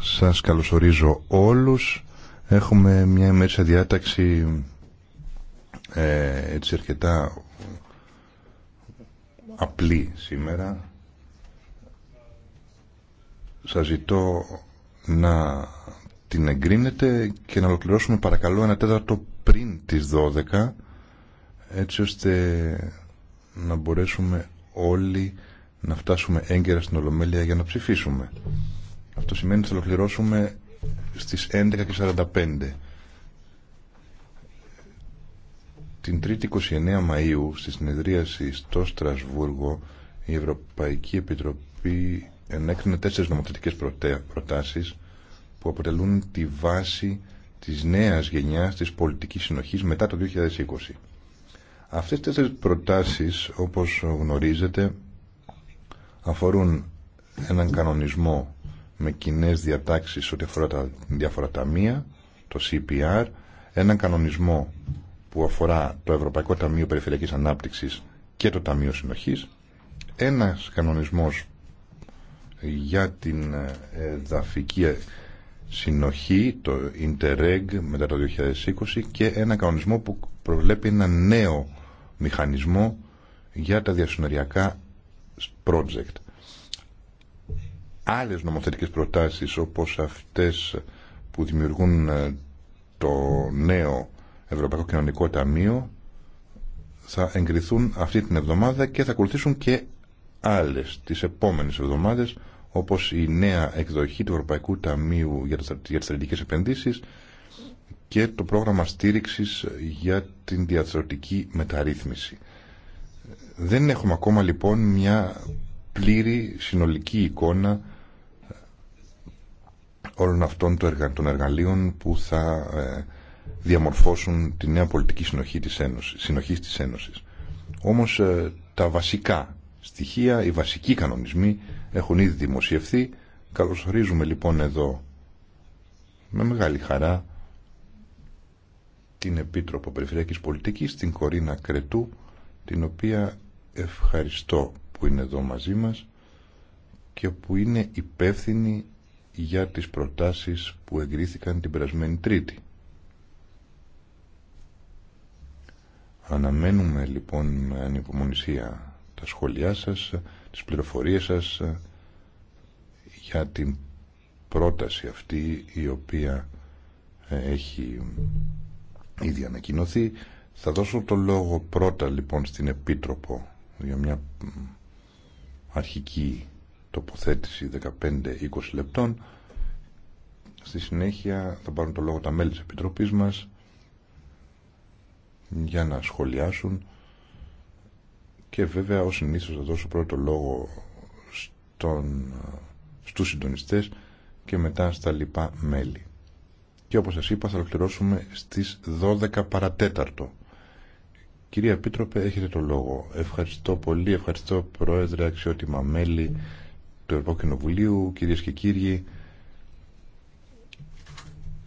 Σας καλωσορίζω όλους. Έχουμε μια μέσα διάταξη ε, έτσι αρκετά απλή σήμερα. Σας ζητώ να την εγκρίνετε και να ολοκληρώσουμε παρακαλώ ένα τέταρτο πριν τις 12 έτσι ώστε να μπορέσουμε όλοι να φτάσουμε έγκαιρα στην Ολομέλεια για να ψηφίσουμε. Αυτό σημαίνει ότι θα ολοκληρώσουμε στις 11.45. Την 3η 29 Μαΐου στη συνεδρίαση στο Στρασβούργο η Ευρωπαϊκή Επιτροπή ενέκρινε τέσσερις νομοθετικές προτάσεις που αποτελούν τη βάση της νέας γενιάς της πολιτικής συνοχής μετά το 2020. Αυτές τις τέσσερις προτάσεις, όπως γνωρίζετε, αφορούν έναν κανονισμό με κοινέ διατάξεις ό,τι αφορά τα διάφορα ταμεία, το CPR, έναν κανονισμό που αφορά το Ευρωπαϊκό Ταμείο Περιφερειακής Ανάπτυξης και το Ταμείο Συνοχής, ένας κανονισμός για την ε, εδαφική συνοχή, το Interreg μετά το 2020 και ένα κανονισμό που προβλέπει ένα νέο μηχανισμό για τα διασυνοριακά project. Άλλες νομοθετικές προτάσεις όπως αυτές που δημιουργούν ε, το νέο Ευρωπαϊκό Κοινωνικό Ταμείο θα εγκριθούν αυτή την εβδομάδα και θα ακολουθήσουν και άλλες τις επόμενες εβδομάδες όπως η νέα εκδοχή του Ευρωπαϊκού Ταμείου για τις στρατηγικές επενδύσεις και το πρόγραμμα στήριξης για την διαθροτική μεταρρύθμιση. Δεν έχουμε ακόμα λοιπόν μια πλήρη συνολική εικόνα όλων αυτών των εργαλείων που θα ε, διαμορφώσουν τη νέα πολιτική συνοχή της Ένωσης, συνοχής της Ένωσης. Όμως ε, τα βασικά στοιχεία, οι βασικοί κανονισμοί έχουν ήδη δημοσιευθεί. Καλωσορίζουμε λοιπόν εδώ με μεγάλη χαρά την Επίτροπο Περιφερειακής Πολιτικής, την Κορίνα Κρετού, την οποία ευχαριστώ που είναι εδώ μαζί μας και που είναι υπεύθυνη για τις προτάσεις που εγκρίθηκαν την περασμένη Τρίτη. Αναμένουμε λοιπόν με ανυπομονησία τα σχόλιά σας, τις πληροφορίες σας για την πρόταση αυτή η οποία ε, έχει ήδη ανακοινωθεί. Θα δώσω το λόγο πρώτα λοιπόν στην Επίτροπο για μια αρχική τοποθέτηση 15-20 λεπτών. Στη συνέχεια θα πάρουν το λόγο τα μέλη της Επιτροπής μας για να σχολιάσουν και βέβαια ως συνήθως θα δώσω πρώτο λόγο στον, στους συντονιστές και μετά στα λοιπά μέλη. Και όπως σας είπα θα ολοκληρώσουμε στις 12 παρατέταρτο. Κυρία Επίτροπε, έχετε το λόγο. Ευχαριστώ πολύ, ευχαριστώ Πρόεδρε, αξιότιμα μέλη του Ευρωπαϊκού Κοινοβουλίου, κυρίε και κύριοι.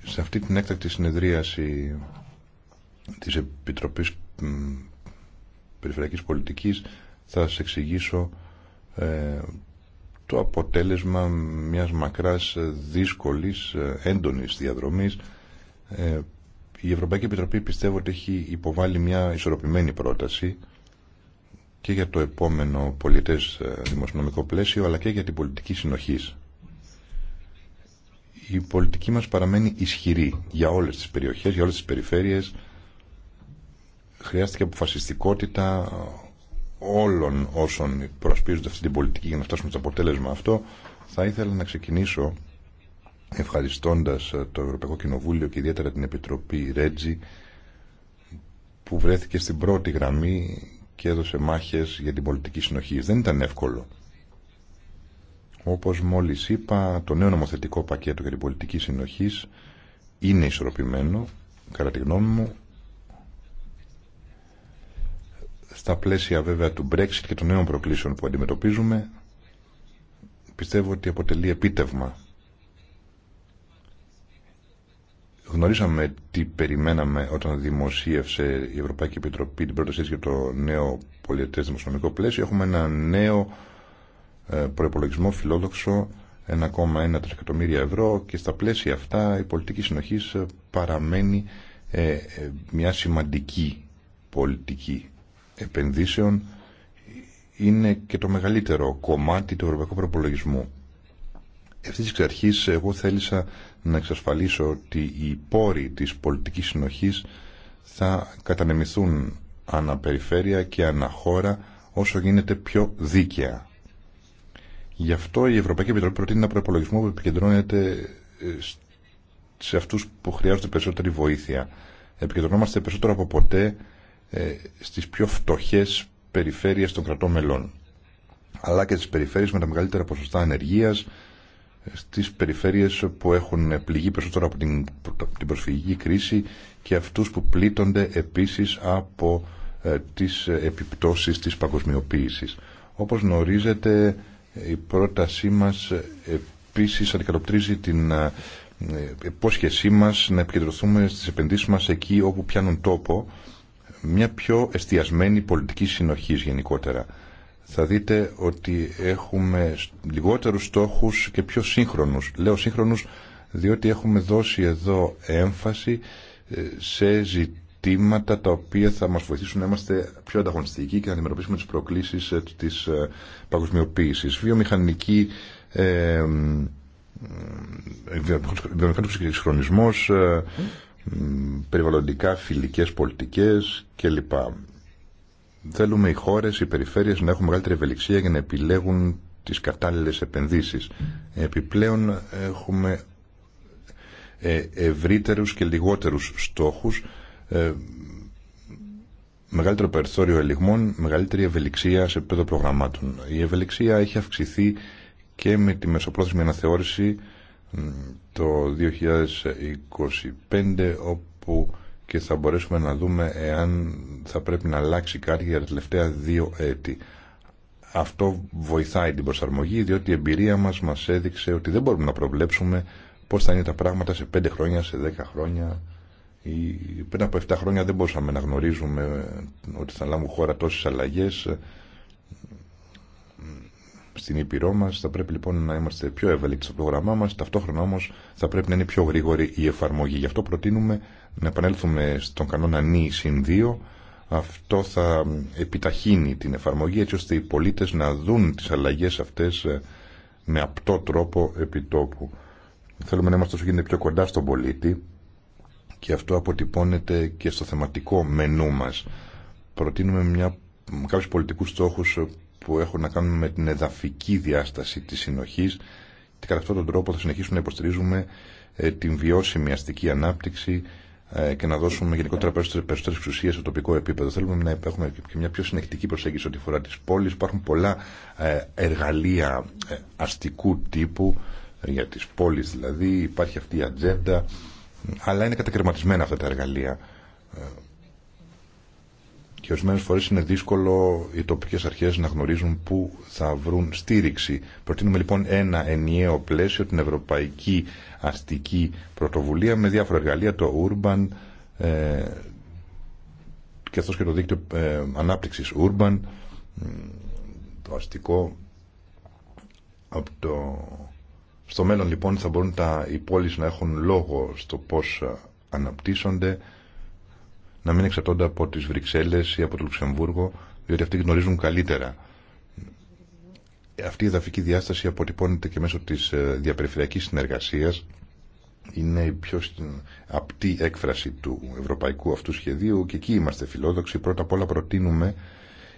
Σε αυτή την έκτακτη συνεδρίαση της Επιτροπής Περιφερειακής Πολιτικής θα σας εξηγήσω ε, το αποτέλεσμα μιας μακράς δύσκολης έντονης διαδρομής ε, η Ευρωπαϊκή Επιτροπή πιστεύω ότι έχει υποβάλει μια ισορροπημένη πρόταση και για το επόμενο πολιτές ε, δημοσιονομικό πλαίσιο αλλά και για την πολιτική συνοχής. Η πολιτική μας παραμένει ισχυρή για όλες τις περιοχές, για όλες τις περιφέρειες. Χρειάστηκε αποφασιστικότητα ε, όλων όσων προσπίζονται αυτή την πολιτική για να φτάσουμε στο αποτέλεσμα αυτό. Θα ήθελα να ξεκινήσω ευχαριστώντας ε, το Ευρωπαϊκό Κοινοβούλιο και ιδιαίτερα την Επιτροπή Ρέτζι που βρέθηκε στην πρώτη γραμμή και έδωσε μάχες για την πολιτική συνοχή. Δεν ήταν εύκολο. Όπως μόλις είπα, το νέο νομοθετικό πακέτο για την πολιτική συνοχή είναι ισορροπημένο, κατά τη γνώμη μου, στα πλαίσια βέβαια του Brexit και των νέων προκλήσεων που αντιμετωπίζουμε, πιστεύω ότι αποτελεί επίτευγμα Γνωρίσαμε τι περιμέναμε όταν δημοσίευσε η Ευρωπαϊκή Επιτροπή την πρότασή για το νέο πολιτικό δημοσιονομικό πλαίσιο. Έχουμε ένα νέο ε, προπολογισμό φιλόδοξο 1,1 τρισεκατομμύρια ευρώ και στα πλαίσια αυτά η πολιτική συνοχής ε, παραμένει ε, μια σημαντική πολιτική επενδύσεων είναι και το μεγαλύτερο κομμάτι του ευρωπαϊκού προπολογισμού. Ευθύ εξ εγώ θέλησα να εξασφαλίσω ότι οι πόροι της πολιτικής συνοχής θα κατανεμηθούν αναπεριφέρεια και αναχώρα όσο γίνεται πιο δίκαια. Γι' αυτό η Ευρωπαϊκή Επιτροπή προτείνει ένα προπολογισμό που επικεντρώνεται ε, σε αυτούς που χρειάζονται περισσότερη βοήθεια. Επικεντρωνόμαστε περισσότερο από ποτέ ε, στις πιο φτωχές περιφέρειες των κρατών μελών αλλά και στις περιφέρειες με τα μεγαλύτερα ποσοστά ανεργίας, στις περιφέρειες που έχουν πληγεί περισσότερο από την, την προσφυγική κρίση και αυτούς που πλήττονται επίσης από ε, τις επιπτώσεις της παγκοσμιοποίησης. Όπως γνωρίζετε η πρότασή μας επίσης αντικατοπτρίζει την ε, υπόσχεσή μας να επικεντρωθούμε στις επενδύσεις μας εκεί όπου πιάνουν τόπο μια πιο εστιασμένη πολιτική συνοχής γενικότερα θα δείτε ότι έχουμε λιγότερους στόχους και πιο σύγχρονους. Λέω σύγχρονους διότι έχουμε δώσει εδώ έμφαση ε, σε ζητήματα τα οποία θα μας βοηθήσουν να είμαστε πιο ανταγωνιστικοί και να αντιμετωπίσουμε τις προκλήσεις ε, της ε, παγκοσμιοποίησης. Βιομηχανική ε, βιομηχανικός εξυγχρονισμός, περιβαλλοντικά φιλικές πολιτικές κλπ. Θέλουμε οι χώρε, οι περιφέρειε να έχουν μεγαλύτερη ευελιξία για να επιλέγουν τι κατάλληλε επενδύσει. Επιπλέον έχουμε ε, ευρύτερου και λιγότερους στόχους, ε, μεγαλύτερο περιθώριο ελιγμών, μεγαλύτερη ευελιξία σε επίπεδο προγραμμάτων. Η ευελιξία έχει αυξηθεί και με τη μεσοπρόθεσμη αναθεώρηση το 2025 όπου και θα μπορέσουμε να δούμε εάν θα πρέπει να αλλάξει κάτι για τα τελευταία δύο έτη. Αυτό βοηθάει την προσαρμογή διότι η εμπειρία μας μας έδειξε ότι δεν μπορούμε να προβλέψουμε πώς θα είναι τα πράγματα σε 5 χρόνια, σε 10 χρόνια ή πριν από 7 χρόνια δεν μπορούσαμε να γνωρίζουμε ότι θα λάβουν χώρα τόσες αλλαγές στην Ήπειρό μα. Θα πρέπει λοιπόν να είμαστε πιο ευέλικτοι στο πρόγραμμά μα. Ταυτόχρονα όμω θα πρέπει να είναι πιο γρήγορη η εφαρμογή. Γι' αυτό προτείνουμε να επανέλθουμε στον κανόνα νη συν 2 αυτό θα επιταχύνει την εφαρμογή έτσι ώστε οι πολίτες να δουν τις αλλαγές αυτές ε, με απτό τρόπο επιτόπου. Θέλουμε να είμαστε όσο γίνεται πιο κοντά στον πολίτη και αυτό αποτυπώνεται και στο θεματικό μενού μας. Προτείνουμε μια, κάποιους πολιτικούς στόχους ε, που έχουν να κάνουν με την εδαφική διάσταση της συνοχής και κατά αυτόν τον τρόπο θα συνεχίσουμε να υποστηρίζουμε ε, την βιώσιμη αστική ανάπτυξη ε, και να δώσουμε γενικότερα περισσότερε εξουσίε στο τοπικό επίπεδο. Θέλουμε να έχουμε και μια πιο συνεχτική προσέγγιση ό,τι φορά τι πόλει. Υπάρχουν πολλά ε, εργαλεία ε, αστικού τύπου για τι πόλει δηλαδή. Υπάρχει αυτή η ατζέντα. Αλλά είναι κατακαιρματισμένα αυτά τα εργαλεία και ορισμένε φορέ είναι δύσκολο οι τοπικέ αρχέ να γνωρίζουν πού θα βρουν στήριξη. Προτείνουμε λοιπόν ένα ενιαίο πλαίσιο, την Ευρωπαϊκή Αστική Πρωτοβουλία με διάφορα εργαλεία, το Urban ε, και αυτό και το δίκτυο ε, ανάπτυξη Urban, το αστικό. Από το... Στο μέλλον λοιπόν θα μπορούν τα, οι πόλεις να έχουν λόγο στο πώς ε, αναπτύσσονται να μην εξαρτώνται από τις Βρυξέλλες ή από το Λουξεμβούργο, διότι αυτοί γνωρίζουν καλύτερα. Αυτή η εδαφική διάσταση αποτυπώνεται και μέσω της ε, διαπεριφερειακής συνεργασίας. Είναι η πιο απτή έκφραση του ευρωπαϊκού αυτού σχεδίου και εκεί είμαστε φιλόδοξοι. Πρώτα απ' όλα προτείνουμε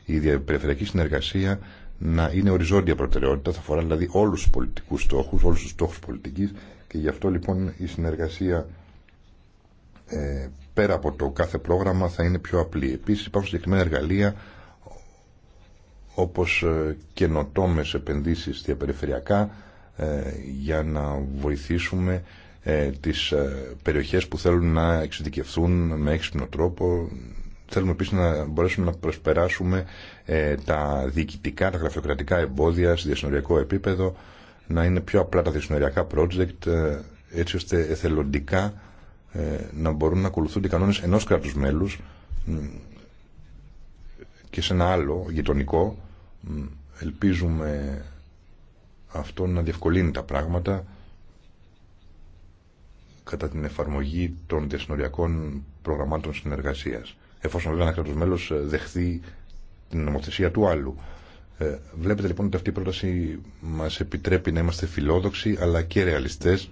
η διαπεριφερειακή συνεργασία να είναι οριζόντια προτεραιότητα, θα αφορά δηλαδή όλους τους πολιτικούς στόχους, όλους τους στόχους πολιτική και γι' αυτό λοιπόν η συνεργασία ε, πέρα από το κάθε πρόγραμμα θα είναι πιο απλή. Επίσης υπάρχουν συγκεκριμένα εργαλεία όπως ε, καινοτόμε επενδύσεις διαπεριφερειακά ε, για να βοηθήσουμε ε, τις περιοχές που θέλουν να εξειδικευθούν με έξυπνο τρόπο. Θέλουμε επίσης να μπορέσουμε να προσπεράσουμε τα διοικητικά, τα γραφειοκρατικά εμπόδια σε διασυνοριακό επίπεδο, να είναι πιο απλά τα διασυνοριακά project, έτσι ώστε εθελοντικά ε, να μπορούν να ακολουθούνται οι κανόνες ενός κράτους μέλους και σε ένα άλλο γειτονικό ελπίζουμε αυτό να διευκολύνει τα πράγματα κατά την εφαρμογή των διασυνοριακών προγραμμάτων συνεργασίας εφόσον βέβαια ένα κράτος μέλος ε, δεχθεί την νομοθεσία του άλλου ε, βλέπετε λοιπόν ότι αυτή η πρόταση μας επιτρέπει να είμαστε φιλόδοξοι αλλά και ρεαλιστές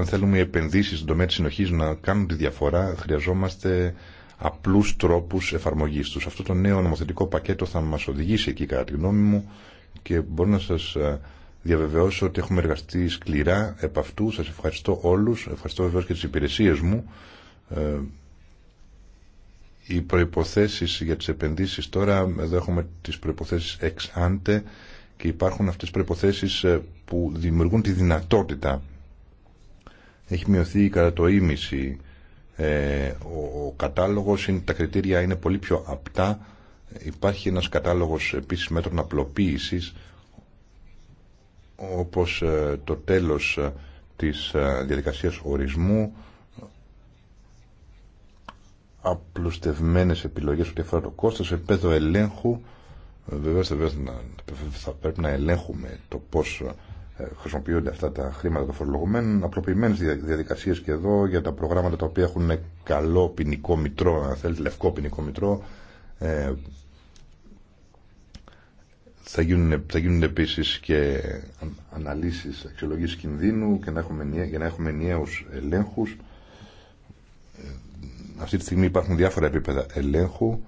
αν θέλουμε οι επενδύσεις στον τομέα της συνοχής να κάνουν τη διαφορά, χρειαζόμαστε απλούς τρόπους εφαρμογής τους. Αυτό το νέο νομοθετικό πακέτο θα μας οδηγήσει εκεί κατά τη γνώμη μου και μπορώ να σας ε, διαβεβαιώσω ότι έχουμε εργαστεί σκληρά επ' αυτού. Σας ευχαριστώ όλους, ευχαριστώ βεβαίω και τις υπηρεσίες μου. Ε, οι προϋποθέσεις για τις επενδύσεις τώρα, εδώ έχουμε τις προϋποθέσεις ex ante και υπάρχουν αυτές τις προϋποθέσεις ε, που δημιουργούν τη δυνατότητα έχει μειωθεί κατά το ίμιση. Ε, ο, ο κατάλογος, είναι, τα κριτήρια είναι πολύ πιο απτά. Υπάρχει ένας κατάλογος επίσης μέτρων απλοποίησης όπως ε, το τέλος ε, της διαδικασίας ορισμού απλουστευμένες επιλογές ότι αφορά το κόστος, επέδο ελέγχου βεβαίως θα πρέπει να ελέγχουμε το πόσο ε, χρησιμοποιούνται αυτά τα χρήματα των φορολογουμένων, απλοποιημένε διαδικασίε και εδώ για τα προγράμματα τα οποία έχουν καλό ποινικό μητρό, αν θέλετε, λευκό ποινικό μητρό. Ε, θα γίνουν, θα γίνουν επίσης και αναλύσει αξιολογήσεις κινδύνου και να έχουμε, για να έχουμε ενιαίους ελέγχους. Ε, αυτή τη στιγμή υπάρχουν διάφορα επίπεδα ελέγχου.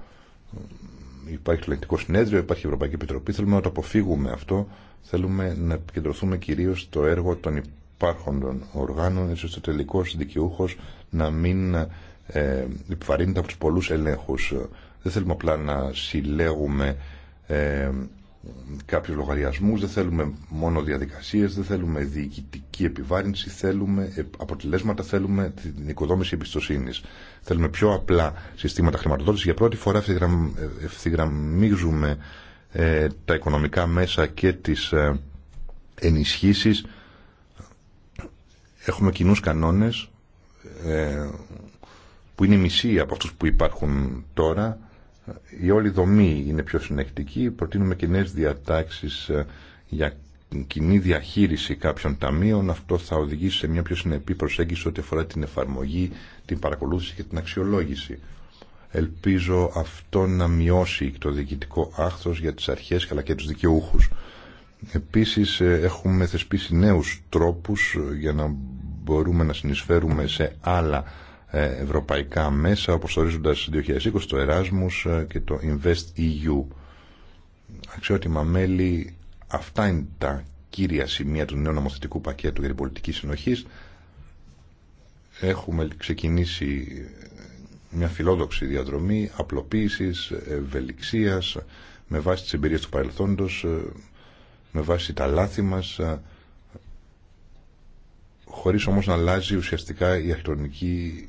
Υπάρχει το ελεγκτικό συνέδριο, υπάρχει η Ευρωπαϊκή Επιτροπή. Θέλουμε να το αποφύγουμε αυτό Θέλουμε να επικεντρωθούμε κυρίως στο έργο των υπάρχοντων οργάνων, έτσι ώστε ο τελικός να μην ε, επιβαρύνεται από τους πολλούς ελέγχους. Δεν θέλουμε απλά να συλλέγουμε ε, κάποιους λογαριασμούς, δεν θέλουμε μόνο διαδικασίες, δεν θέλουμε διοικητική επιβάρυνση, θέλουμε ε, αποτελέσματα, θέλουμε την οικοδόμηση εμπιστοσύνη. Θέλουμε πιο απλά συστήματα χρηματοδότηση. Για πρώτη φορά ευθυγραμμίζουμε ε, τα οικονομικά μέσα και τις ε, ενισχύσεις έχουμε κοινούς κανόνες ε, που είναι μισή από αυτούς που υπάρχουν τώρα η όλη δομή είναι πιο συνεκτική προτείνουμε κοινέ διατάξεις για κοινή διαχείριση κάποιων ταμείων αυτό θα οδηγήσει σε μια πιο συνεπή προσέγγιση ό,τι αφορά την εφαρμογή, την παρακολούθηση και την αξιολόγηση Ελπίζω αυτό να μειώσει το διοικητικό άχθος για τις αρχές αλλά και τους δικαιούχους. Επίσης ε, έχουμε θεσπίσει νέους τρόπους ε, για να μπορούμε να συνεισφέρουμε σε άλλα ε, ευρωπαϊκά μέσα όπως ορίζοντας 2020 το Εράσμους και το Invest EU. Αξιότιμα μέλη, αυτά είναι τα κύρια σημεία του νέου νομοθετικού πακέτου για την πολιτική συνοχή. Έχουμε ξεκινήσει μια φιλόδοξη διαδρομή απλοποίησης, ευελιξίας με βάση τις εμπειρίες του παρελθόντος ε, με βάση τα λάθη μας ε, χωρίς όμως να αλλάζει ουσιαστικά η αρχιτεκτονική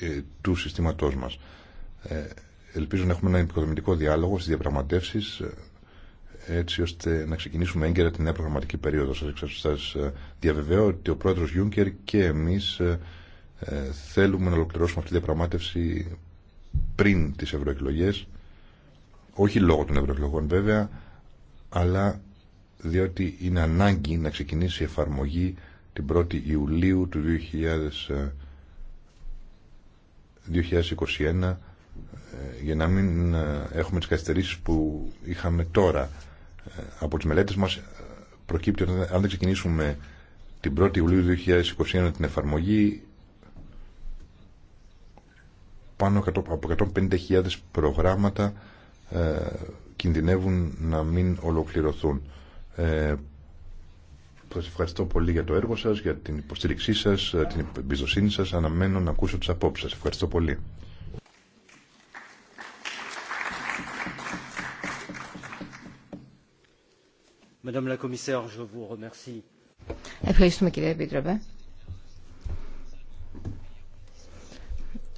ε, του συστήματός μας. ελπίζω να έχουμε ένα υποδομητικό διάλογο στις διαπραγματεύσεις έτσι ώστε να ξεκινήσουμε έγκαιρα την νέα προγραμματική περίοδο. Σας διαβεβαιώ ότι ο πρόεδρος Γιούγκερ και εμείς ε, θέλουμε να ολοκληρώσουμε αυτή τη διαπραγμάτευση πριν τις Ευρωεκλογές, όχι λόγω των ευρωεκλογών βέβαια, αλλά διότι είναι ανάγκη να ξεκινήσει η εφαρμογή την 1η Ιουλίου του 2021 ε, ε, για να μην έχουμε τις καθυστερήσεις που είχαμε τώρα από τις μελέτες μας προκύπτει ότι αν δεν ξεκινήσουμε την 1η Ιουλίου 2021 την εφαρμογή πάνω από 150.000 προγράμματα ε, κινδυνεύουν να μην ολοκληρωθούν. Ε, σας ευχαριστώ πολύ για το έργο σας, για την υποστήριξή σας, ε, την εμπιστοσύνη σας. Αναμένω να ακούσω τις απόψεις σας. Ευχαριστώ πολύ. Ευχαριστούμε κύριε Επίτροπε.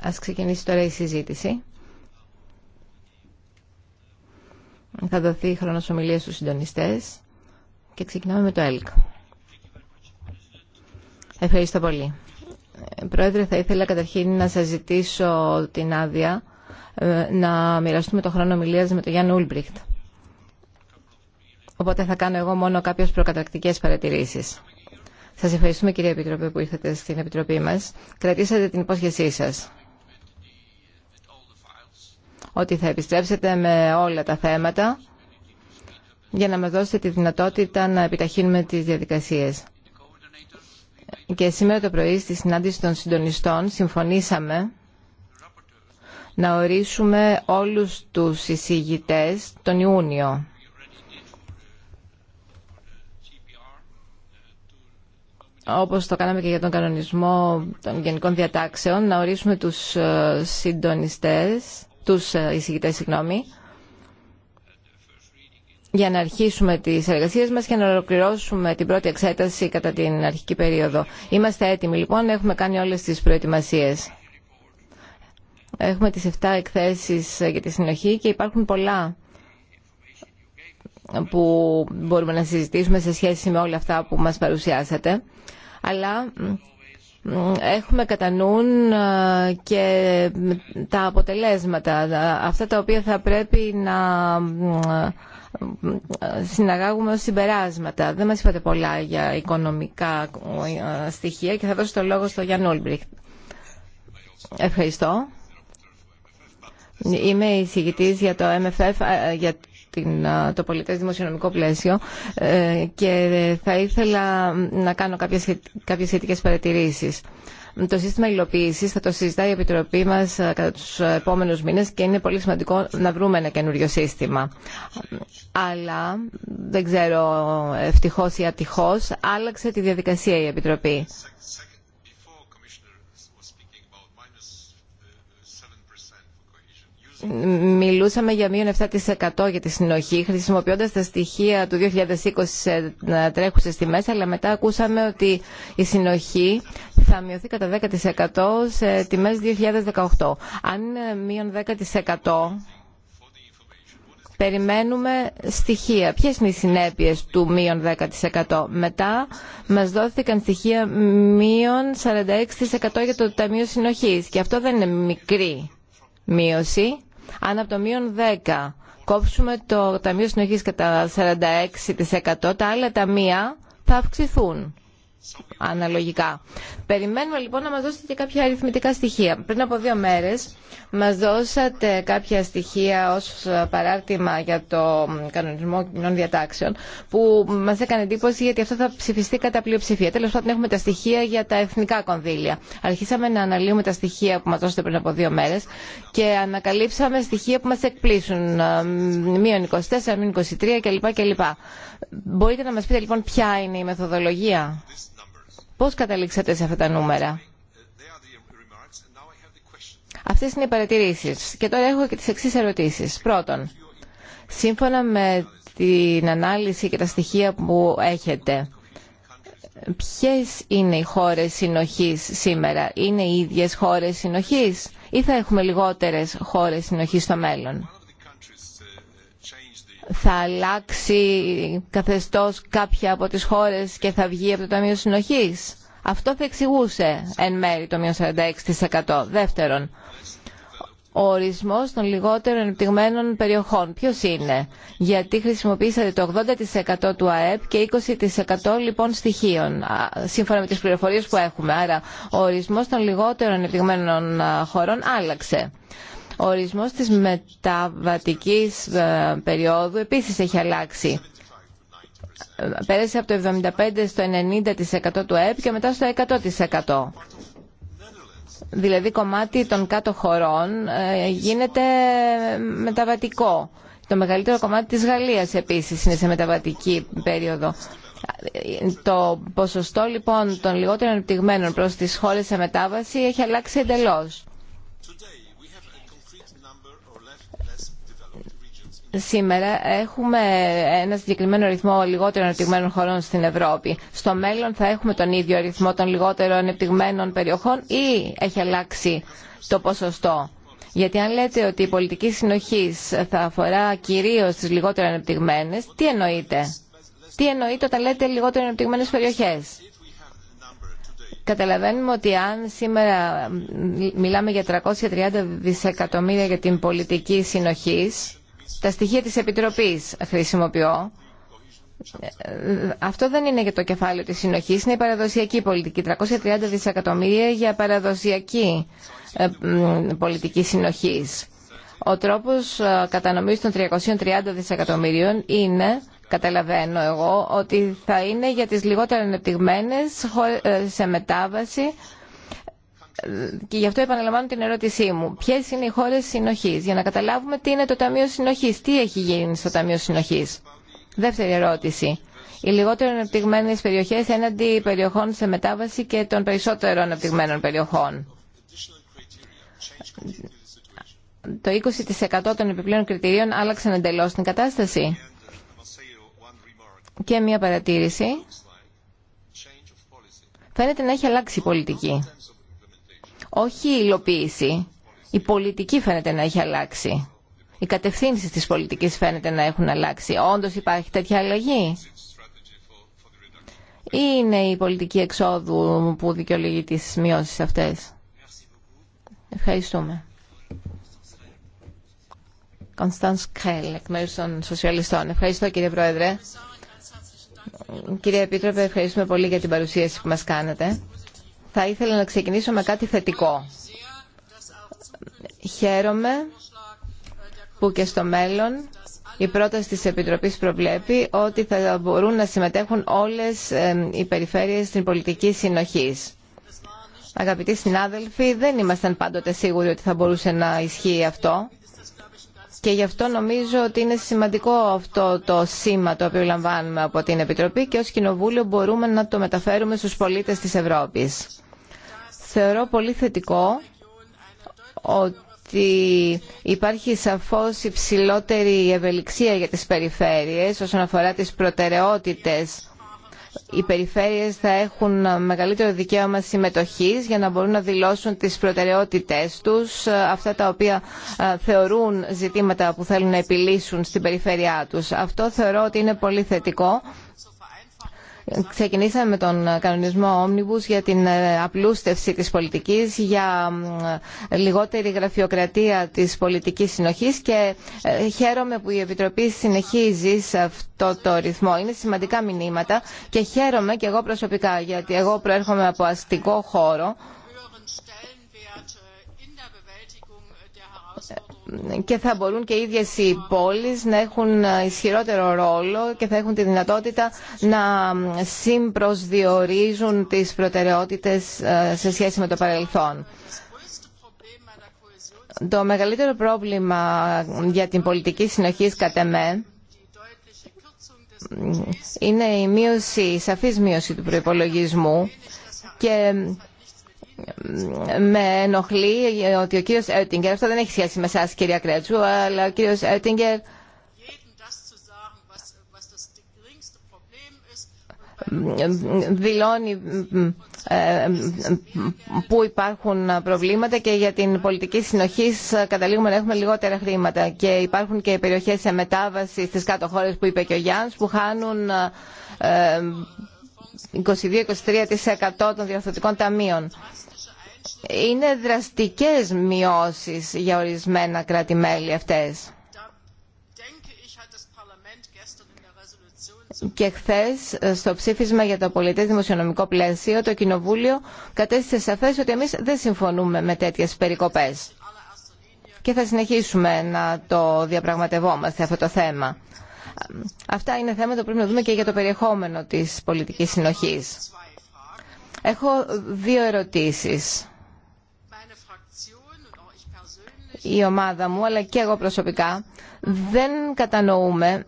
Ας ξεκινήσει τώρα η συζήτηση. Θα δοθεί χρόνος ομιλίας στους συντονιστές και ξεκινάμε με το ΕΛΚ. Ευχαριστώ πολύ. Πρόεδρε, θα ήθελα καταρχήν να σας ζητήσω την άδεια ε, να μοιραστούμε το χρόνο ομιλίας με τον Γιάννη Ούλμπριχτ. Οπότε θα κάνω εγώ μόνο κάποιες προκατακτικές παρατηρήσεις. Σας ευχαριστούμε κυρία Επιτροπή που ήρθατε στην Επιτροπή μας. Κρατήσατε την υπόσχεσή σας ότι θα επιστρέψετε με όλα τα θέματα για να μας δώσετε τη δυνατότητα να επιταχύνουμε τις διαδικασίες. Και σήμερα το πρωί στη συνάντηση των συντονιστών συμφωνήσαμε να ορίσουμε όλους τους εισηγητές τον Ιούνιο. όπως το κάναμε και για τον κανονισμό των γενικών διατάξεων, να ορίσουμε τους ε, συντονιστές τους ε, εισηγητές, συγγνώμη, για να αρχίσουμε τις εργασίες μας και να ολοκληρώσουμε την πρώτη εξέταση κατά την αρχική περίοδο. Είμαστε έτοιμοι λοιπόν, έχουμε κάνει όλες τις προετοιμασίες. Έχουμε τις 7 εκθέσεις για τη συνοχή και υπάρχουν πολλά που μπορούμε να συζητήσουμε σε σχέση με όλα αυτά που μας παρουσιάσατε. Αλλά έχουμε κατά νου ε, και τα αποτελέσματα, ε, αυτά τα οποία θα πρέπει να ε, συναγάγουμε ως συμπεράσματα. Δεν μας είπατε πολλά για οικονομικά στοιχεία και θα δώσω το λόγο στο Γιάνν Όλμπριχτ. Ευχαριστώ. Είμαι η για το MFF, για την, το πολιτές δημοσιονομικό πλαίσιο ε, και θα ήθελα να κάνω κάποιες, κάποιες σχετικές παρατηρήσεις. Το σύστημα υλοποίηση θα το συζητάει η Επιτροπή μα ε, κατά του επόμενου μήνε και είναι πολύ σημαντικό να βρούμε ένα καινούριο σύστημα. Αλλά δεν ξέρω ευτυχώ ή ατυχώ, άλλαξε τη διαδικασία η Επιτροπή. μιλούσαμε για μείον 7% για τη συνοχή χρησιμοποιώντα τα στοιχεία του 2020 σε τρέχουσε τιμέ, αλλά μετά ακούσαμε ότι η συνοχή θα μειωθεί κατά 10% σε τιμέ 2018. Αν είναι μείον 10% περιμένουμε στοιχεία. Ποιες είναι οι συνέπειες του μείον 10%. Μετά μας δόθηκαν στοιχεία μείον 46% για το Ταμείο Συνοχής και αυτό δεν είναι μικρή μείωση αν από το μείον 10 κόψουμε το Ταμείο Συνοχής κατά 46%, τα άλλα ταμεία θα αυξηθούν αναλογικά. Περιμένουμε λοιπόν να μας δώσετε και κάποια αριθμητικά στοιχεία. Πριν από δύο μέρες μας δώσατε κάποια στοιχεία ως παράρτημα για το κανονισμό κοινών διατάξεων που μας έκανε εντύπωση γιατί αυτό θα ψηφιστεί κατά πλειοψηφία. Τέλος πάντων έχουμε τα στοιχεία για τα εθνικά κονδύλια. Αρχίσαμε να αναλύουμε τα στοιχεία που μας δώσατε πριν από δύο μέρες και ανακαλύψαμε στοιχεία που μας εκπλήσουν. Μείον 24, μείον 23 κλπ. Μπορείτε να μας πείτε λοιπόν ποια είναι η μεθοδολογία. Πώς καταλήξατε σε αυτά τα νούμερα. Αυτές είναι οι παρατηρήσεις. Και τώρα έχω και τις εξής ερωτήσεις. Πρώτον, σύμφωνα με την ανάλυση και τα στοιχεία που έχετε, ποιες είναι οι χώρες συνοχής σήμερα. Είναι οι ίδιες χώρες συνοχής ή θα έχουμε λιγότερες χώρες συνοχής στο μέλλον θα αλλάξει καθεστώς κάποια από τις χώρες και θα βγει από το Ταμείο Συνοχής. Αυτό θα εξηγούσε εν μέρη το μείον 46%. Δεύτερον, ο ορισμός των λιγότερων ενεπτυγμένων περιοχών. Ποιος είναι. Γιατί χρησιμοποίησατε το 80% του ΑΕΠ και 20% λοιπόν στοιχείων, σύμφωνα με τις πληροφορίες που έχουμε. Άρα, ο ορισμός των λιγότερων ενεπτυγμένων χωρών άλλαξε. Ο ορισμός της μεταβατικής ε, περίοδου επίσης έχει αλλάξει. Πέρασε από το 75% στο 90% του ΕΠ και μετά στο 100%. Δηλαδή κομμάτι των κάτω χωρών ε, γίνεται μεταβατικό. Το μεγαλύτερο κομμάτι της Γαλλίας επίσης είναι σε μεταβατική περίοδο. Το ποσοστό λοιπόν των λιγότερων επιτυγμένων προς τις χώρες σε μετάβαση έχει αλλάξει εντελώς. Σήμερα έχουμε ένα συγκεκριμένο ρυθμό λιγότερων ανεπτυγμένων χωρών στην Ευρώπη. Στο μέλλον θα έχουμε τον ίδιο ρυθμό των λιγότερων ανεπτυγμένων περιοχών ή έχει αλλάξει το ποσοστό. Γιατί αν λέτε ότι η πολιτική συνοχή θα αφορά κυρίω τι λιγότερο ανεπτυγμένε, τι εννοείτε. Τι εννοείτε όταν λέτε λιγότερο ανεπτυγμένε περιοχέ. Καταλαβαίνουμε ότι αν σήμερα μιλάμε για 330 δισεκατομμύρια για την πολιτική συνοχής, τα στοιχεία της Επιτροπής χρησιμοποιώ. Αυτό δεν είναι για το κεφάλαιο της συνοχής, είναι η παραδοσιακή πολιτική. 330 δισεκατομμύρια για παραδοσιακή ε, πολιτική συνοχής. Ο τρόπος ε, κατανομής των 330 δισεκατομμύριων είναι, καταλαβαίνω εγώ, ότι θα είναι για τις λιγότερα ανεπτυγμένες ε, σε μετάβαση και γι' αυτό επαναλαμβάνω την ερώτησή μου. Ποιε είναι οι χώρε συνοχή, για να καταλάβουμε τι είναι το Ταμείο Συνοχή, τι έχει γίνει στο Ταμείο Συνοχή. Δεύτερη ερώτηση. Οι λιγότερο αναπτυγμένε περιοχέ έναντι περιοχών σε μετάβαση και των περισσότερων αναπτυγμένων περιοχών. Το 20% των επιπλέον κριτηρίων άλλαξαν εντελώ την κατάσταση. Και μία παρατήρηση. Φαίνεται να έχει αλλάξει η πολιτική όχι η υλοποίηση. Η πολιτική φαίνεται να έχει αλλάξει. Οι κατευθύνσει της πολιτικής φαίνεται να έχουν αλλάξει. Όντως υπάρχει τέτοια αλλαγή. Ή είναι η πολιτική εξόδου που δικαιολογεί τις μειώσεις αυτές. Ευχαριστούμε. Κωνσταντς Κρέλ, εκ μέρους των Σοσιαλιστών. Ευχαριστώ κύριε Πρόεδρε. Κύριε Επίτροπε, ευχαριστούμε πολύ για την παρουσίαση που μας κάνετε. Θα ήθελα να ξεκινήσω με κάτι θετικό. Χαίρομαι που και στο μέλλον η πρόταση της Επιτροπής προβλέπει ότι θα μπορούν να συμμετέχουν όλες οι περιφέρειες στην πολιτική συνοχή. Αγαπητοί συνάδελφοι, δεν ήμασταν πάντοτε σίγουροι ότι θα μπορούσε να ισχύει αυτό. Και γι' αυτό νομίζω ότι είναι σημαντικό αυτό το σήμα το οποίο λαμβάνουμε από την Επιτροπή και ως Κοινοβούλιο μπορούμε να το μεταφέρουμε στους πολίτες της Ευρώπης. Θεωρώ πολύ θετικό ότι υπάρχει σαφώς υψηλότερη ευελιξία για τις περιφέρειες όσον αφορά τις προτεραιότητες οι περιφέρειες θα έχουν μεγαλύτερο δικαίωμα συμμετοχής για να μπορούν να δηλώσουν τις προτεραιότητές τους, ε, αυτά τα οποία ε, θεωρούν ζητήματα που θέλουν να επιλύσουν στην περιφέρειά τους. Αυτό θεωρώ ότι είναι πολύ θετικό Ξεκινήσαμε με τον κανονισμό Omnibus για την ε, απλούστευση της πολιτικής, για λιγότερη γραφειοκρατία της πολιτικής συνοχής και ε, χαίρομαι που η Επιτροπή συνεχίζει σε αυτό το ρυθμό. Είναι σημαντικά μηνύματα και χαίρομαι και εγώ προσωπικά γιατί εγώ προέρχομαι από αστικό χώρο και θα μπορούν και οι ίδιες οι πόλεις να έχουν ισχυρότερο ρόλο και θα έχουν τη δυνατότητα να συμπροσδιορίζουν τις προτεραιότητες ε, σε σχέση με το παρελθόν. Το μεγαλύτερο πρόβλημα για την πολιτική συνοχή κατά με είναι η μείωση, η σαφής μείωση του προϋπολογισμού και με ενοχλεί ότι ο κύριος Έρτιγκερ, αυτό δεν έχει σχέση με εσάς κυρία Κρέτσου, αλλά ο κύριος Έρτιγκερ δηλώνει ε, που υπάρχουν προβλήματα και για την πολιτική συνοχή καταλήγουμε να έχουμε λιγότερα χρήματα και υπάρχουν και περιοχές σε μετάβαση στις κάτω χώρες που είπε και ο Γιάννης που χάνουν ε, 22-23% των διορθωτικών ταμείων. Είναι δραστικές μειώσεις για ορισμένα κράτη-μέλη αυτές. Και χθε στο ψήφισμα για το πολιτές δημοσιονομικό πλαίσιο το Κοινοβούλιο κατέστησε σαφές ότι εμείς δεν συμφωνούμε με τέτοιες περικοπές. Και θα συνεχίσουμε να το διαπραγματευόμαστε αυτό το θέμα. Αυτά είναι θέματα που πρέπει να δούμε και για το περιεχόμενο της πολιτικής συνοχής. Έχω δύο ερωτήσεις. Η ομάδα μου, αλλά και εγώ προσωπικά, δεν κατανοούμε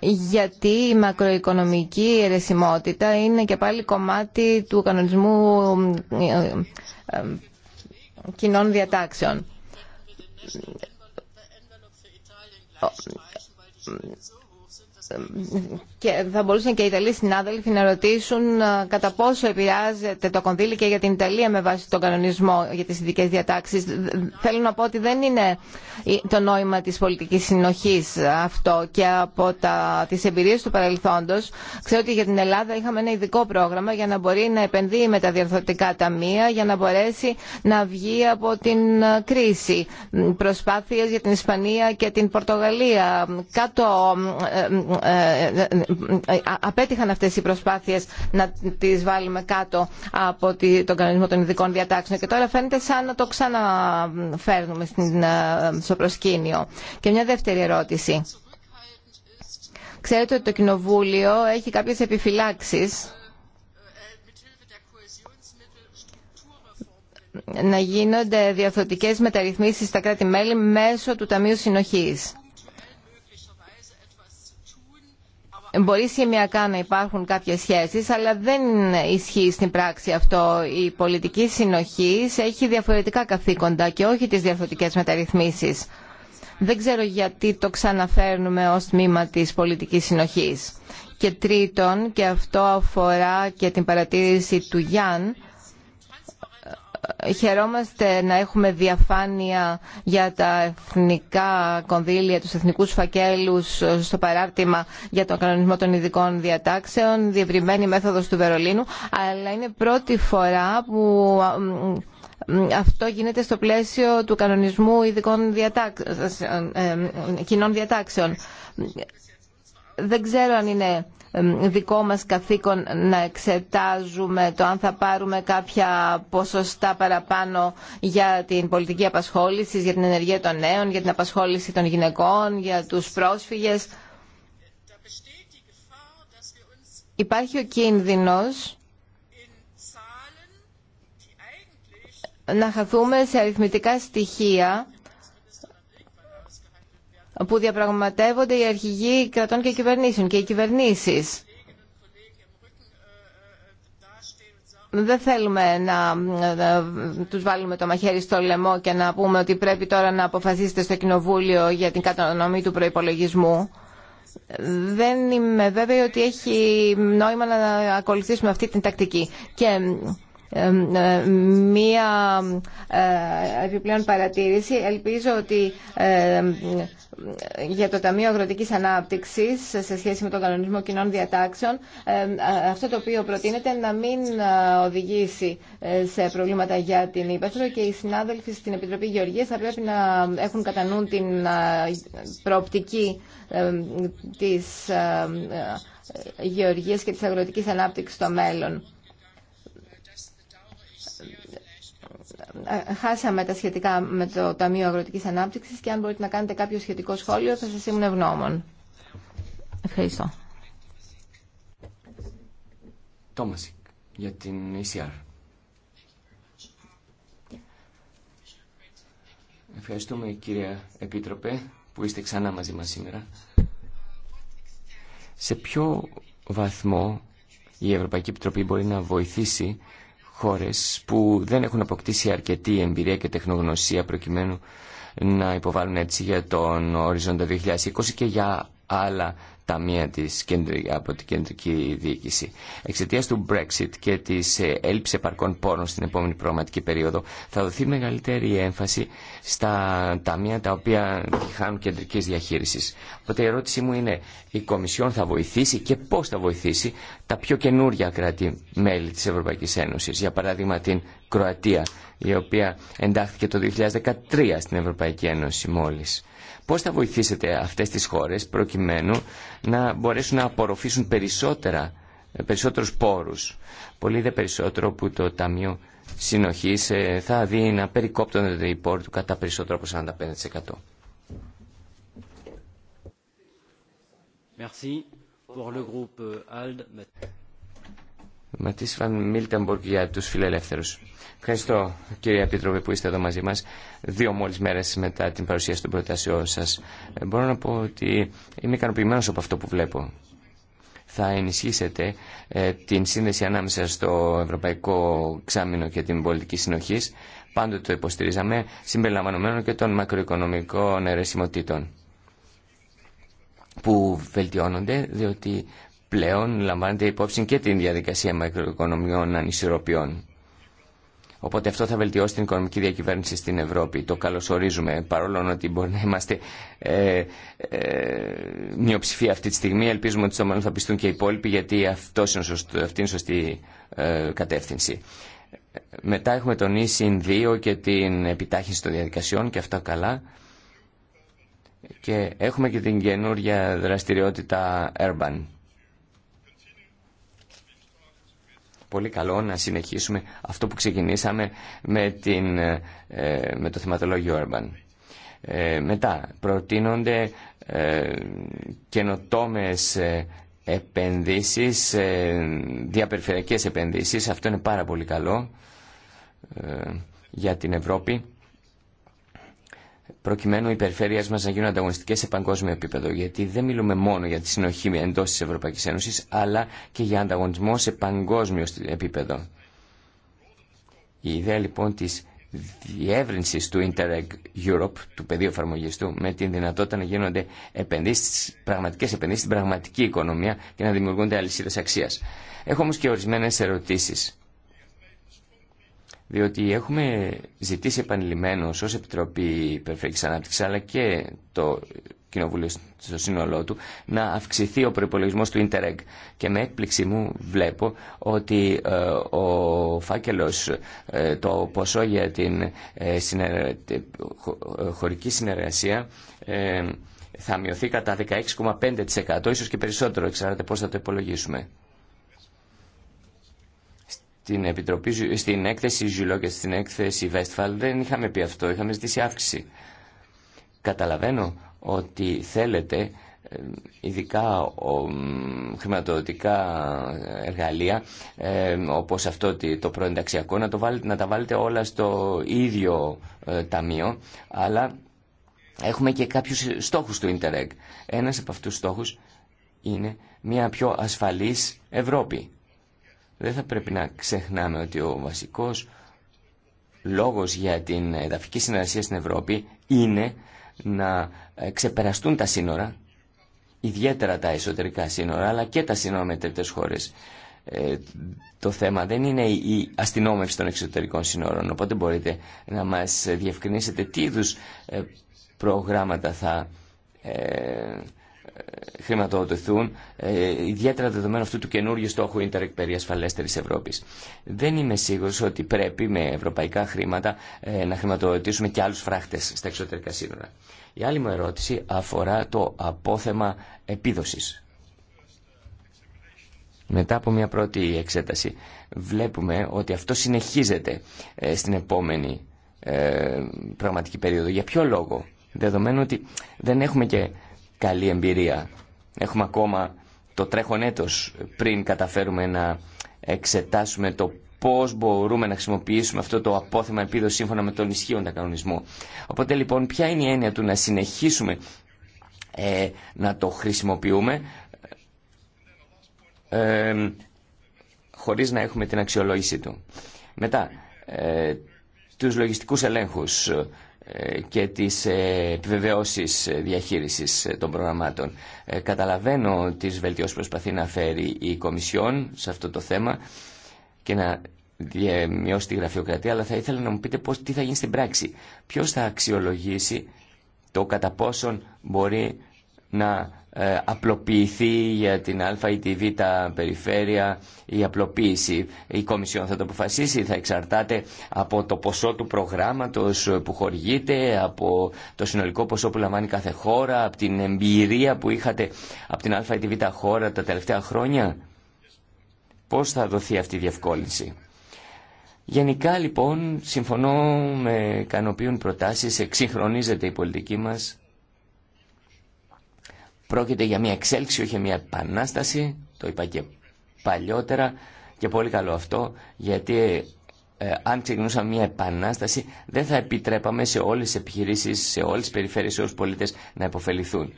γιατί η μακροοικονομική ερεσιμότητα είναι και πάλι κομμάτι του κανονισμού ε, ε, κοινών διατάξεων Εντάξει, έτσι και θα μπορούσαν και οι Ιταλοί συνάδελφοι να ρωτήσουν ε, κατά πόσο επηρεάζεται το κονδύλι και για την Ιταλία με βάση τον κανονισμό για τις ειδικέ διατάξεις. Θέλω να πω ότι δεν είναι το νόημα της πολιτικής συνοχής αυτό και από τα, τις εμπειρίες του παρελθόντος. Ξέρω ότι για την Ελλάδα είχαμε ένα ειδικό πρόγραμμα για να μπορεί να επενδύει με τα διορθωτικά ταμεία για να μπορέσει να βγει από την ε, κρίση. Προσπάθειες για την Ισπανία και την Πορτογαλία κάτω ε, ε, απέτυχαν αυτές οι προσπάθειες να τις βάλουμε κάτω από τον κανονισμό των ειδικών διατάξεων και τώρα φαίνεται σαν να το ξαναφέρνουμε ε, στο προσκήνιο. Και μια δεύτερη ερώτηση. Ξέρετε ότι το Κοινοβούλιο έχει κάποιες επιφυλάξεις να γίνονται διαθωτικές μεταρρυθμίσεις στα κράτη-μέλη μέσω του Ταμείου Συνοχής. Μπορεί σημειακά να υπάρχουν κάποιες σχέσεις, αλλά δεν ισχύει στην πράξη αυτό. Η πολιτική συνοχή έχει διαφορετικά καθήκοντα και όχι τις διαφορετικές μεταρρυθμίσεις. Δεν ξέρω γιατί το ξαναφέρνουμε ως τμήμα της πολιτικής συνοχής. Και τρίτον, και αυτό αφορά και την παρατήρηση του Γιάνν, χαιρόμαστε να έχουμε διαφάνεια για τα εθνικά κονδύλια, τους εθνικούς φακέλους ε, στο παράρτημα για τον κανονισμό των ειδικών διατάξεων, διευρυμένη μέθοδος του Βερολίνου, αλλά είναι πρώτη φορά που αυτό γίνεται στο πλαίσιο του κανονισμού ειδικών ε, ε, κοινών διατάξεων. Δεν ξέρω αν είναι δικό μας καθήκον να εξετάζουμε το αν θα πάρουμε κάποια ποσοστά παραπάνω για την πολιτική απασχόληση, για την ενεργεία των νέων, για την απασχόληση των γυναικών, για τους πρόσφυγες. Υπάρχει ο κίνδυνος να χαθούμε σε αριθμητικά στοιχεία που διαπραγματεύονται οι αρχηγοί κρατών και κυβερνήσεων και οι κυβερνήσεις. Δεν θέλουμε να τους βάλουμε το μαχαίρι στο λαιμό και να πούμε ότι πρέπει τώρα να αποφασίσετε στο Κοινοβούλιο για την κατανομή του προϋπολογισμού. Δεν είμαι βέβαιη ότι έχει νόημα να ακολουθήσουμε αυτή την τακτική. Και ε, μία ε, επιπλέον παρατήρηση. Ελπίζω ότι ε, για το Ταμείο Αγροτικής Ανάπτυξης σε σχέση με τον κανονισμό κοινών διατάξεων αυτό το οποίο προτείνεται να μην οδηγήσει σε προβλήματα για την Ήπεθρο και οι συνάδελφοι στην Επιτροπή Γεωργίας θα πρέπει να έχουν κατά νου την προοπτική της γεωργίας και της αγροτικής ανάπτυξης στο μέλλον. Ε, χάσαμε τα σχετικά με το Ταμείο Αγροτικής Ανάπτυξης και αν μπορείτε να κάνετε κάποιο σχετικό σχόλιο θα σας ήμουν ευγνώμων. Ευχαριστώ. Τόμασικ για την ECR. Ευχαριστούμε κυρία Επίτροπε που είστε ξανά μαζί μας σήμερα. Σε ποιο βαθμό η Ευρωπαϊκή Επιτροπή μπορεί να βοηθήσει χώρες που δεν έχουν αποκτήσει αρκετή εμπειρία και τεχνογνωσία προκειμένου να υποβάλουν έτσι για τον ορίζοντα 2020 και για άλλα ταμεία της, από την κεντρική διοίκηση. Εξαιτίας του Brexit και της ε, έλλειψης επαρκών πόρων στην επόμενη προγραμματική περίοδο θα δοθεί μεγαλύτερη έμφαση στα ταμεία τα οποία χάνουν κεντρικής διαχείρισης. Οπότε η ερώτησή μου είναι η Κομισιόν θα βοηθήσει και πώς θα βοηθήσει τα πιο καινούρια κράτη-μέλη της Ευρωπαϊκής Ένωσης. Για παράδειγμα την Κροατία η οποία εντάχθηκε το 2013 στην Ευρωπαϊκή Ένωση μόλις. Πώς θα βοηθήσετε αυτές τις χώρες προκειμένου να μπορέσουν να απορροφήσουν περισσότερα, περισσότερους πόρους. Πολύ δε περισσότερο που το Ταμείο Συνοχής ε, θα δει να περικόπτονται οι πόροι του κατά περισσότερο από 45%. Merci. Pour le groupe euh, Ματίς Φαν Μίλτεμπορκ για τους φιλελεύθερους. Ευχαριστώ κύριε Επίτροπε που είστε εδώ μαζί μας δύο μόλις μέρες μετά την παρουσίαση των προτάσεών σας. Ε, μπορώ να πω ότι είμαι ικανοποιημένος από αυτό που βλέπω. Θα ενισχύσετε ε, την σύνδεση ανάμεσα στο Ευρωπαϊκό Ξάμεινο και την πολιτική συνοχή. Πάντοτε το υποστηρίζαμε, συμπεριλαμβανομένων και των μακροοικονομικών αιρεσιμοτήτων που βελτιώνονται διότι πλέον λαμβάνεται υπόψη και την διαδικασία μακροοικονομιών ανισορροπιών. Οπότε αυτό θα βελτιώσει την οικονομική διακυβέρνηση στην Ευρώπη. Το καλωσορίζουμε, παρόλο ότι μπορεί να είμαστε ε, ε, αυτή τη στιγμή. Ελπίζουμε ότι στο μέλλον θα πιστούν και οι υπόλοιποι, γιατί αυτό είναι αυτή είναι σωστή ε, κατεύθυνση. Μετά έχουμε τον ΙΣΙΝ 2 και την επιτάχυνση των διαδικασιών και αυτά καλά. Και έχουμε και την καινούργια δραστηριότητα Urban. πολύ καλό να συνεχίσουμε αυτό που ξεκινήσαμε με, την, ε, ε, με το θεματολόγιο Urban. Ε, μετά, προτείνονται ε, καινοτόμες επενδύσεις, διαπεριφερειακές επενδύσεις. Αυτό είναι πάρα πολύ καλό για την Ευρώπη προκειμένου οι περιφέρειες μας να γίνουν ανταγωνιστικές σε παγκόσμιο επίπεδο. Γιατί δεν μιλούμε μόνο για τη συνοχή εντός της Ευρωπαϊκής Ένωσης, αλλά και για ανταγωνισμό σε παγκόσμιο επίπεδο. Η ιδέα λοιπόν της διεύρυνσης του Interreg Europe, του πεδίου εφαρμογή του, με την δυνατότητα να γίνονται επενδύσεις, πραγματικές επενδύσεις στην πραγματική οικονομία και να δημιουργούνται αλυσίδες αξίας. Έχω όμως και ορισμένες ερωτήσεις διότι έχουμε ζητήσει επανειλημμένως ως Επιτροπή Περιφερειακής Ανάπτυξης αλλά και το Κοινοβούλιο στο σύνολό του να αυξηθεί ο προπολογισμό του Interreg. Και με έκπληξη μου βλέπω ότι ε, ο φάκελος, ε, το ποσό για την ε, χωρική συνεργασία θα μειωθεί κατά 16,5% ίσως και περισσότερο, ξέρετε πώς θα το υπολογίσουμε στην, επιτροπή, στην έκθεση Ζουλό και στην έκθεση Βέστφαλ δεν είχαμε πει αυτό, είχαμε ζητήσει αύξηση. Καταλαβαίνω ότι θέλετε ε, ειδικά ο, χρηματοδοτικά εργαλεία ε, όπως αυτό το προενταξιακό να, το να τα βάλετε όλα στο ίδιο ε, ταμείο αλλά έχουμε και κάποιους στόχους του Interreg. Ένας από αυτούς τους στόχους είναι μια πιο ασφαλής Ευρώπη δεν θα πρέπει να ξεχνάμε ότι ο βασικός λόγος για την εδαφική συνεργασία στην Ευρώπη είναι να ε, ξεπεραστούν τα σύνορα, ιδιαίτερα τα εσωτερικά σύνορα, αλλά και τα σύνορα με τρίτες χώρες. Ε, το θέμα δεν είναι η αστυνόμευση των εξωτερικών σύνορων, οπότε μπορείτε να μας διευκρινίσετε τι είδου ε, προγράμματα θα... Ε, χρηματοδοτηθούν, ε, ιδιαίτερα δεδομένου αυτού του καινούργιου στόχου Ιντερεκ περί ασφαλέστερης Ευρώπης. Δεν είμαι σίγουρο ότι πρέπει με ευρωπαϊκά χρήματα ε, να χρηματοδοτήσουμε και άλλους φράχτες στα εξωτερικά σύνορα. Η άλλη μου ερώτηση αφορά το απόθεμα επίδοση. Μετά από μια πρώτη εξέταση βλέπουμε ότι αυτό συνεχίζεται ε, στην επόμενη πραγματική περίοδο. Για ποιο λόγο, δεδομένου ότι δεν έχουμε και καλή εμπειρία. Έχουμε ακόμα το τρέχον έτος πριν καταφέρουμε να εξετάσουμε το πώς μπορούμε να χρησιμοποιήσουμε αυτό το απόθεμα επίδοση σύμφωνα με τον ισχύοντα κανονισμό. Οπότε λοιπόν ποια είναι η έννοια του να συνεχίσουμε ε, να το χρησιμοποιούμε ε, χωρίς να έχουμε την αξιολόγησή του. Μετά, ε, τους λογιστικούς ελέγχους και τις ε, επιβεβαιώσεις ε, διαχείρισης ε, των προγραμμάτων. Καταλαβαίνω τις βελτιώσεις προσπαθεί να φέρει η Κομισιόν σε αυτό το θέμα και να μειώσει τη γραφειοκρατία, αλλά θα ήθελα να μου πείτε πώς, τι θα γίνει στην πράξη. Ποιος θα αξιολογήσει το κατά πόσον μπορεί να ε, απλοποιηθεί για την Α ή τη περιφέρεια η απλοποίηση. Η Κομισιόν θα το αποφασίσει, θα εξαρτάται από το ποσό του προγράμματος που χορηγείται, από το συνολικό ποσό που λαμβάνει κάθε χώρα, από την εμπειρία που είχατε από την Α ή τη Β χώρα τα τελευταία χρόνια. Πώς θα δοθεί αυτή η διευκόλυνση. Γενικά λοιπόν συμφωνώ με κανοποιούν προτάσεις, εξυγχρονίζεται η πολιτική μας Πρόκειται για μια εξέλιξη, όχι μια επανάσταση, το είπα και παλιότερα και πολύ καλό αυτό, γιατί ε, αν ξεκινούσαμε μια επανάσταση δεν θα επιτρέπαμε σε όλες τι επιχειρήσεις, σε όλες τι περιφέρειες, σε όλους πολίτες να υποφεληθούν.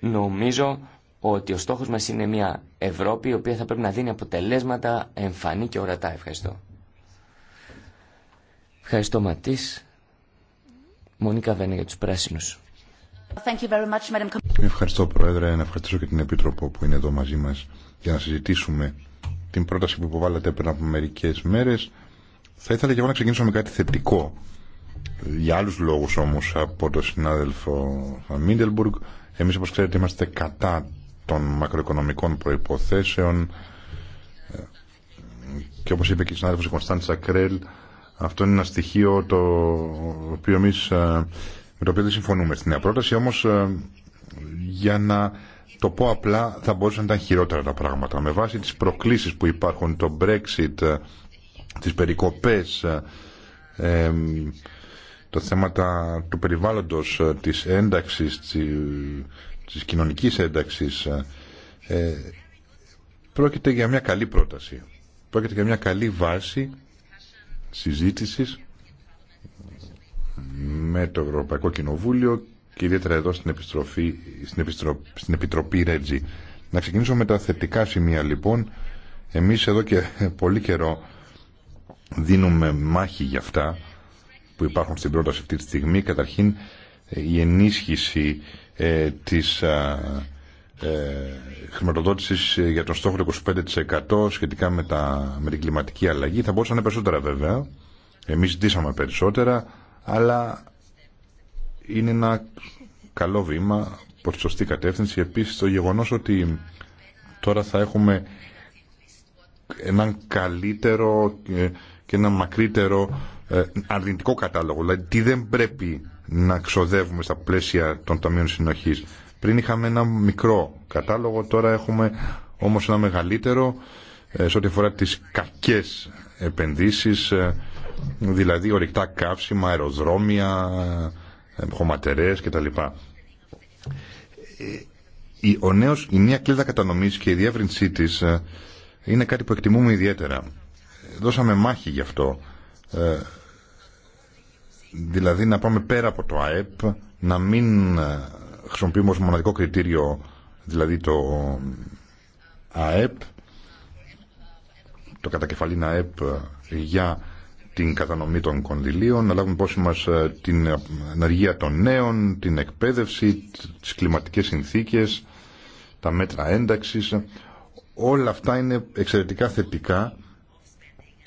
Νομίζω ότι ο στόχος μας είναι μια Ευρώπη η οποία θα πρέπει να δίνει αποτελέσματα εμφανή και ορατά. Ευχαριστώ. Ευχαριστώ Ματής. Μονίκα Βένε για τους πράσινους. Ευχαριστώ Πρόεδρε, να ευχαριστήσω και την Επίτροπο που είναι εδώ μαζί μας για να συζητήσουμε την πρόταση που υποβάλλατε πριν από μερικές μέρες. Θα ήθελα και εγώ να ξεκινήσω με κάτι θετικό. Για άλλους λόγους όμως από τον συνάδελφο Μίντελμπουργκ, εμείς όπως ξέρετε είμαστε κατά των μακροοικονομικών προϋποθέσεων ε, και όπως είπε και η συνάδελφος Κωνσταντσα Κρέλ αυτό είναι ένα στοιχείο το οποίο εμείς, ε, με το οποίο δεν συμφωνούμε στην νέα πρόταση, όμως ε, για να το πω απλά θα μπορούσαν να ήταν χειρότερα τα πράγματα. Με βάση τις προκλήσεις που υπάρχουν, το Brexit, ε, τις περικοπές, τα το θέματα του περιβάλλοντος, της ένταξη, τη κοινωνική κοινωνικής πρόκειται για μια καλή πρόταση. Πρόκειται για μια καλή βάση συζήτησης με το Ευρωπαϊκό Κοινοβούλιο και ιδιαίτερα εδώ στην, επιστροφή, στην, Επιτροπή Ρέτζη. Να ξεκινήσω με τα θετικά σημεία λοιπόν. Εμείς εδώ και πολύ καιρό δίνουμε μάχη για αυτά που υπάρχουν στην πρόταση αυτή τη στιγμή. Καταρχήν η ενίσχυση ε, της ε, Χρηματοδότηση ε, για τον στόχο 25% σχετικά με, τα, με την κλιματική αλλαγή. Θα μπορούσαν περισσότερα βέβαια. Εμείς ζητήσαμε περισσότερα, αλλά είναι ένα καλό βήμα προ τη σωστή κατεύθυνση. Επίσης το γεγονός ότι τώρα θα έχουμε έναν καλύτερο ε, και έναν μακρύτερο αρνητικό κατάλογο. Δηλαδή τι δεν πρέπει να ξοδεύουμε στα πλαίσια των Ταμείων Συνοχής. Πριν είχαμε ένα μικρό κατάλογο, τώρα έχουμε όμως ένα μεγαλύτερο ε, σε ό,τι αφορά τις κακές επενδύσεις, ε, δηλαδή ορυκτά καύσιμα, αεροδρόμια, ε, χωματερές κτλ. Ο νέος, η νέα κλίδα κατανομής και η διεύρυνσή της είναι κάτι που εκτιμούμε ιδιαίτερα. Δώσαμε μάχη γι' αυτό. Δηλαδή να πάμε πέρα από το ΑΕΠ, να μην χρησιμοποιούμε ως μοναδικό κριτήριο δηλαδή το ΑΕΠ το κατακεφαλήν ΑΕΠ για την κατανομή των κονδυλίων, να λάβουμε υπόψη μας ε, την ενεργεία των νέων, την εκπαίδευση, τις κλιματικές συνθήκες, τα μέτρα ένταξης. Όλα αυτά είναι εξαιρετικά θετικά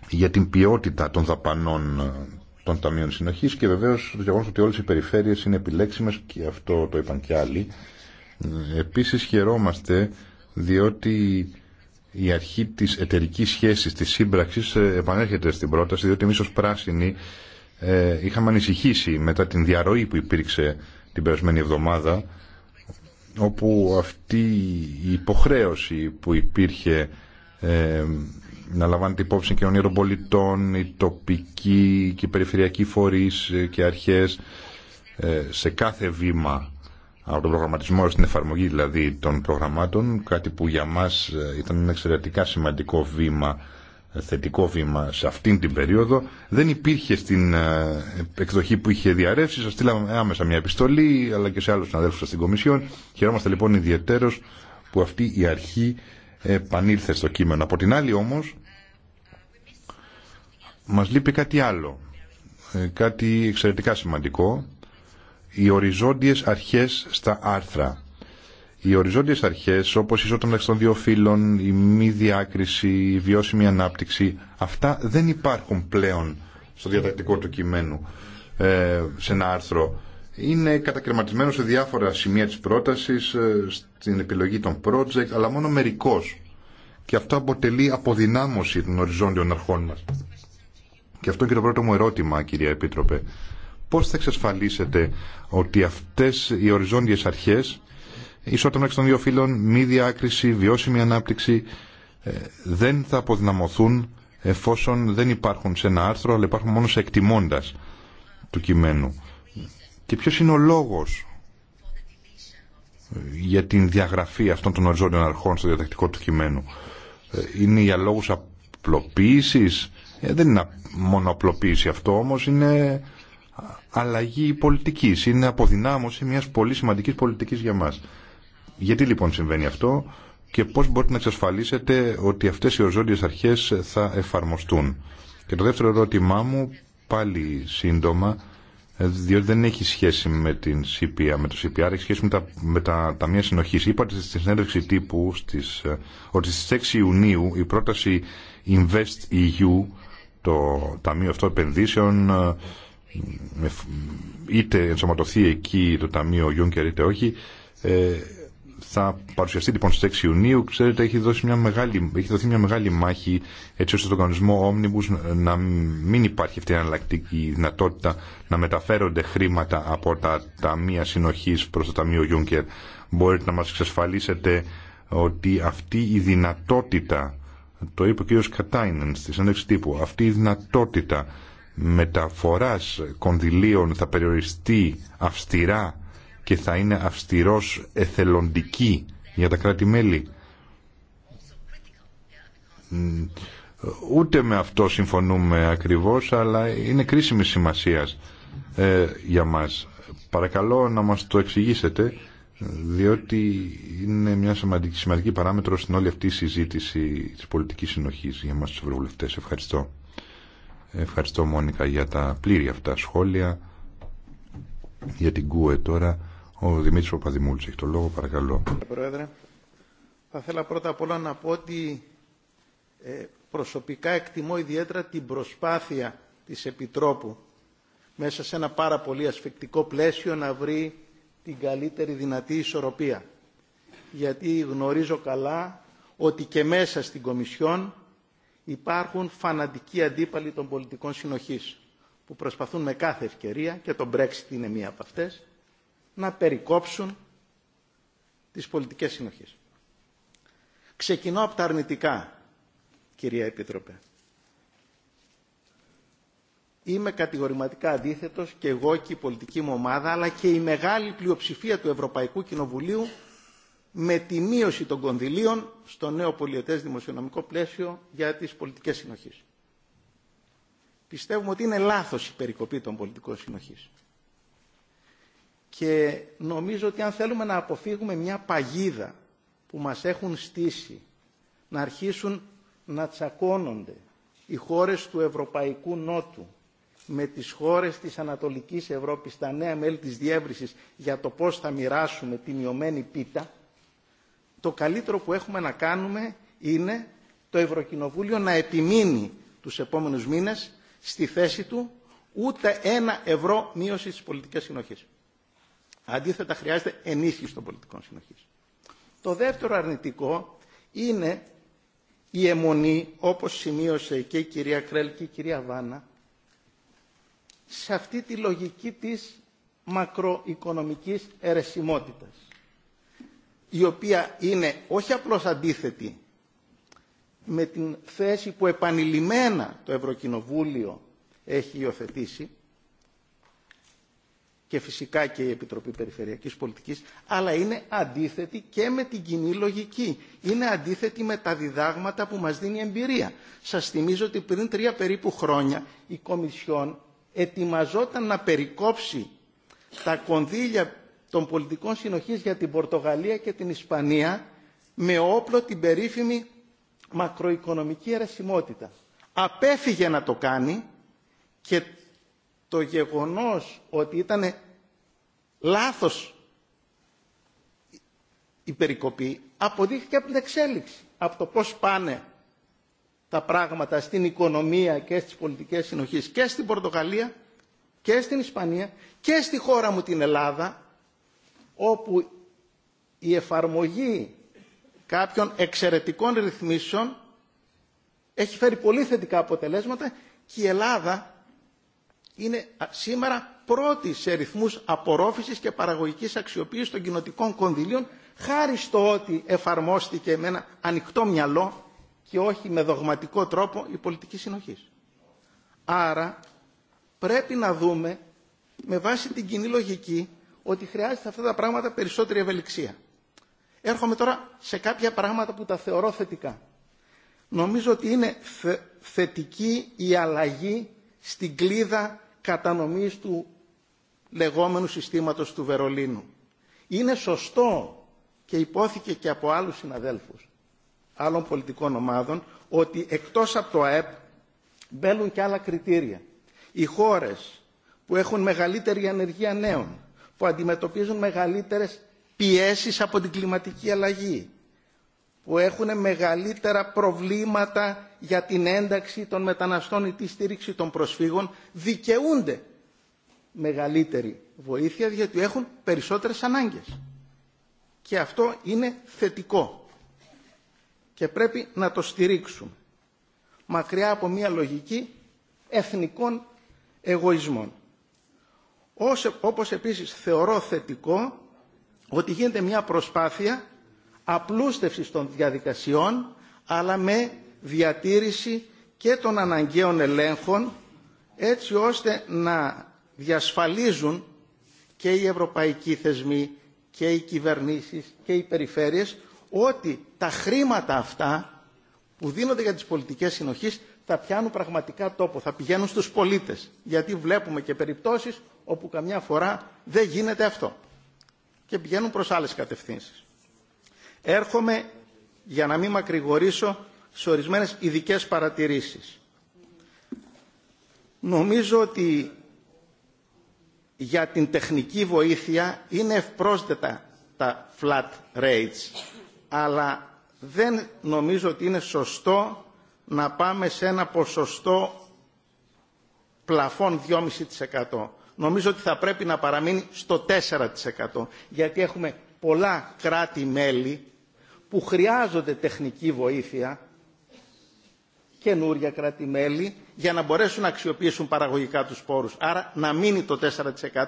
για την ποιότητα των δαπανών ε, των Ταμείων συνοχή και βεβαίως το γεγονός ότι όλες οι περιφέρειες είναι επιλέξιμες και αυτό το είπαν και άλλοι. Επίσης χαιρόμαστε διότι η αρχή της εταιρική σχέσης, της σύμπραξη ε, επανέρχεται στην πρόταση διότι εμείς ως πράσινοι ε, είχαμε ανησυχήσει μετά την διαρροή που υπήρξε την περασμένη εβδομάδα όπου αυτή η υποχρέωση που υπήρχε ε, να λαμβάνεται υπόψη η κοινωνία των πολιτών, οι τοπικοί και οι περιφερειακοί φορείς ε, και αρχές ε, σε κάθε βήμα από τον προγραμματισμό στην εφαρμογή δηλαδή των προγραμμάτων, κάτι που για μας ε, ήταν ένα εξαιρετικά σημαντικό βήμα, θετικό βήμα σε αυτήν την περίοδο. Δεν υπήρχε στην εκδοχή που είχε διαρρεύσει, σας στείλαμε άμεσα μια επιστολή, αλλά και σε άλλους συναδέλφους στην Κομισιόν. Χαιρόμαστε λοιπόν ιδιαίτερος που αυτή η αρχή επανήλθε στο κείμενο. Από την άλλη όμως μας λείπει κάτι άλλο, ε, κάτι εξαιρετικά σημαντικό, οι οριζόντιες αρχές στα άρθρα. Οι οριζόντιες αρχές όπως η ισότητα μεταξύ των δύο φύλων, η μη διάκριση, η βιώσιμη ανάπτυξη, αυτά δεν υπάρχουν πλέον στο διατακτικό του κειμένου ε, σε ένα άρθρο είναι κατακρεματισμένο σε διάφορα σημεία της πρότασης, ε, στην επιλογή των project, αλλά μόνο μερικός. Και αυτό αποτελεί αποδυνάμωση των οριζόντιων αρχών μας. Και αυτό είναι και το πρώτο μου ερώτημα, κυρία Επίτροπε. Πώς θα εξασφαλίσετε ότι αυτές οι οριζόντιες αρχές, ισότητα μεταξύ των δύο φύλων, μη διάκριση, βιώσιμη ανάπτυξη, ε, δεν θα αποδυναμωθούν εφόσον δεν υπάρχουν σε ένα άρθρο, αλλά υπάρχουν μόνο σε εκτιμώντας του κειμένου και ποιος είναι ο λόγος για την διαγραφή αυτών των οριζόντιων αρχών στο διατακτικό του κειμένου. Ε, είναι για λόγους απλοποίησης. Ε, δεν είναι μόνο απλοποίηση αυτό όμως, είναι αλλαγή πολιτικής. Είναι αποδυνάμωση μιας πολύ σημαντικής πολιτικής για μας. Γιατί λοιπόν συμβαίνει αυτό και πώς μπορείτε να εξασφαλίσετε ότι αυτές οι οριζόντιες αρχές θα εφαρμοστούν. Και το δεύτερο ερώτημά μου, πάλι σύντομα, ε, διότι δεν έχει σχέση με, την CPR, με το CPR, έχει σχέση με τα, με τα ταμεία συνοχής. Είπατε στη συνέντευξη τύπου στις, ε, ότι στι 6 Ιουνίου η πρόταση Invest EU, το Ταμείο Αυτό Επενδύσεων, ε, είτε ενσωματωθεί εκεί το Ταμείο Juncker είτε όχι, θα παρουσιαστεί λοιπόν στις 6 Ιουνίου. Ξέρετε, έχει, δώσει μια μεγάλη, έχει δοθεί μια μεγάλη μάχη έτσι ώστε στον κανονισμό Omnibus να μην υπάρχει αυτή η αναλλακτική δυνατότητα να μεταφέρονται χρήματα από τα ταμεία συνοχή προ το ταμείο Juncker. Μπορείτε να μα εξασφαλίσετε ότι αυτή η δυνατότητα, το είπε ο κ. Κατάινεν στη συνέντευξη τύπου, αυτή η δυνατότητα μεταφοράς κονδυλίων θα περιοριστεί αυστηρά και θα είναι αυστηρός εθελοντική για τα κράτη-μέλη. Ούτε με αυτό συμφωνούμε ακριβώς, αλλά είναι κρίσιμη σημασίας ε, για μας. Παρακαλώ να μας το εξηγήσετε, διότι είναι μια σημαντική, σημαντική παράμετρο στην όλη αυτή η συζήτηση της πολιτικής συνοχής για μας τους ευρωβουλευτές. Ευχαριστώ. Ευχαριστώ Μόνικα για τα πλήρη αυτά σχόλια για την ΚΟΕ τώρα ο Δημήτρης Παπαδημούλης έχει το λόγο, παρακαλώ. Πρόεδρε, θα ήθελα πρώτα απ' όλα να πω ότι ε, προσωπικά εκτιμώ ιδιαίτερα την προσπάθεια της Επιτρόπου μέσα σε ένα πάρα πολύ ασφεκτικό πλαίσιο να βρει την καλύτερη δυνατή ισορροπία. Γιατί γνωρίζω καλά ότι και μέσα στην Κομισιόν υπάρχουν φανατικοί αντίπαλοι των πολιτικών συνοχής που προσπαθούν με κάθε ευκαιρία, και το Brexit είναι μία από αυτές, να περικόψουν τις πολιτικές συνοχές. Ξεκινώ από τα αρνητικά, κυρία Επίτροπε. Είμαι κατηγορηματικά αντίθετος και εγώ και η πολιτική μου ομάδα, αλλά και η μεγάλη πλειοψηφία του Ευρωπαϊκού Κοινοβουλίου με τη μείωση των κονδυλίων στο νέο πολιετές δημοσιονομικό πλαίσιο για τις πολιτικές συνοχές. Πιστεύουμε ότι είναι λάθος η περικοπή των πολιτικών συνοχής. Και νομίζω ότι αν θέλουμε να αποφύγουμε μια παγίδα που μας έχουν στήσει, να αρχίσουν να τσακώνονται οι χώρες του Ευρωπαϊκού Νότου με τις χώρες της Ανατολικής Ευρώπης, τα νέα μέλη της διεύρυνσης για το πώς θα μοιράσουμε τη μειωμένη πίτα, το καλύτερο που έχουμε να κάνουμε είναι το Ευρωκοινοβούλιο να επιμείνει τους επόμενους μήνες στη θέση του ούτε ένα ευρώ μείωση της πολιτικής συνοχής. Αντίθετα, χρειάζεται ενίσχυση των πολιτικών συνοχή. Το δεύτερο αρνητικό είναι η αιμονή, όπως σημείωσε και η κυρία Κρέλ και η κυρία Βάνα, σε αυτή τη λογική της μακροοικονομικής αιρεσιμότητας, η οποία είναι όχι απλώς αντίθετη με την θέση που επανειλημμένα το Ευρωκοινοβούλιο έχει υιοθετήσει, και φυσικά και η Επιτροπή Περιφερειακής Πολιτικής, αλλά είναι αντίθετη και με την κοινή λογική. Είναι αντίθετη με τα διδάγματα που μας δίνει η εμπειρία. Σας θυμίζω ότι πριν τρία περίπου χρόνια η Κομισιόν ετοιμαζόταν να περικόψει τα κονδύλια των πολιτικών συνοχής για την Πορτογαλία και την Ισπανία με όπλο την περίφημη μακροοικονομική αιρεσιμότητα. Απέφυγε να το κάνει και το γεγονός ότι ήταν λάθος η περικοπή αποδείχθηκε από την εξέλιξη, από το πώς πάνε τα πράγματα στην οικονομία και στις πολιτικές συνοχές και στην Πορτογαλία και στην Ισπανία και στη χώρα μου την Ελλάδα όπου η εφαρμογή κάποιων εξαιρετικών ρυθμίσεων έχει φέρει πολύ θετικά αποτελέσματα και η Ελλάδα είναι σήμερα πρώτη σε ρυθμούς απορρόφησης και παραγωγικής αξιοποίησης των κοινοτικών κονδυλίων χάρη στο ότι εφαρμόστηκε με ένα ανοιχτό μυαλό και όχι με δογματικό τρόπο η πολιτική συνοχής. Άρα πρέπει να δούμε με βάση την κοινή λογική ότι χρειάζεται αυτά τα πράγματα περισσότερη ευελιξία. Έρχομαι τώρα σε κάποια πράγματα που τα θεωρώ θετικά. Νομίζω ότι είναι θετική η αλλαγή στην κλίδα κατανομής του λεγόμενου συστήματος του Βερολίνου. Είναι σωστό και υπόθηκε και από άλλους συναδέλφους άλλων πολιτικών ομάδων ότι εκτός από το ΑΕΠ μπαίνουν και άλλα κριτήρια. Οι χώρες που έχουν μεγαλύτερη ανεργία νέων, που αντιμετωπίζουν μεγαλύτερες πιέσεις από την κλιματική αλλαγή, που έχουν μεγαλύτερα προβλήματα για την ένταξη των μεταναστών ή τη στήριξη των προσφύγων δικαιούνται μεγαλύτερη βοήθεια γιατί έχουν περισσότερες ανάγκες. Και αυτό είναι θετικό και πρέπει να το στηρίξουμε μακριά από μια λογική εθνικών εγωισμών. Όπως επίσης θεωρώ θετικό ότι γίνεται μια προσπάθεια απλούστευσης των διαδικασιών, αλλά με διατήρηση και των αναγκαίων ελέγχων, έτσι ώστε να διασφαλίζουν και οι ευρωπαϊκοί θεσμοί και οι κυβερνήσεις και οι περιφέρειες ότι τα χρήματα αυτά που δίνονται για τις πολιτικές συνοχής θα πιάνουν πραγματικά τόπο, θα πηγαίνουν στους πολίτες. Γιατί βλέπουμε και περιπτώσεις όπου καμιά φορά δεν γίνεται αυτό και πηγαίνουν προς άλλες κατευθύνσεις. Έρχομαι, για να μην μακρηγορήσω, σε ορισμένες ειδικέ παρατηρήσεις. Νομίζω ότι για την τεχνική βοήθεια είναι ευπρόσδετα τα flat rates, αλλά δεν νομίζω ότι είναι σωστό να πάμε σε ένα ποσοστό πλαφών 2,5%. Νομίζω ότι θα πρέπει να παραμείνει στο 4%, γιατί έχουμε πολλά κράτη-μέλη που χρειάζονται τεχνική βοήθεια, καινούρια κράτη-μέλη, για να μπορέσουν να αξιοποιήσουν παραγωγικά τους πόρους. Άρα να μείνει το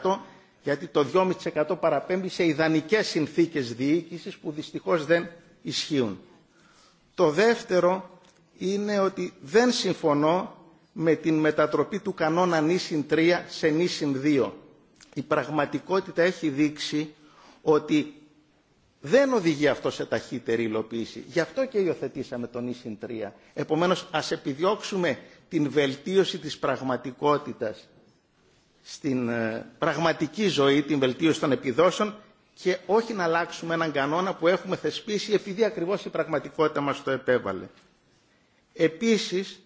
4% γιατί το 2,5% παραπέμπει σε ιδανικές συνθήκες διοίκησης που δυστυχώς δεν ισχύουν. Το δεύτερο είναι ότι δεν συμφωνώ με την μετατροπή του κανόνα νήσιν 3 σε νήσιν 2. Η πραγματικότητα έχει δείξει ότι δεν οδηγεί αυτό σε ταχύτερη υλοποίηση. Γι' αυτό και υιοθετήσαμε τον ΙΣΙΝ 3. Επομένως, ας επιδιώξουμε την βελτίωση της πραγματικότητας στην ε, πραγματική ζωή, την βελτίωση των επιδόσεων και όχι να αλλάξουμε έναν κανόνα που έχουμε θεσπίσει επειδή ακριβώς η πραγματικότητα μας το επέβαλε. Επίσης,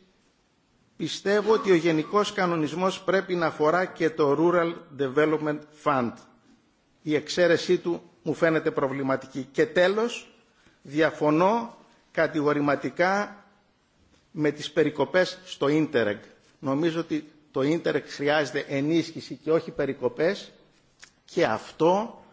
πιστεύω ότι ο γενικός κανονισμός πρέπει να αφορά και το Rural Development Fund. Η εξαίρεσή του μου φαίνεται προβληματική. Και τέλος, διαφωνώ κατηγορηματικά με τις περικοπές στο Ίντερεγ. Νομίζω ότι το Ίντερεγ χρειάζεται ενίσχυση και όχι περικοπές και αυτό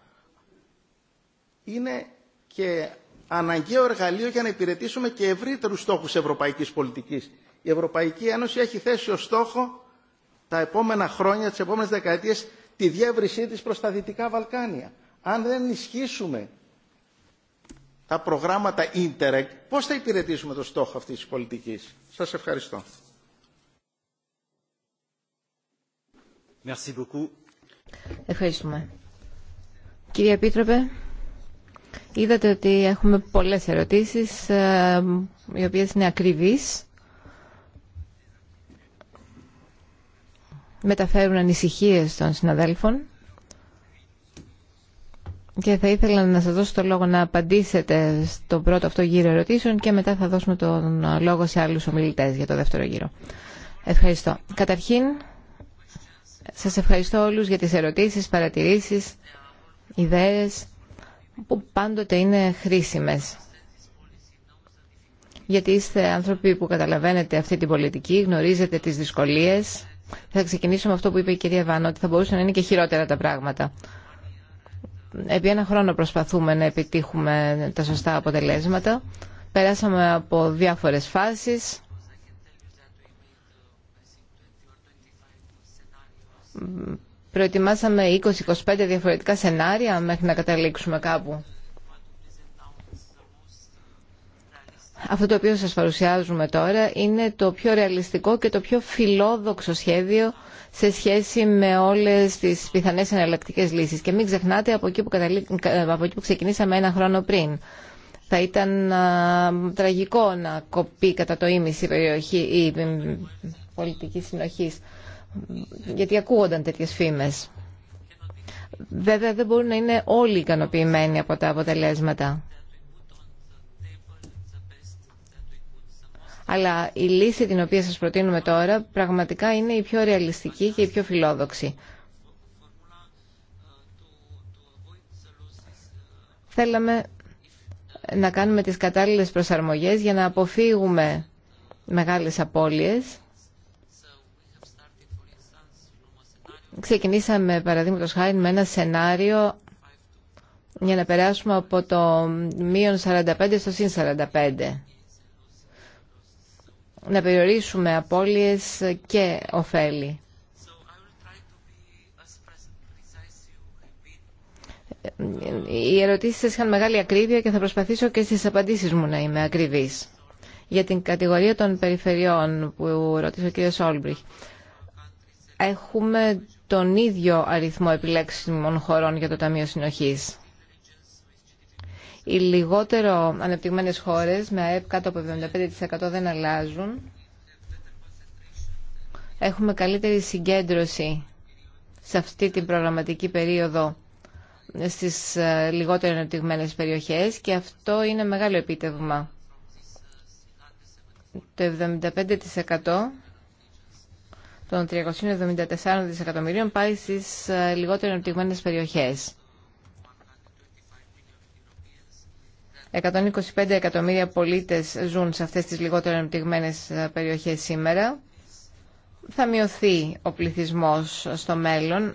είναι και αναγκαίο εργαλείο για να υπηρετήσουμε και ευρύτερους στόχους ευρωπαϊκής πολιτικής. Η Ευρωπαϊκή Ένωση έχει θέσει ως στόχο τα επόμενα χρόνια, τις επόμενες δεκαετίες, τη διεύρυνσή της προς τα Δυτικά Βαλκάνια αν δεν ενισχύσουμε τα προγράμματα Interreg, πώς θα υπηρετήσουμε το στόχο αυτής της πολιτικής. Σας ευχαριστώ. Merci Ευχαριστούμε. Κύριε Επίτροπε, είδατε ότι έχουμε πολλές ερωτήσεις, ε, οι οποίες είναι ακριβείς. Μεταφέρουν ανησυχίες των συναδέλφων. Και θα ήθελα να σας δώσω το λόγο να απαντήσετε στο πρώτο αυτό γύρο ερωτήσεων και μετά θα δώσουμε τον λόγο σε άλλους ομιλητές για το δεύτερο γύρο. Ευχαριστώ. Καταρχήν, σας ευχαριστώ όλους για τις ερωτήσεις, παρατηρήσεις, ιδέες που πάντοτε είναι χρήσιμες. Γιατί είστε άνθρωποι που καταλαβαίνετε αυτή την πολιτική, γνωρίζετε τις δυσκολίες. Θα ξεκινήσω με αυτό που είπε η κυρία Βάνο, ότι θα μπορούσαν να είναι και χειρότερα τα πράγματα. Επί ένα χρόνο προσπαθούμε να επιτύχουμε τα σωστά αποτελέσματα. Περάσαμε από διάφορες φάσεις. Προετοιμάσαμε 20-25 διαφορετικά σενάρια μέχρι να καταλήξουμε κάπου. Αυτό το οποίο σας παρουσιάζουμε τώρα είναι το πιο ρεαλιστικό και το πιο φιλόδοξο σχέδιο σε σχέση με όλες τις πιθανές εναλλακτικές λύσεις. Και μην ξεχνάτε από εκεί που, καταλή... από εκεί που ξεκινήσαμε ένα χρόνο πριν. Θα ήταν τραγικό να κοπεί κατά το ίμιση η περιοχή η πολιτική συνοχής, γιατί ακούγονταν τέτοιε φήμες. Βέβαια δεν μπορούν να είναι όλοι ικανοποιημένοι από τα αποτελέσματα. αλλά η λύση την οποία σας προτείνουμε τώρα πραγματικά είναι η πιο ρεαλιστική και η πιο φιλόδοξη. Θέλαμε να κάνουμε τις κατάλληλες προσαρμογές για να αποφύγουμε μεγάλες απώλειες. Ξεκινήσαμε, παραδείγματο χάρη, με ένα σενάριο για να περάσουμε από το μείον 45 στο συν 45 να περιορίσουμε απώλειες και ωφέλη. Οι ερωτήσεις σας είχαν μεγάλη ακρίβεια και θα προσπαθήσω και στις απαντήσεις μου να είμαι ακριβής. Για την κατηγορία των περιφερειών που ρώτησε ο κ. Σόλμπριχ, Έχουμε τον ίδιο αριθμό επιλέξιμων χωρών για το Ταμείο Συνοχής. Οι λιγότερο ανεπτυγμένες χώρες με ΑΕΠ κάτω από 75% δεν αλλάζουν. Έχουμε καλύτερη συγκέντρωση σε αυτή την προγραμματική περίοδο στις ε, λιγότερο ανεπτυγμένες περιοχές και αυτό είναι μεγάλο επίτευγμα. Το 75% των 374 δισεκατομμυρίων πάει στις ε, λιγότερο ανεπτυγμένες περιοχές. 125 εκατομμύρια πολίτες ζουν σε αυτές τις λιγότερο ανεπτυγμένες ε, περιοχές σήμερα. Θα μειωθεί ο πληθυσμός στο μέλλον,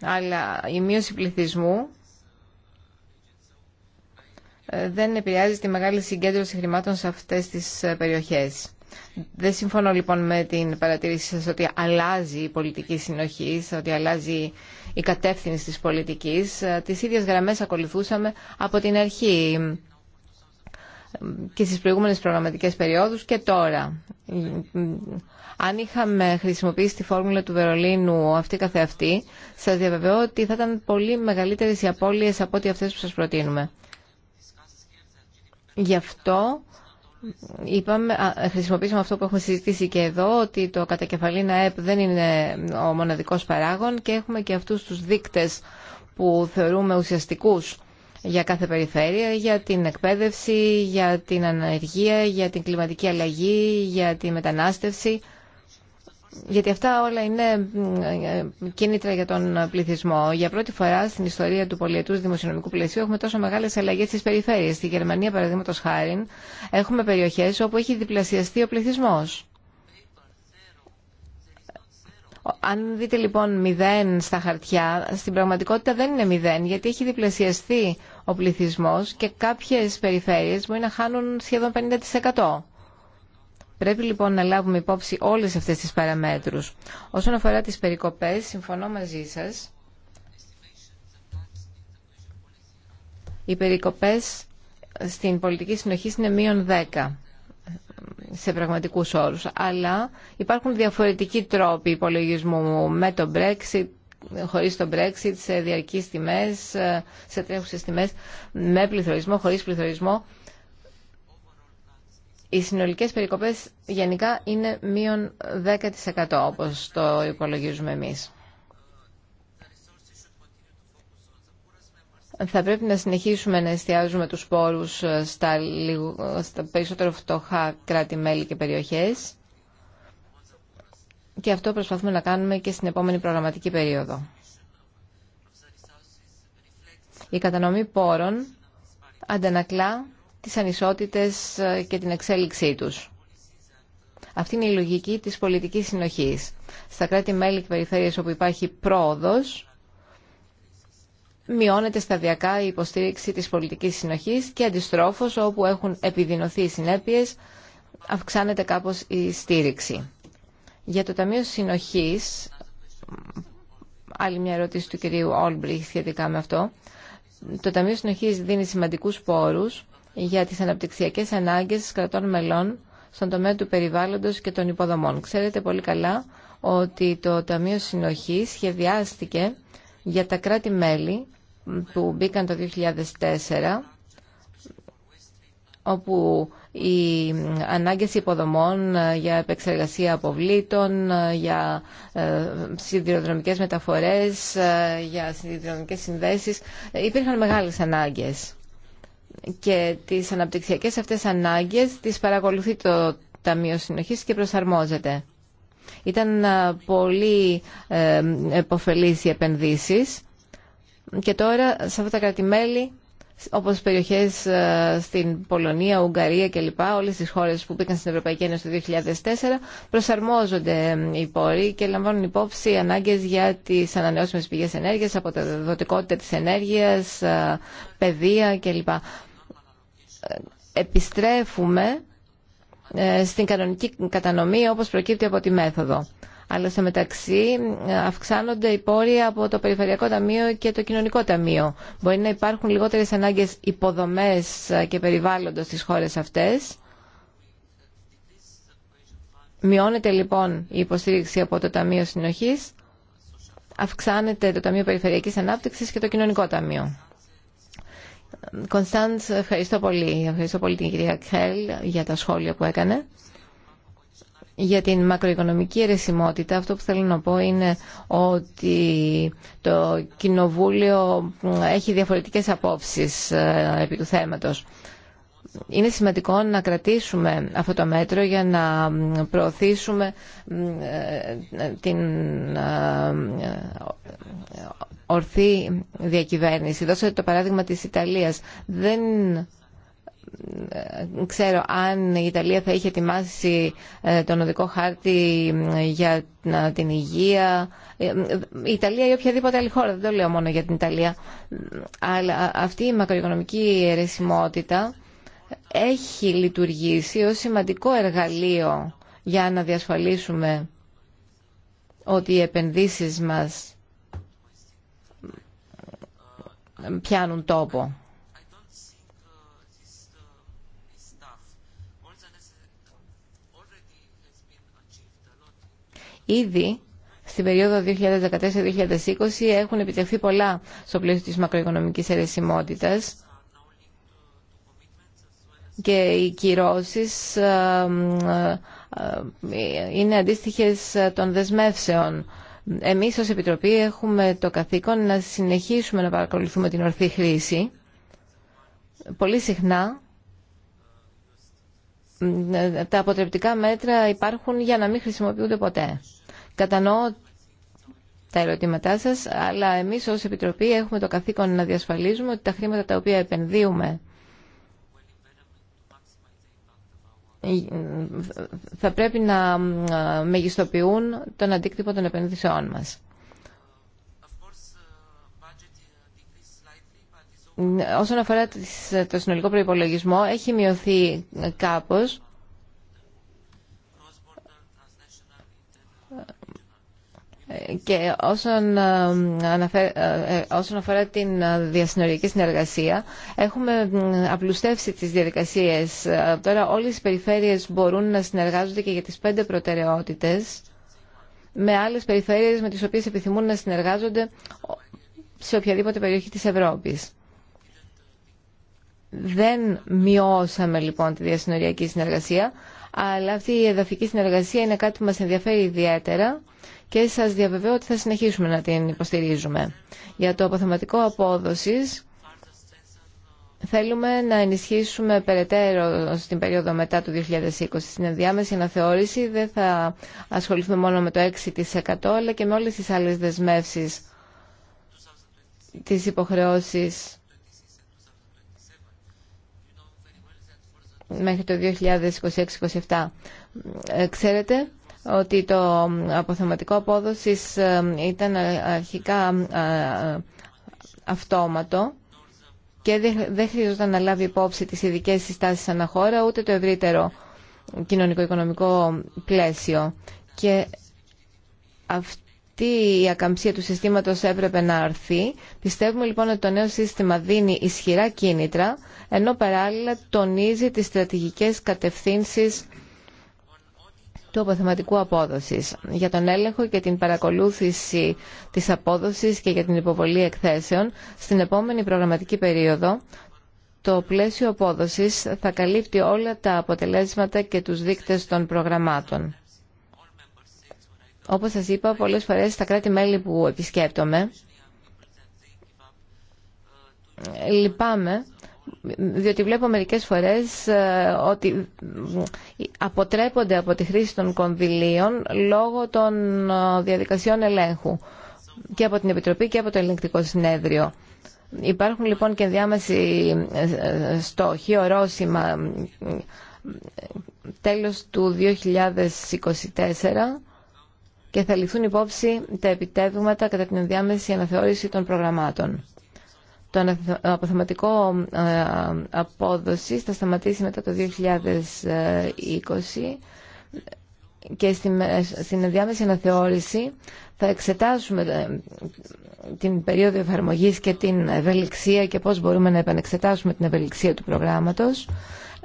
αλλά η μείωση πληθυσμού ε, δεν επηρεάζει τη μεγάλη συγκέντρωση χρημάτων σε αυτές τις ε, περιοχές. Δεν συμφωνώ λοιπόν με την παρατήρηση σας ότι αλλάζει η πολιτική συνοχή, ότι αλλάζει η κατεύθυνση της πολιτικής. Τις ίδιες γραμμές ακολουθούσαμε από την αρχή και στις προηγούμενες προγραμματικές περιόδους και τώρα. Αν είχαμε χρησιμοποιήσει τη φόρμουλα του Βερολίνου αυτή καθεαυτή, σας διαβεβαιώ ότι θα ήταν πολύ μεγαλύτερες οι απώλειες από ό,τι αυτές που σας προτείνουμε. Γι' αυτό Είπαμε, χρησιμοποίησαμε αυτό που έχουμε συζητήσει και εδώ, ότι το κατακεφαλήνα ΕΠ δεν είναι ο μοναδικός παράγων και έχουμε και αυτούς τους δείκτες που θεωρούμε ουσιαστικούς για κάθε περιφέρεια, για την εκπαίδευση, για την ανεργία, για την κλιματική αλλαγή, για τη μετανάστευση γιατί αυτά όλα είναι ε, κίνητρα για τον πληθυσμό. Για πρώτη φορά στην ιστορία του πολιετούς δημοσιονομικού πλαισίου έχουμε τόσο μεγάλες αλλαγές στις περιφέρειες. Στη Γερμανία, παραδείγματο χάρη, έχουμε περιοχές όπου έχει διπλασιαστεί ο πληθυσμός. Αν δείτε λοιπόν μηδέν στα χαρτιά, στην πραγματικότητα δεν είναι μηδέν, γιατί έχει διπλασιαστεί ο πληθυσμός και κάποιες περιφέρειες μπορεί να χάνουν σχεδόν 50%. Πρέπει λοιπόν να λάβουμε υπόψη όλες αυτές τις παραμέτρους. Όσον αφορά τις περικοπές, συμφωνώ μαζί σας. Οι περικοπές στην πολιτική συνοχή είναι μείον 10 σε πραγματικούς όρους. Αλλά υπάρχουν διαφορετικοί τρόποι υπολογισμού με το Brexit, χωρίς το Brexit, σε διαρκείς τιμές, σε τρέχουσες τιμές, με πληθωρισμό, χωρίς πληθωρισμό οι συνολικές περικοπές γενικά είναι μείον 10% όπως το υπολογίζουμε εμείς. Θα πρέπει να συνεχίσουμε να εστιάζουμε τους πόρους ε, στα, ε, στα περισσότερο φτωχά κράτη-μέλη και περιοχές και αυτό προσπαθούμε να κάνουμε και στην επόμενη προγραμματική περίοδο. Η κατανομή πόρων αντανακλά τις ανισότητες ε, και την εξέλιξή τους. Αυτή είναι η λογική της πολιτικής συνοχής. Στα κράτη-μέλη και περιφέρειες όπου υπάρχει πρόοδος, μειώνεται σταδιακά η υποστήριξη της πολιτικής συνοχής και αντιστρόφως όπου έχουν επιδεινωθεί οι συνέπειες, αυξάνεται κάπως η στήριξη. Για το Ταμείο Συνοχής, άλλη μια ερώτηση του κυρίου Όλμπριχ σχετικά με αυτό, το Ταμείο Συνοχής δίνει σημαντικούς πόρους για τις αναπτυξιακές ανάγκες κρατών μελών στον τομέα του περιβάλλοντος και των υποδομών. Ξέρετε πολύ καλά ότι το Ταμείο Συνοχής σχεδιάστηκε για τα κράτη-μέλη που μπήκαν το 2004 όπου οι ανάγκες υποδομών για επεξεργασία αποβλήτων, για ε, σιδηροδρομικές μεταφορές, ε, για σιδηροδρομικές συνδέσεις, ε, υπήρχαν μεγάλες ανάγκες και τις αναπτυξιακές αυτές ανάγκες τις παρακολουθεί το Ταμείο Συνοχής και προσαρμόζεται. Ήταν ε, πολύ ε, εποφελής οι επενδύσεις και τώρα σε αυτά τα κρατημέλη όπως περιοχές ε, στην Πολωνία, Ουγγαρία κλπ. Όλες τις χώρες που μπήκαν στην Ευρωπαϊκή Ένωση το 2004 προσαρμόζονται ε, οι πόροι και λαμβάνουν υπόψη ανάγκες για τις ανανεώσιμες πηγές ενέργειας, από τα δοτικότητα της ενέργειας, ε, παιδεία κλπ. Επιστρέφουμε στην κανονική κατανομή όπως προκύπτει από τη μέθοδο αλλά σε μεταξύ ε, αυξάνονται οι πόροι από το Περιφερειακό Ταμείο και το Κοινωνικό Ταμείο. Μπορεί να υπάρχουν λιγότερες ανάγκες υποδομές ε, και περιβάλλοντος στις χώρες αυτές. Μειώνεται λοιπόν η υποστήριξη από το Ταμείο Συνοχής, αυξάνεται το Ταμείο Περιφερειακής Ανάπτυξης και το Κοινωνικό Ταμείο. Κωνσταντς, ευχαριστώ πολύ. Ευχαριστώ πολύ την κυρία Κέλ για τα σχόλια που έκανε. Για την μακροοικονομική αιρεσιμότητα αυτό που θέλω να πω είναι ότι το Κοινοβούλιο έχει διαφορετικές απόψεις ε, επί του θέματος. Είναι σημαντικό να κρατήσουμε αυτό το μέτρο για να προωθήσουμε ε, την ε, ορθή διακυβέρνηση. Δώσατε το παράδειγμα της Ιταλίας. Δεν ξέρω αν η Ιταλία θα είχε ετοιμάσει ε, τον οδικό χάρτη για την υγεία. Ε, η Ιταλία ή οποιαδήποτε άλλη χώρα, δεν το λέω μόνο για την Ιταλία. Αλλά αυτή η μακροοικονομική αιρεσιμότητα έχει λειτουργήσει ως σημαντικό εργαλείο για να διασφαλίσουμε ότι οι επενδύσεις μας πιάνουν τόπο. Ήδη στην περίοδο 2014-2020 έχουν επιτευχθεί πολλά στο πλαίσιο της μακροοικονομικής αιρεσιμότητας και οι κυρώσεις ε, είναι αντίστοιχες των δεσμεύσεων. Εμείς ως Επιτροπή έχουμε το καθήκον να συνεχίσουμε να παρακολουθούμε την ορθή χρήση. Πολύ συχνά τα αποτρεπτικά μέτρα υπάρχουν για να μην χρησιμοποιούνται ποτέ. Κατανοώ τα ερωτήματά σας, αλλά εμείς ως Επιτροπή έχουμε το καθήκον να διασφαλίζουμε ότι τα χρήματα τα οποία επενδύουμε θα πρέπει να μεγιστοποιούν τον αντίκτυπο των επενδύσεών μας. Όσον αφορά το συνολικό προϋπολογισμό, έχει μειωθεί κάπως. Και όσον, ε, ε, ε, όσον αφορά την διασυνοριακή συνεργασία, έχουμε απλουστεύσει τις διαδικασίες. Τώρα όλες οι περιφέρειες μπορούν να συνεργάζονται και για τις πέντε προτεραιότητες με άλλες περιφέρειες με τις οποίες επιθυμούν να συνεργάζονται σε οποιαδήποτε περιοχή της Ευρώπης. Δεν μειώσαμε λοιπόν τη διασυνοριακή συνεργασία, αλλά αυτή η εδαφική συνεργασία είναι κάτι που μας ενδιαφέρει ιδιαίτερα και σας διαβεβαιώ ότι θα συνεχίσουμε να την υποστηρίζουμε. Για το αποθεματικό απόδοσης, Θέλουμε να ενισχύσουμε περαιτέρω στην περίοδο μετά του 2020. Στην ενδιάμεση αναθεώρηση δεν θα ασχοληθούμε μόνο με το 6% αλλά και με όλες τις άλλες δεσμεύσεις, τις υποχρεώσεις μέχρι το 2026-2027. Ε, ξέρετε ότι το αποθεματικό απόδοσης ε, ήταν αρχικά ε, αυτόματο και δεν χρειαζόταν να λάβει υπόψη τις ειδικές συστάσεις αναχώρα ούτε το ευρύτερο κοινωνικο-οικονομικό πλαίσιο. Και αυτή η ακαμψία του συστήματος έπρεπε να αρθεί. Πιστεύουμε λοιπόν ότι το νέο σύστημα δίνει ισχυρά κίνητρα ενώ παράλληλα τονίζει τις στρατηγικές κατευθύνσεις του αποθεματικού απόδοσης. Για τον έλεγχο και την παρακολούθηση της απόδοσης και για την υποβολή εκθέσεων, στην επόμενη προγραμματική περίοδο, το πλαίσιο απόδοσης θα καλύπτει όλα τα αποτελέσματα και τους δείκτες των προγραμμάτων. Όπως σας είπα, πολλές φορές στα κράτη-μέλη που επισκέπτομαι, λυπάμαι διότι βλέπω μερικές φορές ε, ότι αποτρέπονται από τη χρήση των κονδυλίων λόγω των ε, διαδικασιών ελέγχου και από την Επιτροπή και από το Ελεγκτικό Συνέδριο. Υπάρχουν λοιπόν και διάμεση ε, στόχοι, ορόσημα τέλος του 2024 και θα ληφθούν υπόψη τα επιτεύγματα κατά την ενδιάμεση αναθεώρηση των προγραμμάτων το αποθεματικό ε, ε, απόδοση θα σταματήσει μετά το 2020 και στην ενδιάμεση αναθεώρηση θα εξετάσουμε ε, την περίοδο εφαρμογής και την ευελιξία και πώς μπορούμε να επανεξετάσουμε την ευελιξία του προγράμματος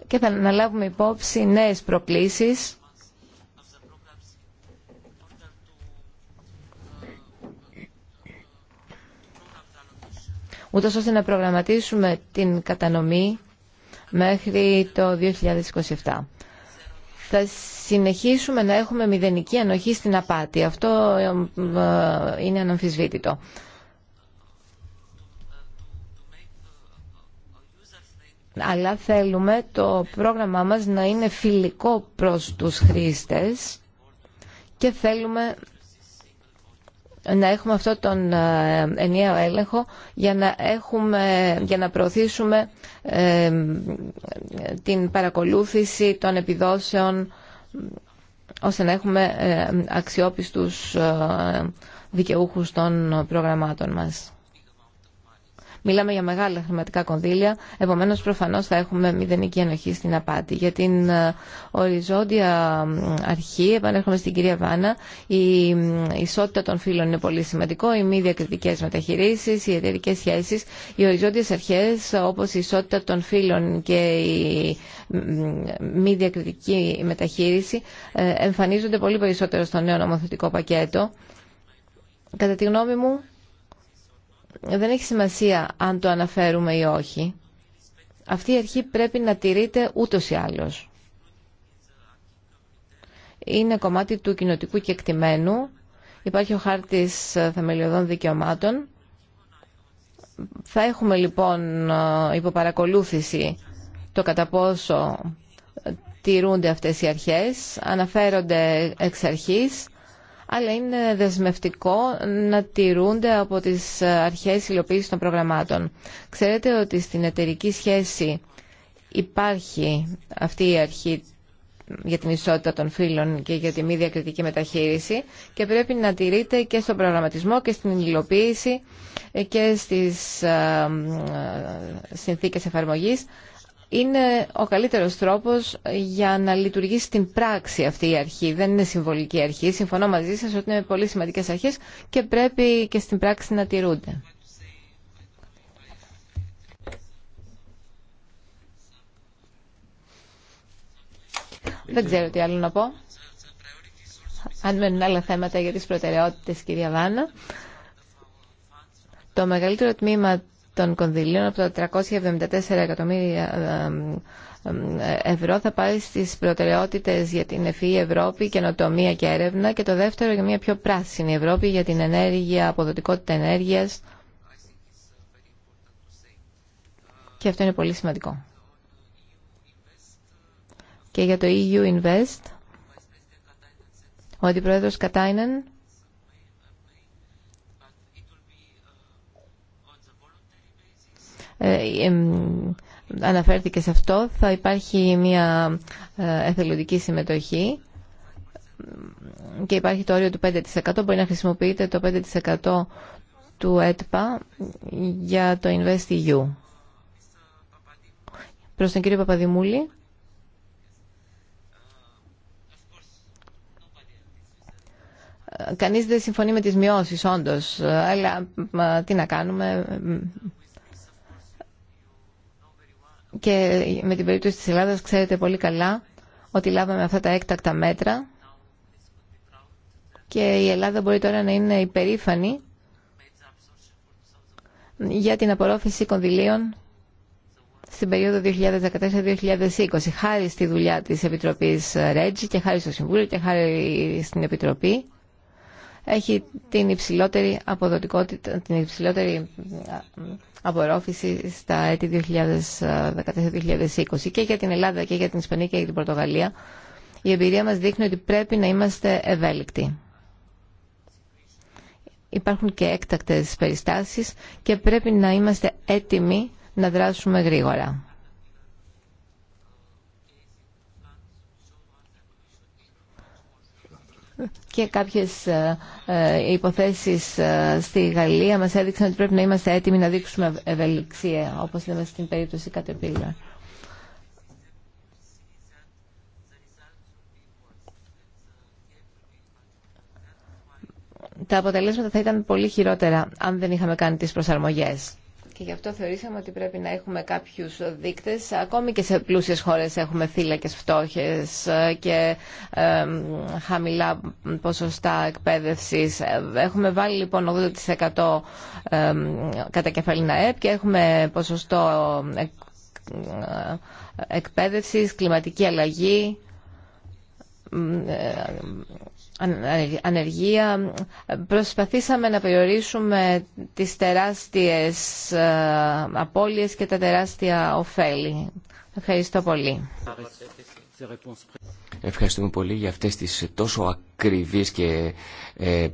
και θα αναλάβουμε υπόψη νέες προκλήσεις ούτως ώστε να προγραμματίσουμε την κατανομή μέχρι το 2027. Θα συνεχίσουμε να έχουμε μηδενική ανοχή στην απάτη. Αυτό ε, είναι αναμφισβήτητο. αλλά θέλουμε το πρόγραμμά μας να είναι φιλικό προς τους χρήστες και θέλουμε να έχουμε αυτό τον ε, ενιαίο έλεγχο για να, έχουμε, για να προωθήσουμε ε, την παρακολούθηση των επιδόσεων ώστε να έχουμε ε, αξιόπιστους δικαιούχους των προγραμμάτων μας. Μιλάμε για μεγάλα χρηματικά κονδύλια, επομένω προφανώ θα έχουμε μηδενική ανοχή στην απάτη. Για την ε, οριζόντια αρχή, επανέρχομαι στην κυρία Βάνα, η ισότητα των φύλων είναι πολύ σημαντικό, οι μη διακριτικέ μεταχειρήσει, οι εταιρικέ σχέσει, οι οριζόντιε αρχέ όπω η ισότητα των φύλων και η μη διακριτική μεταχείριση ε, εμφανίζονται πολύ περισσότερο στο νέο νομοθετικό πακέτο. Κατά τη γνώμη μου, δεν έχει σημασία αν το αναφέρουμε ή όχι. Αυτή η αρχή πρέπει να τηρείται ούτως ή άλλως. Είναι κομμάτι του κοινοτικού κεκτημένου. Υπάρχει ο χάρτης θεμελιωδών δικαιωμάτων. Θα έχουμε λοιπόν υποπαρακολούθηση το κατά πόσο τηρούνται αυτές οι αρχές, αναφέρονται εξ αρχής αλλά είναι δεσμευτικό να τηρούνται από τις αρχές υλοποίησης των προγραμμάτων. Ξέρετε ότι στην εταιρική σχέση υπάρχει αυτή η αρχή για την ισότητα των φύλων και για τη μη διακριτική μεταχείριση και πρέπει να τηρείται και στον προγραμματισμό και στην υλοποίηση και στις ε, ε, συνθήκες εφαρμογής είναι ο καλύτερος τρόπος για να λειτουργήσει στην πράξη αυτή η αρχή. Δεν είναι συμβολική αρχή. Συμφωνώ μαζί σας ότι είναι πολύ σημαντικές αρχές και πρέπει και στην πράξη να τηρούνται. Δεν ξέρω τι άλλο να πω. Αν μένουν άλλα θέματα για τις προτεραιότητες, κυρία Βάνα. Το μεγαλύτερο τμήμα των κονδυλίων από τα 374 εκατομμύρια ε, ε, ευρώ θα πάει στις προτεραιότητες για την ευφυή Ευρώπη, καινοτομία και έρευνα και το δεύτερο για μια πιο πράσινη Ευρώπη για την ενέργεια, αποδοτικότητα ενέργειας και αυτό είναι πολύ σημαντικό. Και για το EU Invest, ο Αντιπρόεδρος Κατάινεν Ε, αναφέρθηκε σε αυτό, θα υπάρχει μια ε, εθελοντική συμμετοχή και υπάρχει το όριο του 5%. Μπορεί να χρησιμοποιείτε το 5% του ΕΤΠΑ για το InvestEU. Προς τον κύριο Παπαδημούλη. Κανείς δεν συμφωνεί με τις μειώσεις, όντως, ε, αλλά τι να κάνουμε, και με την περίπτωση της Ελλάδας ξέρετε πολύ καλά ότι λάβαμε αυτά τα έκτακτα μέτρα και η Ελλάδα μπορεί τώρα να είναι υπερήφανη για την απορρόφηση κονδυλίων στην περίοδο 2014-2020 χάρη στη δουλειά της Επιτροπής Ρέτζη και χάρη στο Συμβούλιο και χάρη στην Επιτροπή έχει την υψηλότερη αποδοτικότητα, την υψηλότερη απορρόφηση στα έτη 2014-2020 και για την Ελλάδα και για την Ισπανία και για την Πορτογαλία. Η εμπειρία μας δείχνει ότι πρέπει να είμαστε ευέλικτοι. Υπάρχουν και έκτακτες περιστάσεις και πρέπει να είμαστε έτοιμοι να δράσουμε γρήγορα. και κάποιες ε, ε, υποθέσεις ε, στη Γαλλία μας έδειξαν ότι πρέπει να είμαστε έτοιμοι να δείξουμε ευελιξία, όπως είδαμε στην περίπτωση Κατεπίλα. Τα αποτελέσματα θα ήταν πολύ χειρότερα αν δεν είχαμε κάνει τις προσαρμογές και γι' αυτό θεωρήσαμε ότι πρέπει να έχουμε κάποιους δείκτες. Ακόμη και σε πλούσιες χώρες έχουμε θύλακες φτώχες και χαμηλά ποσοστά εκπαίδευσης. Έχουμε βάλει λοιπόν 80% κατά κεφαλήνα ΕΠ και έχουμε ποσοστό ε, εκπαίδευσης, κλιματική αλλαγή ε, ε, ανεργία. Προσπαθήσαμε να περιορίσουμε τις τεράστιες ε, απώλειες και τα τεράστια ωφέλη. Ευχαριστώ πολύ. Ευχαριστούμε πολύ για αυτές τις τόσο ακριβείς και ε,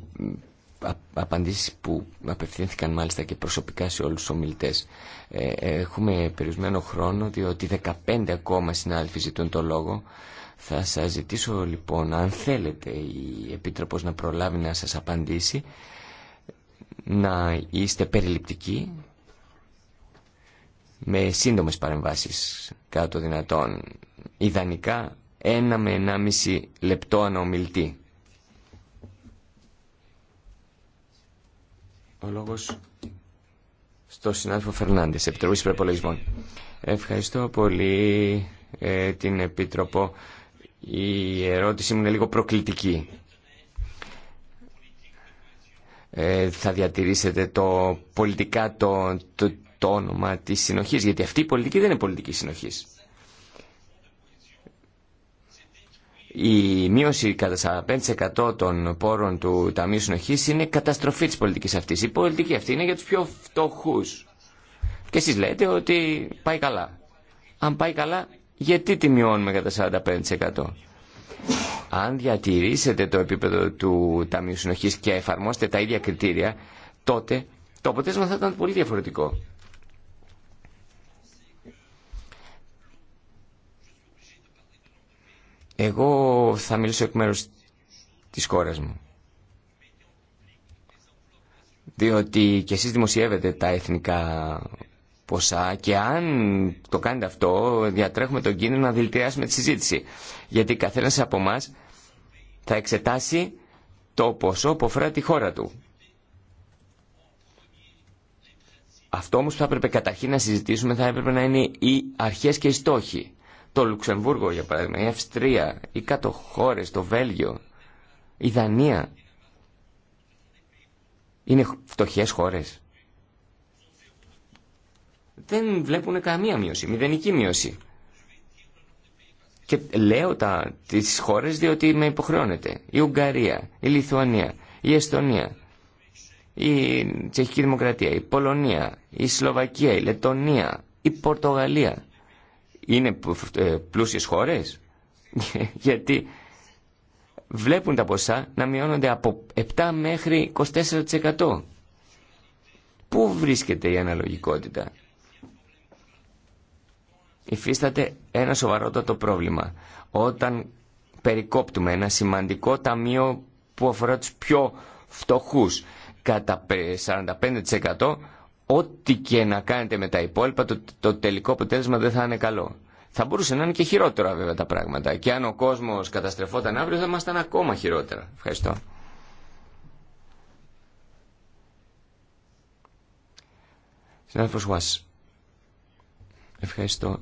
απαντήσεις που απευθύνθηκαν μάλιστα και προσωπικά σε όλους τους ομιλητές. Ε, έχουμε περιορισμένο χρόνο διότι 15 ακόμα συνάδελφοι ζητούν το λόγο. Θα σας ζητήσω λοιπόν, αν θέλετε η Επίτροπος να προλάβει να σας απαντήσει, να είστε περιληπτικοί με σύντομες παρεμβάσεις κάτω το δυνατόν. Ιδανικά ένα με 1,5 λεπτό αναομιλτή. Ο λόγος στο συνάδελφο Φερνάντες, Επιτροπής Προπολογισμών. Ευχαριστώ πολύ ε, την Επίτροπο η ερώτησή μου είναι λίγο προκλητική. Ε, θα διατηρήσετε το πολιτικά το, το, το όνομα της συνοχής, γιατί αυτή η πολιτική δεν είναι πολιτική συνοχής. Η μείωση κατά 45% των πόρων του Ταμείου Συνοχής είναι καταστροφή της πολιτικής αυτής. Η πολιτική αυτή είναι για τους πιο φτωχούς. Και εσείς λέτε ότι πάει καλά. Αν πάει καλά, γιατί τη μειώνουμε κατά 45%. Αν διατηρήσετε το επίπεδο του Ταμείου συνοχή και εφαρμόσετε τα ίδια κριτήρια, τότε το αποτέλεσμα θα ήταν πολύ διαφορετικό. Εγώ θα μιλήσω εκ μέρους της χώρα μου. Διότι και εσείς δημοσιεύετε τα εθνικά ποσά και αν το κάνετε αυτό διατρέχουμε τον κίνδυνο να δηλητηριάσουμε τη συζήτηση. Γιατί καθένα από εμά θα εξετάσει το ποσό που αφορά τη χώρα του. Αυτό όμως που θα έπρεπε καταρχήν να συζητήσουμε θα έπρεπε να είναι οι αρχές και οι στόχοι. Το Λουξεμβούργο για παράδειγμα, η Αυστρία, οι κάτω χώρες, το Βέλγιο, η Δανία. Είναι φτωχές χώρες δεν βλέπουν καμία μείωση, μηδενική μείωση. Και λέω τα, τις χώρες διότι με υποχρεώνεται. Η Ουγγαρία, η Λιθουανία, η Εστονία, η Τσεχική Δημοκρατία, η Πολωνία, η Σλοβακία, η Λετωνία, η Πορτογαλία. Είναι ε, πλούσιες χώρες γιατί βλέπουν τα ποσά να μειώνονται από 7 μέχρι 24%. Πού βρίσκεται η αναλογικότητα υφίσταται ένα σοβαρότατο πρόβλημα. Όταν περικόπτουμε ένα σημαντικό ταμείο που αφορά τους πιο φτωχούς κατά 45% ό,τι και να κάνετε με τα υπόλοιπα το, τελικό αποτέλεσμα δεν θα είναι καλό. Θα μπορούσε να είναι και χειρότερα βέβαια τα πράγματα και αν ο κόσμος καταστρεφόταν αύριο θα ήμασταν ακόμα χειρότερα. Ευχαριστώ. Συνάδελφος Ευχαριστώ.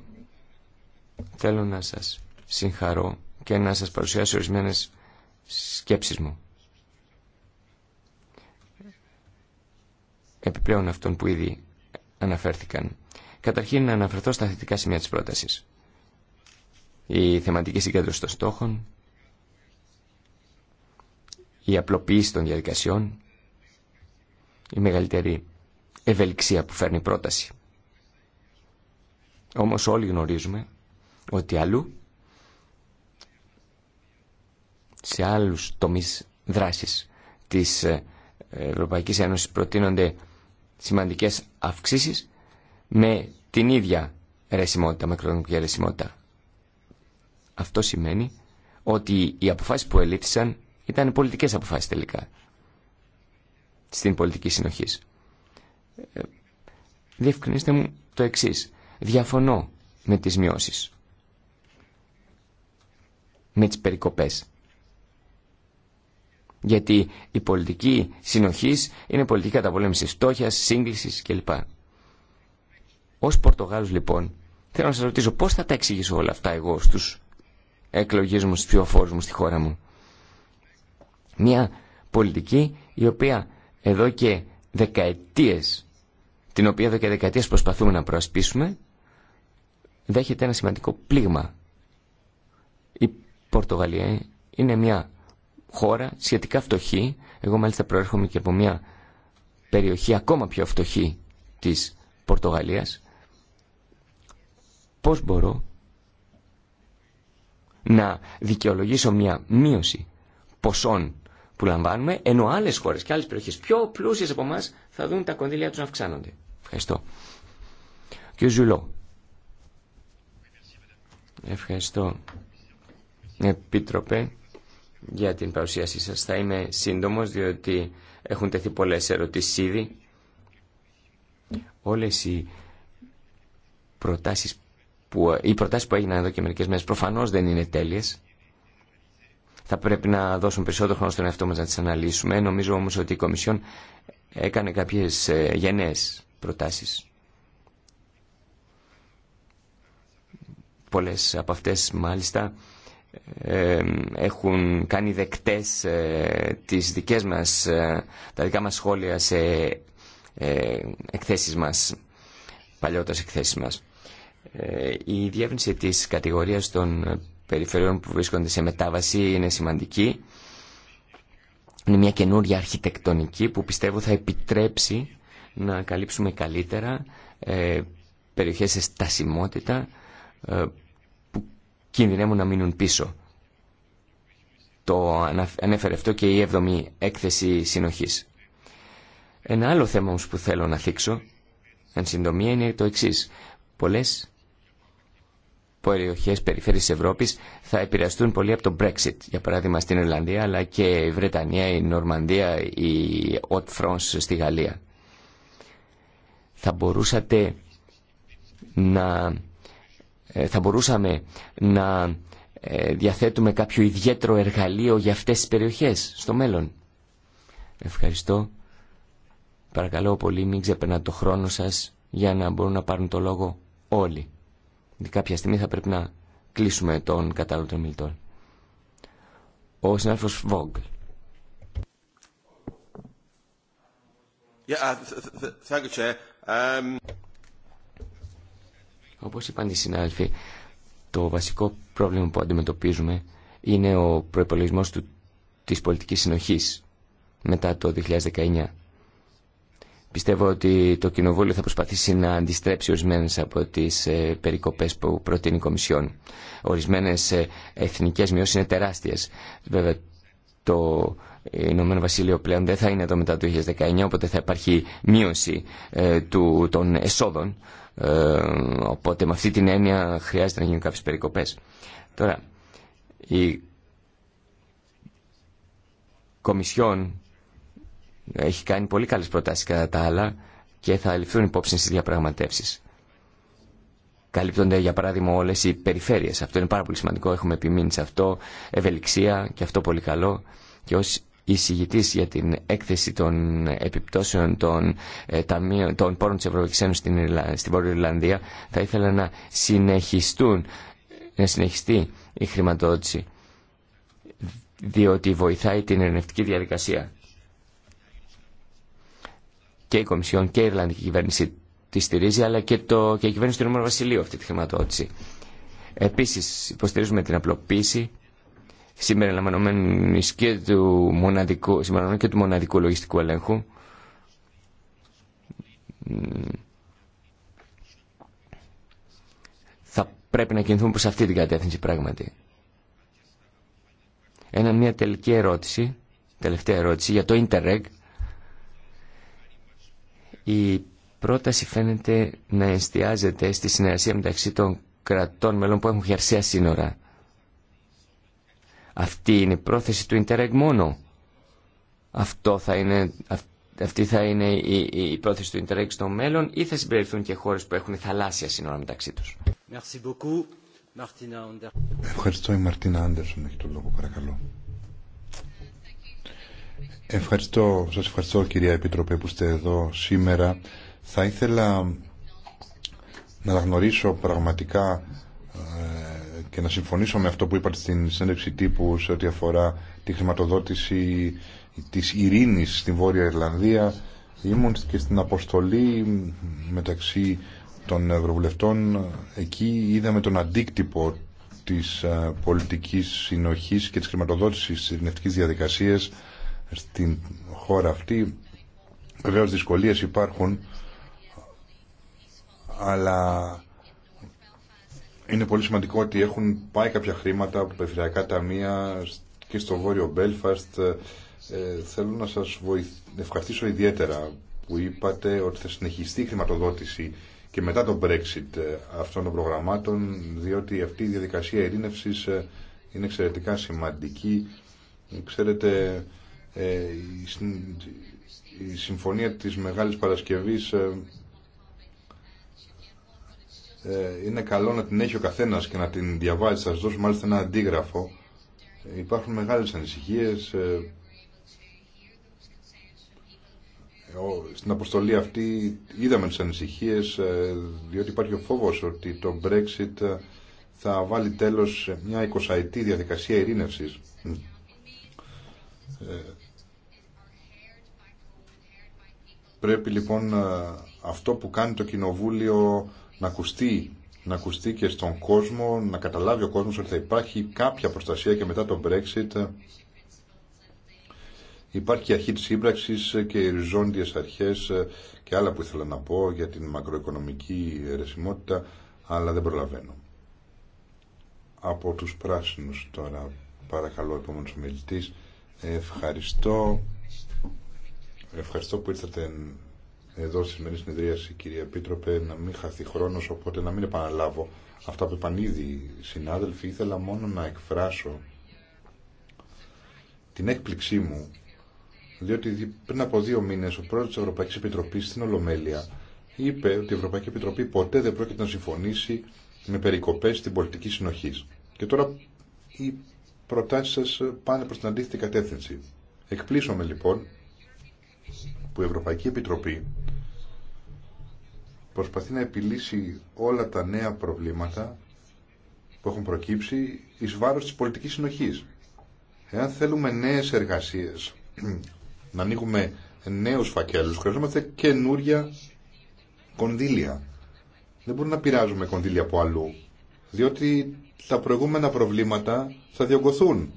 Θέλω να σας συγχαρώ και να σας παρουσιάσω ορισμένες σκέψεις μου. Επιπλέον αυτών που ήδη αναφέρθηκαν. Καταρχήν να αναφερθώ στα θετικά σημεία της πρότασης. Η θεματική συγκέντρωση των στόχων, η απλοποίηση των διαδικασιών, η μεγαλύτερη ευελιξία που φέρνει η πρόταση. Όμως όλοι γνωρίζουμε ότι αλλού σε άλλους τομείς δράσης της ε, Ευρωπαϊκής Ένωσης προτείνονται σημαντικές αυξήσεις με την ίδια ρεσιμότητα, μακροοικονομική ρεσιμότητα. Αυτό σημαίνει ότι οι αποφάσεις που ελήφθησαν ήταν πολιτικές αποφάσεις τελικά στην πολιτική συνοχή. Ε, διευκρινίστε μου το εξής. Διαφωνώ με τις μειώσεις με τις περικοπές. Γιατί η πολιτική συνοχής είναι πολιτική καταπολέμησης στόχιας, σύγκλησης κλπ. Ως Πορτογάλος λοιπόν, θέλω να σας ρωτήσω πώς θα τα εξηγήσω όλα αυτά εγώ στους εκλογές μου, στους μου στη χώρα μου. Μια πολιτική η οποία εδώ και δεκαετίες, την οποία εδώ και δεκαετίες προσπαθούμε να προασπίσουμε, δέχεται ένα σημαντικό πλήγμα. Πορτογαλία είναι μια χώρα σχετικά φτωχή. Εγώ μάλιστα προέρχομαι και από μια περιοχή ακόμα πιο φτωχή της Πορτογαλίας. Πώς μπορώ να δικαιολογήσω μια μείωση ποσών που λαμβάνουμε, ενώ άλλες χώρες και άλλες περιοχές πιο πλούσιες από εμά θα δουν τα κονδύλια τους να αυξάνονται. Ευχαριστώ. Κύριε Ζουλό. Ευχαριστώ Επίτροπε, για την παρουσίασή σας. Θα είμαι σύντομος, διότι έχουν τεθεί πολλές ερωτήσεις ήδη. Όλες οι προτάσεις που, οι προτάσεις που έγιναν εδώ και μερικές μέρες προφανώς δεν είναι τέλειες. Θα πρέπει να δώσουν περισσότερο χρόνο στον εαυτό μας να τις αναλύσουμε. Νομίζω όμως ότι η Κομισιόν έκανε κάποιες ε, γενναίες προτάσεις. Πολλές από αυτές μάλιστα ε, έχουν κάνει δεκτές ε, τις δικές μας, ε, τα δικά μας σχόλια σε εκθέσεις μας, παλιότερες εκθέσεις μας. Η διεύρυνση της κατηγορίας των περιφερειών που βρίσκονται σε μετάβαση είναι σημαντική. Είναι μια καινούρια αρχιτεκτονική που πιστεύω θα επιτρέψει να καλύψουμε καλύτερα περιοχές σε στασιμότητα κινδυνεύουν να μείνουν πίσω. Το ανέφερε αυτό και η 7η έκθεση συνοχής. Ένα άλλο θέμα όμως που θέλω να θίξω, εν συντομία, είναι το εξής. Πολλές περιοχές περιφέρειας Ευρώπης θα επηρεαστούν πολύ από το Brexit. Για παράδειγμα στην Ιρλανδία, αλλά και η Βρετανία, η Νορμανδία, η Haute France στη Γαλλία. Θα μπορούσατε να ε, θα μπορούσαμε να ε, διαθέτουμε κάποιο ιδιαίτερο εργαλείο για αυτές τις περιοχές στο μέλλον. Ευχαριστώ. Παρακαλώ πολύ μην ξεπερνάτε το χρόνο σας για να μπορούν να πάρουν το λόγο όλοι. Γιατί κάποια στιγμή θα πρέπει να κλείσουμε τον κατάλογο των μιλητών. Ο συνάδελφος Βόγκλ. Yeah, uh, um, όπως είπαν οι συνάδελφοι, το βασικό πρόβλημα που αντιμετωπίζουμε είναι ο προϋπολογισμός του, της πολιτικής συνοχής μετά το 2019. Πιστεύω ότι το Κοινοβούλιο θα προσπαθήσει να αντιστρέψει ορισμένε από τι ε, περικοπέ που προτείνει η Κομισιόν. Ορισμένε ε, εθνικέ μειώσει είναι τεράστιε. Βέβαια, το Ηνωμένο Βασίλειο πλέον δεν θα είναι εδώ μετά το 2019, οπότε θα υπάρχει μείωση ε, των εσόδων ε, οπότε με αυτή την έννοια χρειάζεται να γίνουν κάποιες περικοπές. Τώρα, η Κομισιόν έχει κάνει πολύ καλές προτάσεις κατά τα άλλα και θα ληφθούν υπόψη στις διαπραγματεύσεις. Καλύπτονται για παράδειγμα όλες οι περιφέρειες. Αυτό είναι πάρα πολύ σημαντικό, έχουμε επιμείνει σε αυτό, ευελιξία και αυτό πολύ καλό. Και όσοι εισηγητή για την έκθεση των επιπτώσεων των, ε, των πόρων της Ευρωπαϊκής Ένωσης στην, στην Βόρεια Ιρλανδία θα ήθελα να συνεχιστούν να συνεχιστεί η χρηματοδότηση διότι βοηθάει την ερευνητική διαδικασία και η Κομισιόν και η Ιρλανδική κυβέρνηση τη στηρίζει αλλά και, το, και η κυβέρνηση του Ηνωμένου Βασιλείου αυτή τη χρηματοδότηση. Επίσης υποστηρίζουμε την απλοποίηση σήμερα και του μοναδικού, και του μοναδικού λογιστικού ελέγχου. Θα πρέπει να κινηθούμε προς αυτή την κατεύθυνση πράγματι. Ένα μια τελική ερώτηση, τελευταία ερώτηση για το Interreg. Η πρόταση φαίνεται να εστιάζεται στη συνεργασία μεταξύ των κρατών μελών που έχουν χερσαία σύνορα. Αυτή είναι η πρόθεση του Ιντερεγ μόνο. Αυτό θα είναι, αυτή θα είναι η, η πρόθεση του Ιντερεγ στο μέλλον ή θα συμπεριληφθούν και χώρες που έχουν θαλάσσια σύνορα μεταξύ τους. Ευχαριστώ η Μαρτίνα Άντερσον έχει το λόγο παρακαλώ. Ευχαριστώ, σας ευχαριστώ κυρία Επιτροπέ που είστε εδώ σήμερα. Θα ήθελα να αναγνωρίσω πραγματικά ε, και να συμφωνήσω με αυτό που είπατε στην συνέντευξη τύπου σε ό,τι αφορά τη χρηματοδότηση της ειρήνης στην Βόρεια Ιρλανδία. Ήμουν και στην αποστολή μεταξύ των Ευρωβουλευτών. Εκεί είδαμε τον αντίκτυπο της ε, πολιτικής συνοχής και της χρηματοδότησης της ειρηνευτικής διαδικασίας στην χώρα αυτή. Βεβαίως δυσκολίες υπάρχουν, αλλά είναι πολύ σημαντικό ότι έχουν πάει κάποια χρήματα από περιφερειακά ταμεία και στο βόρειο Μπέλφαστ. Ε, θέλω να σας βοηθ... ευχαριστήσω ιδιαίτερα που είπατε ότι θα συνεχιστεί η χρηματοδότηση και μετά το Brexit ε, αυτών των προγραμμάτων, διότι αυτή η διαδικασία ειρήνευσης ε, είναι εξαιρετικά σημαντική. Ξέρετε, η συμφωνία της Μεγάλης Παρασκευής ε, είναι καλό να την έχει ο καθένας και να την διαβάζει. Σας δώσω μάλιστα ένα αντίγραφο. Ε, υπάρχουν μεγάλες ανησυχίες. Ε, στην αποστολή αυτή είδαμε τις ανησυχίες, διότι υπάρχει ο φόβος ότι το Brexit θα βάλει τέλος μια εικοσαετή διαδικασία ειρήνευσης. Πρέπει λοιπόν αυτό που κάνει το Κοινοβούλιο να ακουστεί, να ακουστεί και στον κόσμο, να καταλάβει ο κόσμος ότι θα υπάρχει κάποια προστασία και μετά το Brexit. Υπάρχει και αρχή της σύμπραξης και οι ριζόντιες αρχές και άλλα που ήθελα να πω για την μακροοικονομική ρεσιμότητα, αλλά δεν προλαβαίνω. Από τους πράσινους τώρα, παρακαλώ, επόμενος ομιλητής, ευχαριστώ. Ευχαριστώ που ήρθατε εδώ στη σημερινή συνεδρίαση, κύριε Επίτροπε, να μην χαθεί χρόνο, οπότε να μην επαναλάβω αυτά που είπαν ήδη οι συνάδελφοι. Ήθελα μόνο να εκφράσω την έκπληξή μου, διότι πριν από δύο μήνε ο πρόεδρο τη Ευρωπαϊκή Επιτροπή στην Ολομέλεια είπε ότι η Ευρωπαϊκή Επιτροπή ποτέ δεν πρόκειται να συμφωνήσει με περικοπέ στην πολιτική συνοχή. Και τώρα οι προτάσει σα πάνε προ την αντίθετη κατεύθυνση. λοιπόν που η Ευρωπαϊκή Επιτροπή προσπαθεί να επιλύσει όλα τα νέα προβλήματα που έχουν προκύψει εις βάρος της πολιτικής συνοχής. Εάν θέλουμε νέες εργασίες, να ανοίγουμε νέους φακέλους, χρειαζόμαστε καινούρια κονδύλια. Δεν μπορούμε να πειράζουμε κονδύλια από αλλού, διότι τα προηγούμενα προβλήματα θα διωγκωθούν.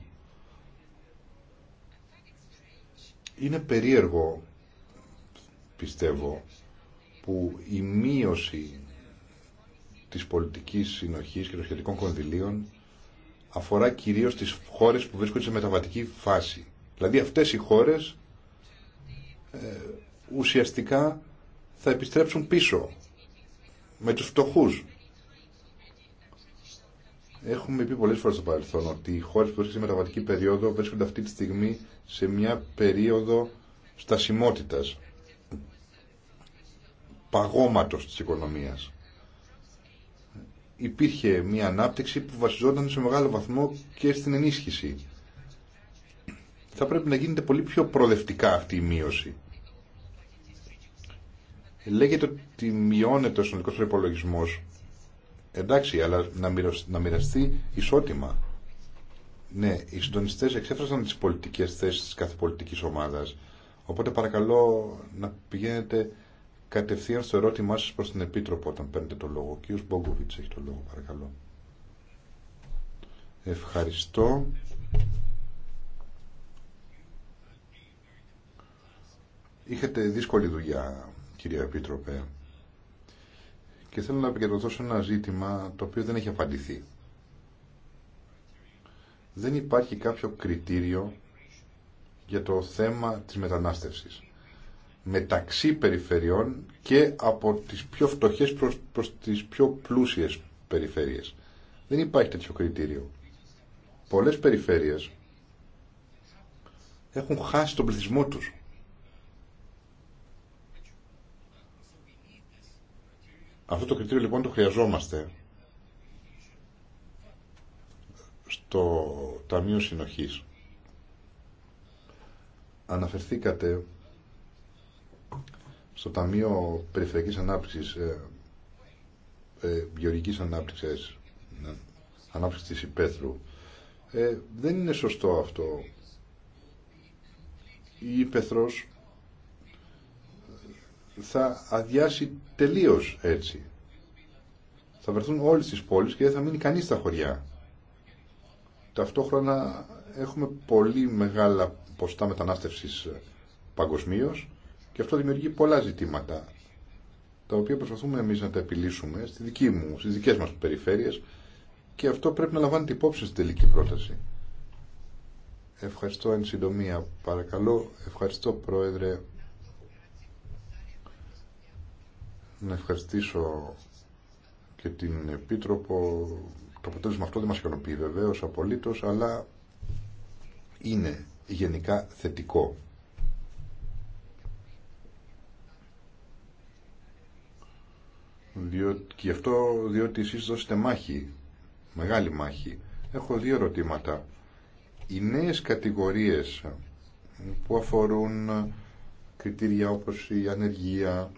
Είναι περίεργο πιστεύω, που η μείωση της πολιτικής συνοχής και των σχετικών κονδυλίων αφορά κυρίως τις χώρες που βρίσκονται σε μεταβατική φάση. Δηλαδή αυτές οι χώρες ε, ουσιαστικά θα επιστρέψουν πίσω με τους φτωχούς. Έχουμε πει πολλές φορές στο παρελθόν ότι οι χώρες που βρίσκονται σε μεταβατική περίοδο βρίσκονται αυτή τη στιγμή σε μια περίοδο στασιμότητας παγώματος της οικονομίας. Υπήρχε μια ανάπτυξη που βασιζόταν σε μεγάλο βαθμό και στην ενίσχυση. Θα πρέπει να γίνεται πολύ πιο προοδευτικά αυτή η μείωση. Λέγεται ότι μειώνεται ο συνολικός προπολογισμό. Εντάξει, αλλά να μοιραστεί ισότιμα. Ναι, οι συντονιστές εξέφρασαν τις πολιτικές θέσεις της κάθε πολιτικής ομάδας. Οπότε παρακαλώ να πηγαίνετε κατευθείαν στο ερώτημά σας προς την Επίτροπο όταν παίρνετε το λόγο. Ο κ. Μπόγκοβιτς έχει το λόγο, παρακαλώ. Ευχαριστώ. Είχατε δύσκολη δουλειά, κυρία Επίτροπε, και θέλω να επικεντρωθώ σε ένα ζήτημα το οποίο δεν έχει απαντηθεί. Δεν υπάρχει κάποιο κριτήριο για το θέμα της μετανάστευσης μεταξύ περιφερειών και από τις πιο φτωχές προς, προς τις πιο πλούσιες περιφέρειες. Δεν υπάρχει τέτοιο κριτήριο. Πολλές περιφέρειες έχουν χάσει τον πληθυσμό τους. Αυτό το κριτήριο λοιπόν το χρειαζόμαστε στο Ταμείο Συνοχής. Αναφερθήκατε στο Ταμείο Περιφερειακής Ανάπτυξης, ε, ε, Γεωργικής Ανάπτυξης, ναι, Ανάπτυξης της Υπέθρου, ε, δεν είναι σωστό αυτό. Η Υπέθρος θα αδειάσει τελείως έτσι. Θα βρεθούν όλες τις πόλεις και δεν θα μείνει κανείς στα χωριά. Ταυτόχρονα έχουμε πολύ μεγάλα ποστά μετανάστευσης ε, παγκοσμίως και αυτό δημιουργεί πολλά ζητήματα, τα οποία προσπαθούμε εμείς να τα επιλύσουμε στη δική μου, στις δικές μας περιφέρειες και αυτό πρέπει να λαμβάνεται υπόψη στην τελική πρόταση. Ευχαριστώ εν συντομία, παρακαλώ. Ευχαριστώ, Πρόεδρε. Να ευχαριστήσω και την Επίτροπο. Το αποτέλεσμα αυτό δεν μας ικανοποιεί βεβαίως απολύτως, αλλά είναι γενικά θετικό. Διότι, και αυτό διότι εσείς δώσετε μάχη, μεγάλη μάχη. Έχω δύο ερωτήματα. Οι νέες κατηγορίες που αφορούν κριτήρια όπως η ανεργία,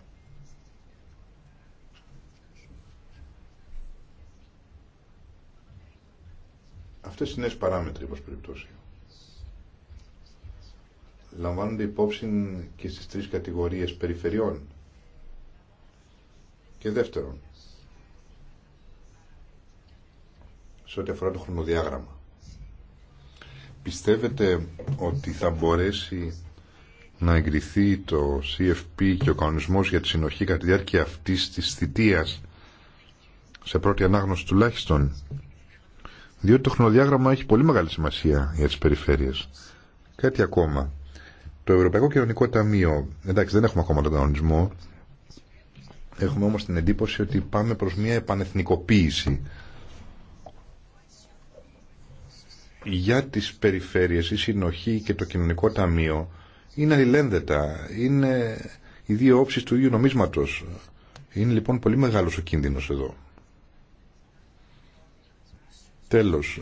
αυτές οι νέες παράμετροι, όπως περιπτώσει, λαμβάνονται υπόψη και στις τρεις κατηγορίες περιφερειών. Και δεύτερον, σε ό,τι αφορά το χρονοδιάγραμμα. Πιστεύετε ότι θα μπορέσει να εγκριθεί το CFP και ο κανονισμός για τη συνοχή κατά τη διάρκεια αυτής της θητείας σε πρώτη ανάγνωση τουλάχιστον διότι το χρονοδιάγραμμα έχει πολύ μεγάλη σημασία για τις περιφέρειες. Κάτι ακόμα. Το Ευρωπαϊκό Κοινωνικό Ταμείο, εντάξει δεν έχουμε ακόμα τον κανονισμό, Έχουμε όμως την εντύπωση ότι πάμε προς μια επανεθνικοποίηση για τις περιφέρειες, η συνοχή και το κοινωνικό ταμείο είναι αλληλένδετα, είναι οι δύο όψεις του ίδιου νομίσματος. Είναι λοιπόν πολύ μεγάλος ο κίνδυνος εδώ. Τέλος,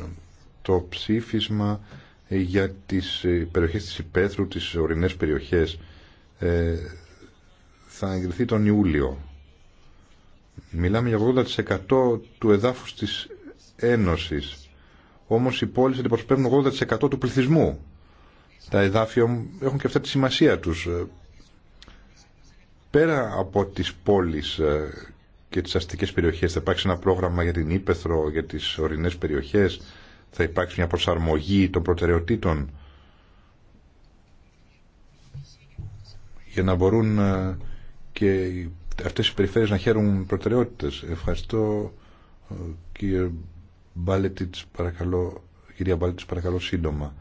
το ψήφισμα για τις περιοχές της Υπέθρου, τις ορεινές περιοχές, ε, θα εγκριθεί τον Ιούλιο. Μιλάμε για 80% του εδάφους της Ένωσης. Όμως οι πόλεις αντιπροσωπεύουν 80% του πληθυσμού. Τα εδάφια έχουν και αυτά τη σημασία τους. Πέρα από τις πόλεις ε, και τις αστικές περιοχές θα υπάρξει ένα πρόγραμμα για την Ήπεθρο, για τις ορεινές περιοχές, θα υπάρξει μια προσαρμογή των προτεραιοτήτων για να μπορούν ε, και οι αυτές οι περιφέρειες να χαίρουν προτεραιότητες. Ευχαριστώ ε, κύριε Μπάλετιτς, παρακαλώ, κυρία Μπάλετιτς, παρακαλώ σύντομα.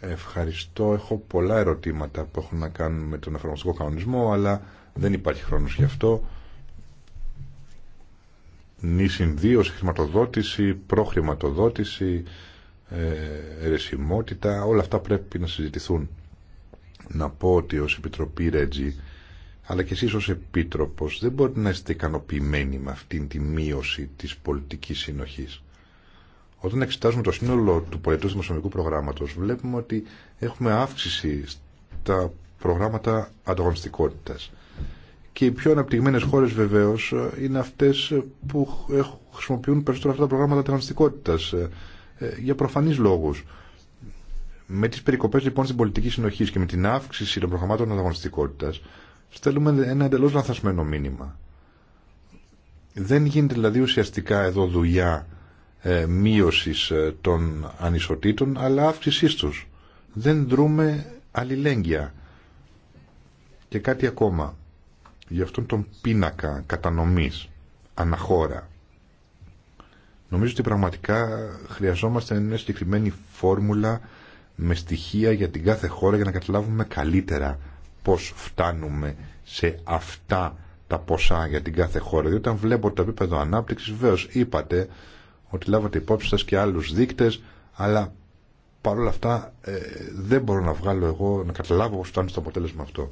Ευχαριστώ. Έχω πολλά ερωτήματα που έχουν να κάνουν με τον εφαρμοστικό κανονισμό, αλλά δεν υπάρχει χρόνος γι' αυτό. νη συνδύωση, χρηματοδότηση, προχρηματοδότηση, ερεσιμότητα, όλα αυτά πρέπει να συζητηθούν. Να πω ότι ως Επιτροπή Ρέτζη αλλά και εσείς ως Επίτροπος δεν μπορείτε να είστε ικανοποιημένοι με αυτήν τη μείωση της πολιτικής συνοχής. Όταν εξετάζουμε το σύνολο του πολιτικού δημοσιονομικού προγράμματος βλέπουμε ότι έχουμε αύξηση στα προγράμματα ανταγωνιστικότητας. Και οι πιο αναπτυγμένες χώρες βεβαίως είναι αυτές που χρησιμοποιούν περισσότερο αυτά τα προγράμματα ανταγωνιστικότητας ε, ε, για προφανείς λόγους. Με τις περικοπές λοιπόν στην πολιτική συνοχή και με την αύξηση των προγραμμάτων ανταγωνιστικότητας στέλνουμε ένα εντελώ λανθασμένο μήνυμα. Δεν γίνεται δηλαδή ουσιαστικά εδώ δουλειά ε, ε των ανισοτήτων αλλά αύξησή τους. Δεν δρούμε αλληλέγγυα. Και κάτι ακόμα για αυτόν τον πίνακα κατανομής αναχώρα. Νομίζω ότι πραγματικά χρειαζόμαστε μια συγκεκριμένη φόρμουλα με στοιχεία για την κάθε χώρα για να καταλάβουμε καλύτερα πώς φτάνουμε σε αυτά τα ποσά για την κάθε χώρα. Διότι όταν βλέπω το επίπεδο ανάπτυξης, βεβαίω είπατε ότι λάβατε υπόψη σας και άλλους δείκτες, αλλά παρόλα αυτά ε, δεν μπορώ να βγάλω εγώ, να καταλάβω πώς φτάνει στο αποτέλεσμα αυτό.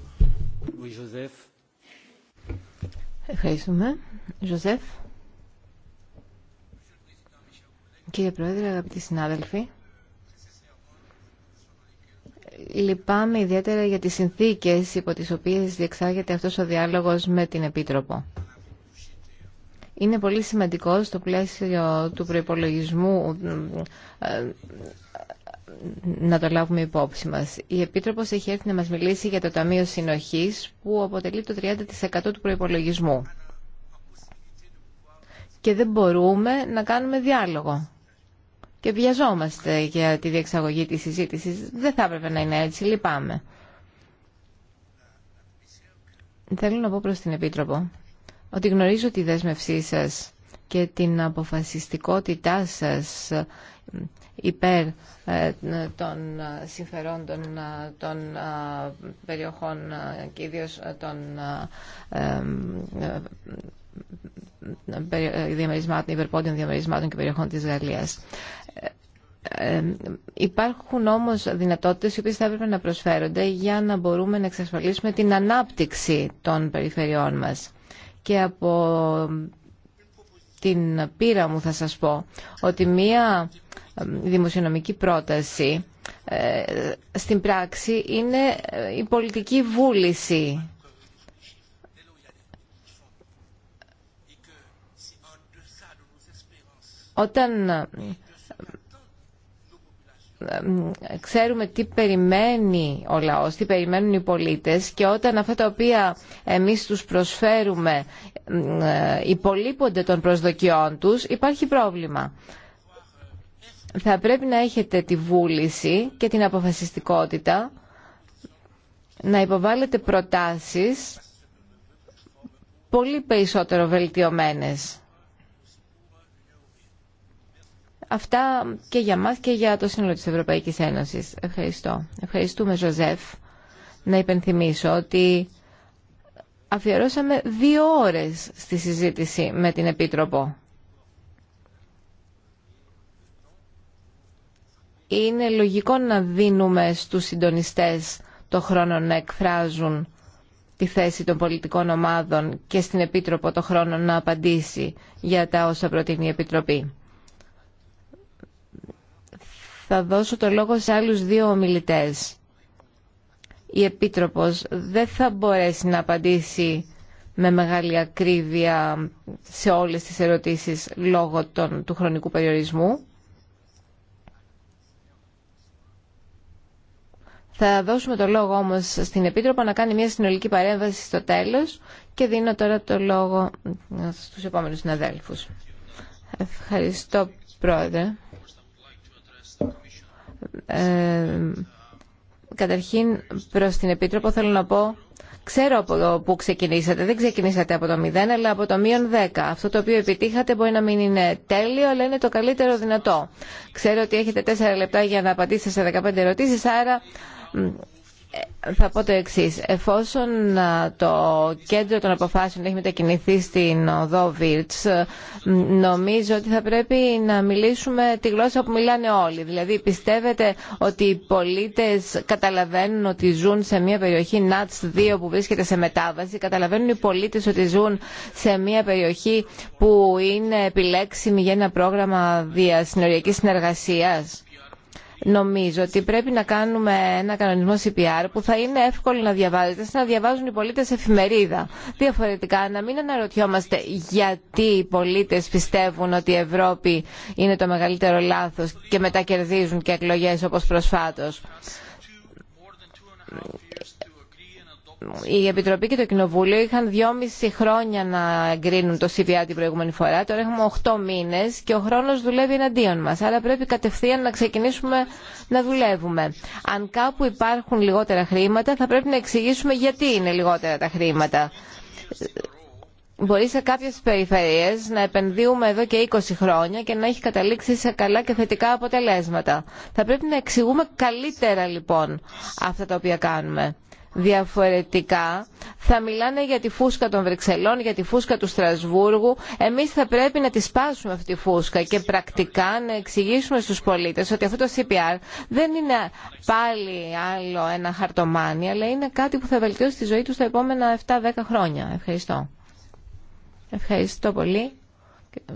Ευχαριστούμε. Ζωζεφ. Κύριε Πρόεδρε, αγαπητοί συνάδελφοι, λυπάμαι ιδιαίτερα για τις συνθήκες υπό τις οποίες διεξάγεται αυτός ο διάλογος με την Επίτροπο. Είναι πολύ σημαντικό στο πλαίσιο του προϋπολογισμού ε, να το λάβουμε υπόψη μας. Η Επίτροπος έχει έρθει να μας μιλήσει για το Ταμείο Συνοχής που αποτελεί το 30% του προϋπολογισμού. Και δεν μπορούμε να κάνουμε διάλογο και βιαζόμαστε για τη διεξαγωγή της συζήτησης. Δεν θα έπρεπε να είναι έτσι, λυπάμαι. Θέλω να πω προς την Επίτροπο ότι γνωρίζω τη δέσμευσή σας και την αποφασιστικότητά σας υπέρ ε, των ε, συμφερόντων ε, των περιοχών και ιδίως των διαμερισμάτων, υπερπόντιων διαμερισμάτων και περιοχών της Γαλλίας. Υπάρχουν όμως δυνατότητες οι οποίες θα έπρεπε να προσφέρονται για να μπορούμε να εξασφαλίσουμε την ανάπτυξη των περιφερειών μας και από την πείρα μου θα σας πω ότι μία ε, δημοσιονομική πρόταση ε, στην πράξη είναι ε, η πολιτική βούληση. Όταν ξέρουμε τι περιμένει ο λαός, τι περιμένουν οι πολίτες και όταν αυτά τα οποία εμείς τους προσφέρουμε ε, υπολείπονται των προσδοκιών τους, υπάρχει πρόβλημα. Θα πρέπει να έχετε τη βούληση και την αποφασιστικότητα να υποβάλλετε προτάσεις πολύ περισσότερο βελτιωμένες. Αυτά και για μας και για το σύνολο της Ευρωπαϊκής Ένωσης. Ευχαριστώ. Ευχαριστούμε Ζωζεφ. Να υπενθυμίσω ότι αφιερώσαμε δύο ώρες στη συζήτηση με την Επίτροπο. Είναι λογικό να δίνουμε στους συντονιστές το χρόνο να εκφράζουν τη θέση των πολιτικών ομάδων και στην Επίτροπο το χρόνο να απαντήσει για τα όσα προτείνει η Επιτροπή θα δώσω το λόγο σε άλλους δύο ομιλητές. Η Επίτροπος δεν θα μπορέσει να απαντήσει με μεγάλη ακρίβεια σε όλες τις ερωτήσεις λόγω των, του χρονικού περιορισμού. Θα δώσουμε το λόγο όμως στην Επίτροπο να κάνει μια συνολική παρέμβαση στο τέλος και δίνω τώρα το λόγο στους επόμενους συναδέλφους. Ευχαριστώ Πρόεδρε. Ε, καταρχήν προς την Επίτροπο θέλω να πω Ξέρω από πού ξεκινήσατε. Δεν ξεκινήσατε από το 0, αλλά από το μείον 10. Αυτό το οποίο επιτύχατε μπορεί να μην είναι τέλειο, αλλά είναι το καλύτερο δυνατό. Ξέρω ότι έχετε 4 λεπτά για να απαντήσετε σε 15 ερωτήσεις, άρα ε, θα πω το εξή. Εφόσον το κέντρο των αποφάσεων έχει μετακινηθεί στην οδό Βίρτ, ε, νομίζω ότι θα πρέπει να μιλήσουμε τη γλώσσα που μιλάνε όλοι. Δηλαδή, πιστεύετε ότι οι πολίτες καταλαβαίνουν ότι ζουν σε μια περιοχή ΝΑΤΣ 2 που βρίσκεται σε μετάβαση, καταλαβαίνουν οι πολίτες ότι ζουν σε μια περιοχή που είναι επιλέξιμη για ένα πρόγραμμα διασυνοριακή συνεργασία. Νομίζω ότι πρέπει να κάνουμε ένα κανονισμό CPR που θα είναι εύκολο να διαβάζεται, σαν να διαβάζουν οι πολίτε εφημερίδα. Διαφορετικά, να μην αναρωτιόμαστε γιατί οι πολίτε πιστεύουν ότι η Ευρώπη είναι το μεγαλύτερο λάθο και μετακερδίζουν και εκλογέ όπω προσφάτω η Επιτροπή και το Κοινοβούλιο είχαν δυόμιση χρόνια να εγκρίνουν το CVA την προηγούμενη φορά. Τώρα έχουμε οχτώ μήνε και ο χρόνο δουλεύει εναντίον μα, Άρα πρέπει κατευθείαν να ξεκινήσουμε να δουλεύουμε. Αν κάπου υπάρχουν λιγότερα χρήματα θα πρέπει να εξηγήσουμε γιατί είναι λιγότερα τα χρήματα. Μπορεί σε κάποιε περιφερειές να επενδύουμε εδώ και 20 χρόνια και να έχει καταλήξει σε καλά και θετικά αποτελέσματα. Θα πρέπει να εξηγούμε καλύτερα λοιπόν αυτά τα οποία κάνουμε διαφορετικά θα μιλάνε για τη φούσκα των Βρυξελών, για τη φούσκα του Στρασβούργου. Εμείς θα πρέπει να τη σπάσουμε αυτή τη φούσκα και πρακτικά να εξηγήσουμε στους πολίτες ότι αυτό το CPR δεν είναι πάλι άλλο ένα χαρτομάνι, αλλά είναι κάτι που θα βελτιώσει τη ζωή τους τα επόμενα 7-10 χρόνια. Ευχαριστώ. Ευχαριστώ πολύ.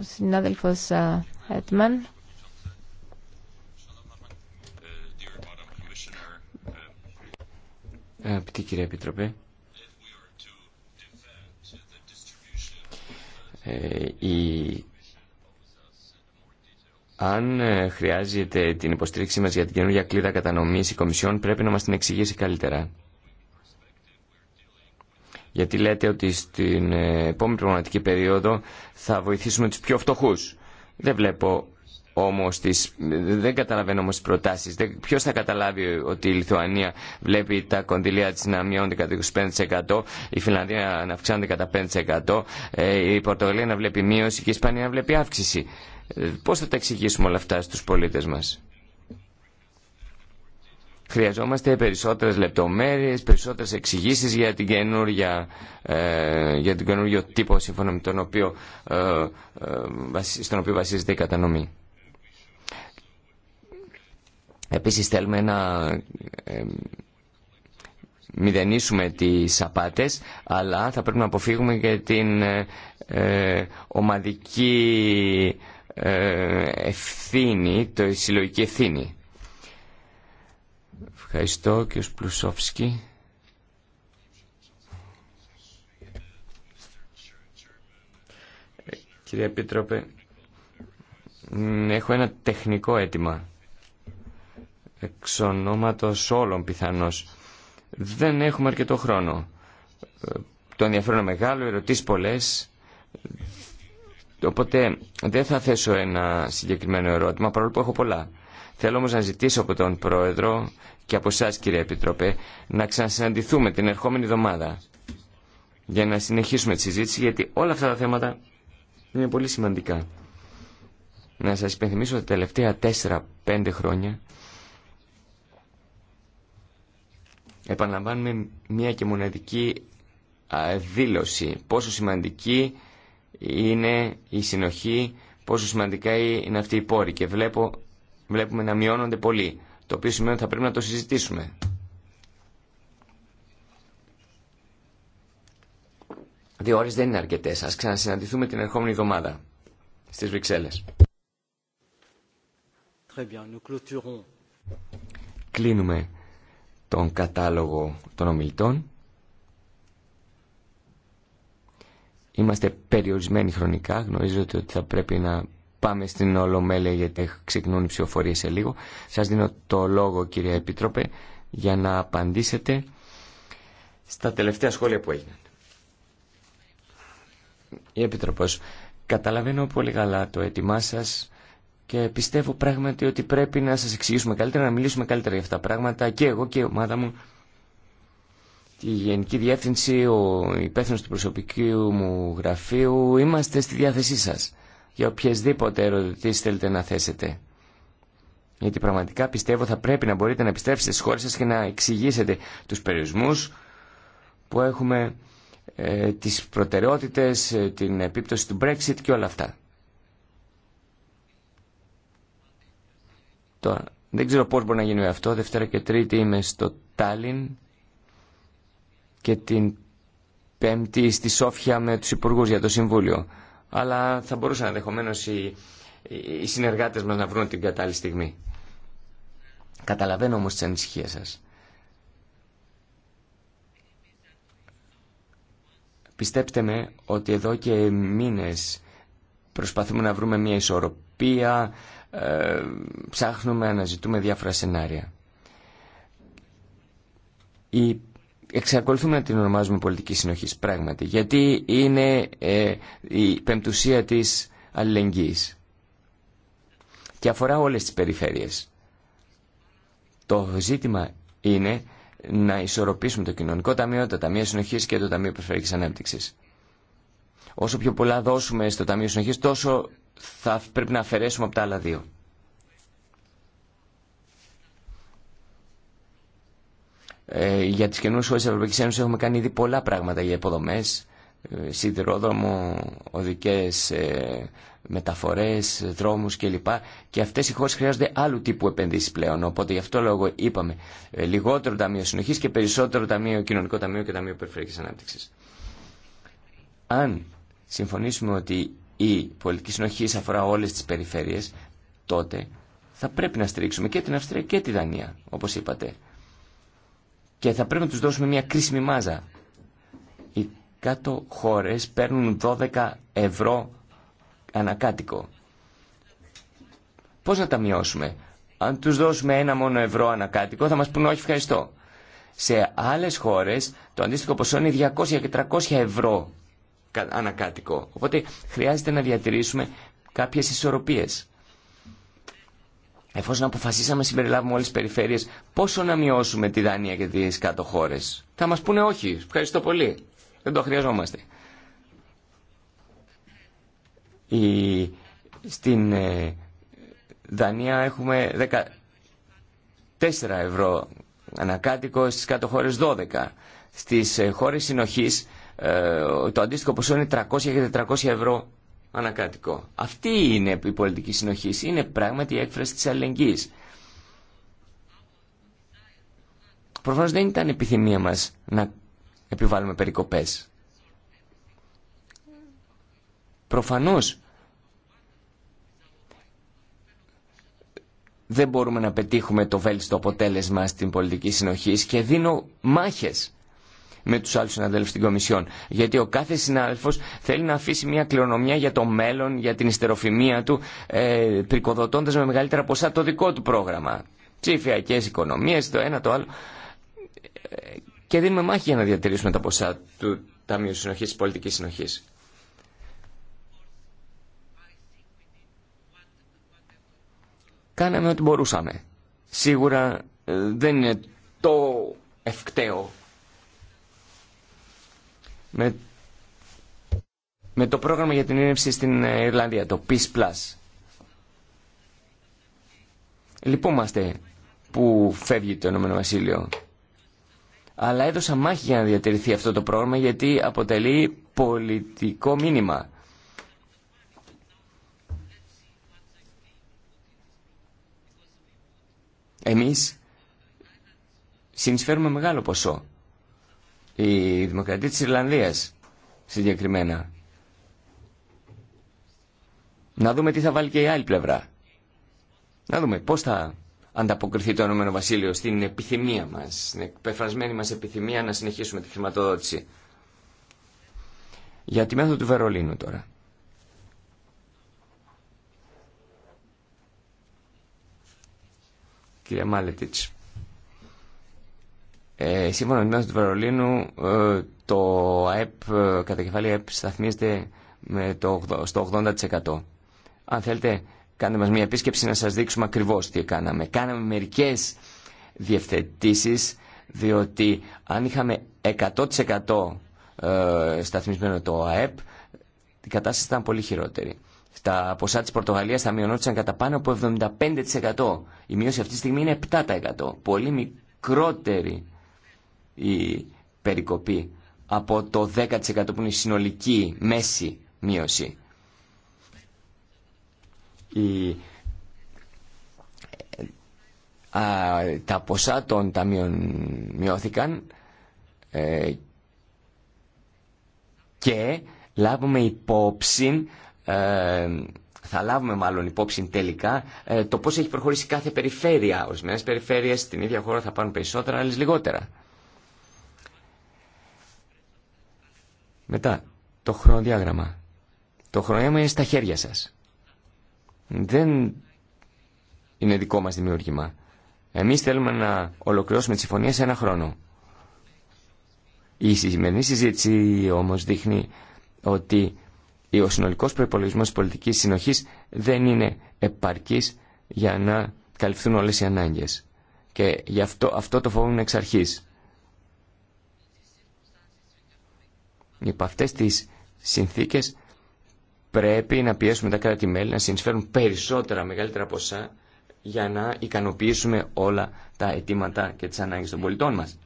Συνάδελφος Έτμαν. Αγαπητή κυρία Επιτροπέ, ε, η... αν ε, χρειάζεται την υποστήριξή μας για την καινούργια κλίδα κατανομής η Κομισιόν πρέπει να μας την εξηγήσει καλύτερα. Γιατί λέτε ότι στην ε, επόμενη προγραμματική περίοδο θα βοηθήσουμε τους πιο φτωχούς. Δεν βλέπω όμως τις, δεν καταλαβαίνω όμως τις προτάσεις. Δεν, ποιος θα καταλάβει ότι η Λιθουανία βλέπει τα κονδυλία της να μειώνεται κατά 25%, η Φιλανδία να αυξάνεται κατά 5%, ε, η Πορτογαλία να βλέπει μείωση και η Ισπανία να βλέπει αύξηση. Ε, πώς θα τα εξηγήσουμε όλα αυτά στους πολίτες μας. Χρειαζόμαστε περισσότερες λεπτομέρειες, περισσότερες εξηγήσεις για, την καινούργια, ε, για την καινούργιο τύπο σύμφωνα με τον οποίο, ε, ε στον οποίο βασίζεται η κατανομή. Επίσης θέλουμε να μηδενίσουμε τις απάτες, αλλά θα πρέπει να αποφύγουμε και την ε, ε, ομαδική ε, ευθύνη, το συλλογική ευθύνη. Ευχαριστώ και Πλουσόφσκι. Κύριε Επίτροπε, έχω ένα τεχνικό αίτημα εξ ονόματος όλων πιθανώς. Δεν έχουμε αρκετό χρόνο. Το ενδιαφέρον είναι μεγάλο, ερωτήσεις πολλές. Οπότε δεν θα θέσω ένα συγκεκριμένο ερώτημα, παρόλο που έχω πολλά. Θέλω όμως να ζητήσω από τον Πρόεδρο και από εσά κύριε Επιτροπέ να ξανασυναντηθούμε την ερχόμενη εβδομάδα για να συνεχίσουμε τη συζήτηση γιατί όλα αυτά τα θέματα είναι πολύ σημαντικά. Να σας υπενθυμίσω ότι τα τελευταία 4-5 χρόνια επαναλαμβάνουμε μία και μοναδική δήλωση πόσο σημαντική είναι η συνοχή, πόσο σημαντικά είναι αυτή η πόρη και βλέπω, βλέπουμε να μειώνονται πολύ, το οποίο σημαίνει ότι θα πρέπει να το συζητήσουμε. Δύο ώρες δεν είναι αρκετές. Ας ξανασυναντηθούμε την ερχόμενη εβδομάδα στις Βρυξέλλες. Κλείνουμε τον κατάλογο των ομιλητών. Είμαστε περιορισμένοι χρονικά, γνωρίζετε ότι θα πρέπει να πάμε στην Ολομέλεια γιατί ξεκινούν οι ψηφοφορίες σε λίγο. Σας δίνω το λόγο κυρία Επίτροπε για να απαντήσετε στα τελευταία σχόλια που έγιναν. Η Επιτροπός, καταλαβαίνω πολύ καλά το έτοιμά σας και πιστεύω πράγματι ότι πρέπει να σας εξηγήσουμε καλύτερα, να μιλήσουμε καλύτερα για αυτά τα πράγματα και εγώ και η ομάδα μου. Η Γενική Διεύθυνση, ο υπεύθυνο του προσωπικού μου γραφείου, είμαστε στη διάθεσή σας για οποιασδήποτε ερωτήσει θέλετε να θέσετε. Γιατί πραγματικά πιστεύω θα πρέπει να μπορείτε να επιστρέψετε στις χώρες σας και να εξηγήσετε τους περιορισμούς που έχουμε, ε, τις προτεραιότητες, ε, την επίπτωση του Brexit και όλα αυτά. Τώρα, δεν ξέρω πώς μπορεί να γίνει αυτό. Δευτέρα και Τρίτη είμαι στο Τάλιν και την Πέμπτη στη Σόφια με τους υπουργούς για το Συμβούλιο. Αλλά θα μπορούσαν ενδεχομένω οι, οι συνεργάτες μας να βρουν την κατάλληλη στιγμή. Καταλαβαίνω όμως τις ανησυχίες σας. Πιστέψτε με ότι εδώ και μήνες προσπαθούμε να βρούμε μια ισορροπία, ε, ψάχνουμε, αναζητούμε διάφορα σενάρια. Η, εξακολουθούμε να την ονομάζουμε πολιτική συνοχή πράγματι, γιατί είναι ε, η πεμπτουσία της αλληλεγγύης και αφορά όλες τις περιφέρειες. Το ζήτημα είναι να ισορροπήσουμε το κοινωνικό ταμείο, τα ταμεία συνοχής και το ταμείο περιφερειακής ανάπτυξης. Όσο πιο πολλά δώσουμε στο Ταμείο Συνοχής, τόσο θα πρέπει να αφαιρέσουμε από τα άλλα δύο. Ε, για τις καινούριες χώρες της Ευρωπαϊκής Ένωσης έχουμε κάνει ήδη πολλά πράγματα για υποδομές, ε, σιδηρόδρομο, οδικές ε, μεταφορές, δρόμους κλπ. Και αυτές οι χώρες χρειάζονται άλλου τύπου επενδύσεις πλέον. Οπότε γι' αυτό λόγο είπαμε ε, λιγότερο ταμείο συνοχής και περισσότερο ταμείο κοινωνικό ταμείο και ταμείο περιφερειακής ανάπτυξης. Αν συμφωνήσουμε ότι η πολιτική συνοχή αφορά όλες τις περιφέρειες, τότε θα πρέπει να στηρίξουμε και την Αυστρία και τη Δανία, όπως είπατε. Και θα πρέπει να τους δώσουμε μια κρίσιμη μάζα. Οι κάτω χώρες παίρνουν 12 ευρώ ανακάτοικο. Πώς να τα μειώσουμε. Αν τους δώσουμε ένα μόνο ευρώ ανακάτοικο θα μας πούνε όχι ευχαριστώ. Σε άλλε χώρες το αντίστοιχο ποσό είναι 200 και 300 ευρώ ανακάτοικο. Οπότε χρειάζεται να διατηρήσουμε κάποιες ισορροπίες. Εφόσον αποφασίσαμε να συμπεριλάβουμε όλες τις περιφέρειες, πόσο να μειώσουμε τη Δανία και τις κάτω χώρες. Θα μας πούνε όχι. Ευχαριστώ πολύ. Δεν το χρειαζόμαστε. Η... Στην ε, Δανία έχουμε 14 ευρώ ανακάτοικο, στις κάτω χώρες 12. Στις ε, χώρες συνοχής ε, το αντίστοιχο ποσό είναι 300 και 400 ευρώ ανακατοικο. Αυτή είναι η πολιτική συνοχή. Είναι πράγματι η έκφραση της αλληλεγγύης. Προφανώς δεν ήταν επιθυμία μας να επιβάλλουμε περικοπές. Προφανώς δεν μπορούμε να πετύχουμε το βέλτιστο αποτέλεσμα στην πολιτική συνοχή και δίνω μάχες με τους άλλους συναδέλφους στην Κομισιόν. Γιατί ο κάθε συνάδελφος θέλει να αφήσει μια κληρονομιά για το μέλλον, για την ιστεροφημία του, ε, πρικοδοτώντας με μεγαλύτερα ποσά το δικό του πρόγραμμα. Ψηφιακές οικονομίες, το ένα το άλλο. Ε, και δίνουμε μάχη για να διατηρήσουμε τα ποσά του Ταμείου Συνοχής, της Πολιτικής Συνοχής. Κάναμε ό,τι μπορούσαμε. Σίγουρα ε, δεν είναι το ευκταίο με, με το πρόγραμμα για την ειρήνευση στην ε, Ιρλανδία, το Peace Plus. Λυπούμαστε που φεύγει το Ηνωμένο Βασίλειο. Αλλά έδωσα μάχη για να διατηρηθεί αυτό το πρόγραμμα γιατί αποτελεί πολιτικό μήνυμα. Εμείς συνεισφέρουμε μεγάλο ποσό η Δημοκρατία της Ιρλανδίας συγκεκριμένα. Να δούμε τι θα βάλει και η άλλη πλευρά. Να δούμε πώς θα ανταποκριθεί το Ηνωμένο Βασίλειο στην επιθυμία μας, στην εκπεφρασμένη μας επιθυμία να συνεχίσουμε τη χρηματοδότηση. Για τη μέθοδο του Βερολίνου τώρα. Κυρία Μάλετιτς. Ε, σύμφωνα με την του Βερολίνου, ε, το ΑΕΠ, ε, κατά κεφάλι ΑΕΠ, σταθμίζεται με το, στο 80%. Αν θέλετε, κάντε μας μια επίσκεψη να σας δείξουμε ακριβώς τι κάναμε. Κάναμε μερικές διευθετήσεις, διότι αν είχαμε 100% ε, σταθμισμένο το ΑΕΠ, η κατάσταση ήταν πολύ χειρότερη. Τα ποσά της Πορτογαλίας θα μειωνόντουσαν κατά πάνω από 75%. Η μείωση αυτή τη στιγμή είναι 7%. Πολύ μικρότερη η περικοπή από το 10% που είναι η συνολική μέση μείωση. Η, τα ποσά των ταμείων μειώθηκαν ε, και λάβουμε υπόψη ε, θα λάβουμε μάλλον υπόψη τελικά ε, το πώς έχει προχωρήσει κάθε περιφέρεια. ορισμένες περιφέρειες στην ίδια χώρα θα πάρουν περισσότερα, άλλες λιγότερα. Μετά, το χρονοδιάγραμμα. Το χρονοδιάγραμμα είναι στα χέρια σας. Δεν είναι δικό μας δημιούργημα. Εμείς θέλουμε να ολοκληρώσουμε τη συμφωνία σε ένα χρόνο. Η σημερινή συζήτηση όμως δείχνει ότι ο συνολικός προϋπολογισμός της πολιτικής συνοχής δεν είναι επαρκής για να καλυφθούν όλες οι ανάγκες. Και γι' αυτό, αυτό το είναι εξ αρχής. Υπό αυτές τις συνθήκες πρέπει να πιέσουμε τα κράτη-μέλη να συνεισφέρουν περισσότερα, μεγαλύτερα ποσά για να ικανοποιήσουμε όλα τα αιτήματα και τις ανάγκες των πολιτών μας.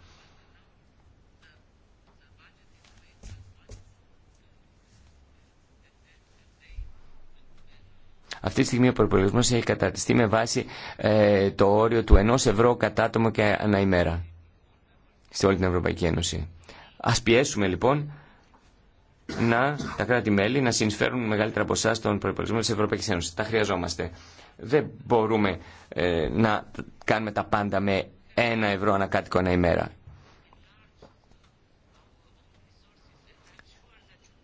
Αυτή τη στιγμή ο προπολογισμό έχει καταρτιστεί με βάση ε, το όριο του 1 ευρώ κατά και ανά ημέρα σε όλη την Ευρωπαϊκή Ένωση. Α πιέσουμε λοιπόν να, τα κράτη-μέλη να συνεισφέρουν μεγαλύτερα ποσά στον προπολογισμό τη Ευρωπαϊκή Ένωση. Τα χρειαζόμαστε. Δεν μπορούμε ε, να κάνουμε τα πάντα με ένα ευρώ ανακάτοικο ένα ημέρα.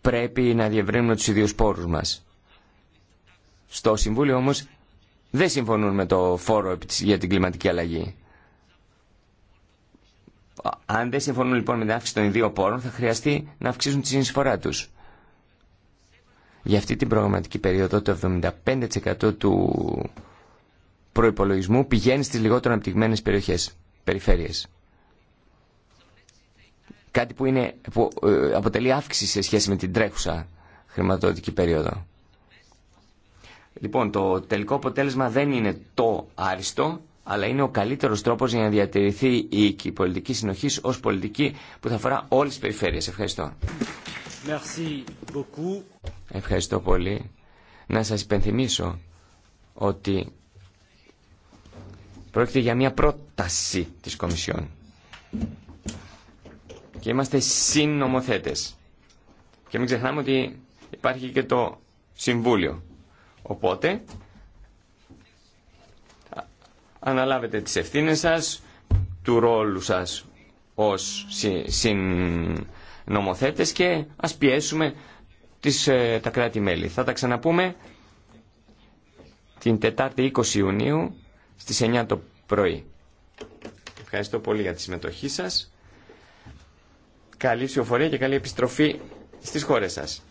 Πρέπει να διευρύνουμε τους ιδίους πόρους μας. Στο Συμβούλιο όμως δεν συμφωνούν με το φόρο για την κλιματική αλλαγή. Αν δεν συμφωνούν λοιπόν με την αύξηση των ιδίων πόρων, θα χρειαστεί να αυξήσουν τη συνεισφορά τους. Για αυτή την προγραμματική περίοδο το 75% του προπολογισμού πηγαίνει στις λιγότερο αναπτυγμένε περιοχές, περιφέρειες. Κάτι που, είναι, που ε, αποτελεί αύξηση σε σχέση με την τρέχουσα χρηματοδοτική περίοδο. Λοιπόν, το τελικό αποτέλεσμα δεν είναι το άριστο, αλλά είναι ο καλύτερος τρόπος για να διατηρηθεί η πολιτική συνοχή ως πολιτική που θα αφορά όλες τις περιφέρειες. Ευχαριστώ. Ευχαριστώ πολύ. Να σας υπενθυμίσω ότι πρόκειται για μια πρόταση της Κομισιόν και είμαστε συνομοθέτες. Και μην ξεχνάμε ότι υπάρχει και το Συμβούλιο. Οπότε αναλάβετε τις ευθύνες σας, του ρόλου σας ως συνομοθέτες και ας πιέσουμε τις, ε, τα κράτη-μέλη. Θα τα ξαναπούμε την Τετάρτη 20 Ιουνίου στις 9 το πρωί. Ευχαριστώ πολύ για τη συμμετοχή σας. Καλή ψηφοφορία και καλή επιστροφή στις χώρες σας.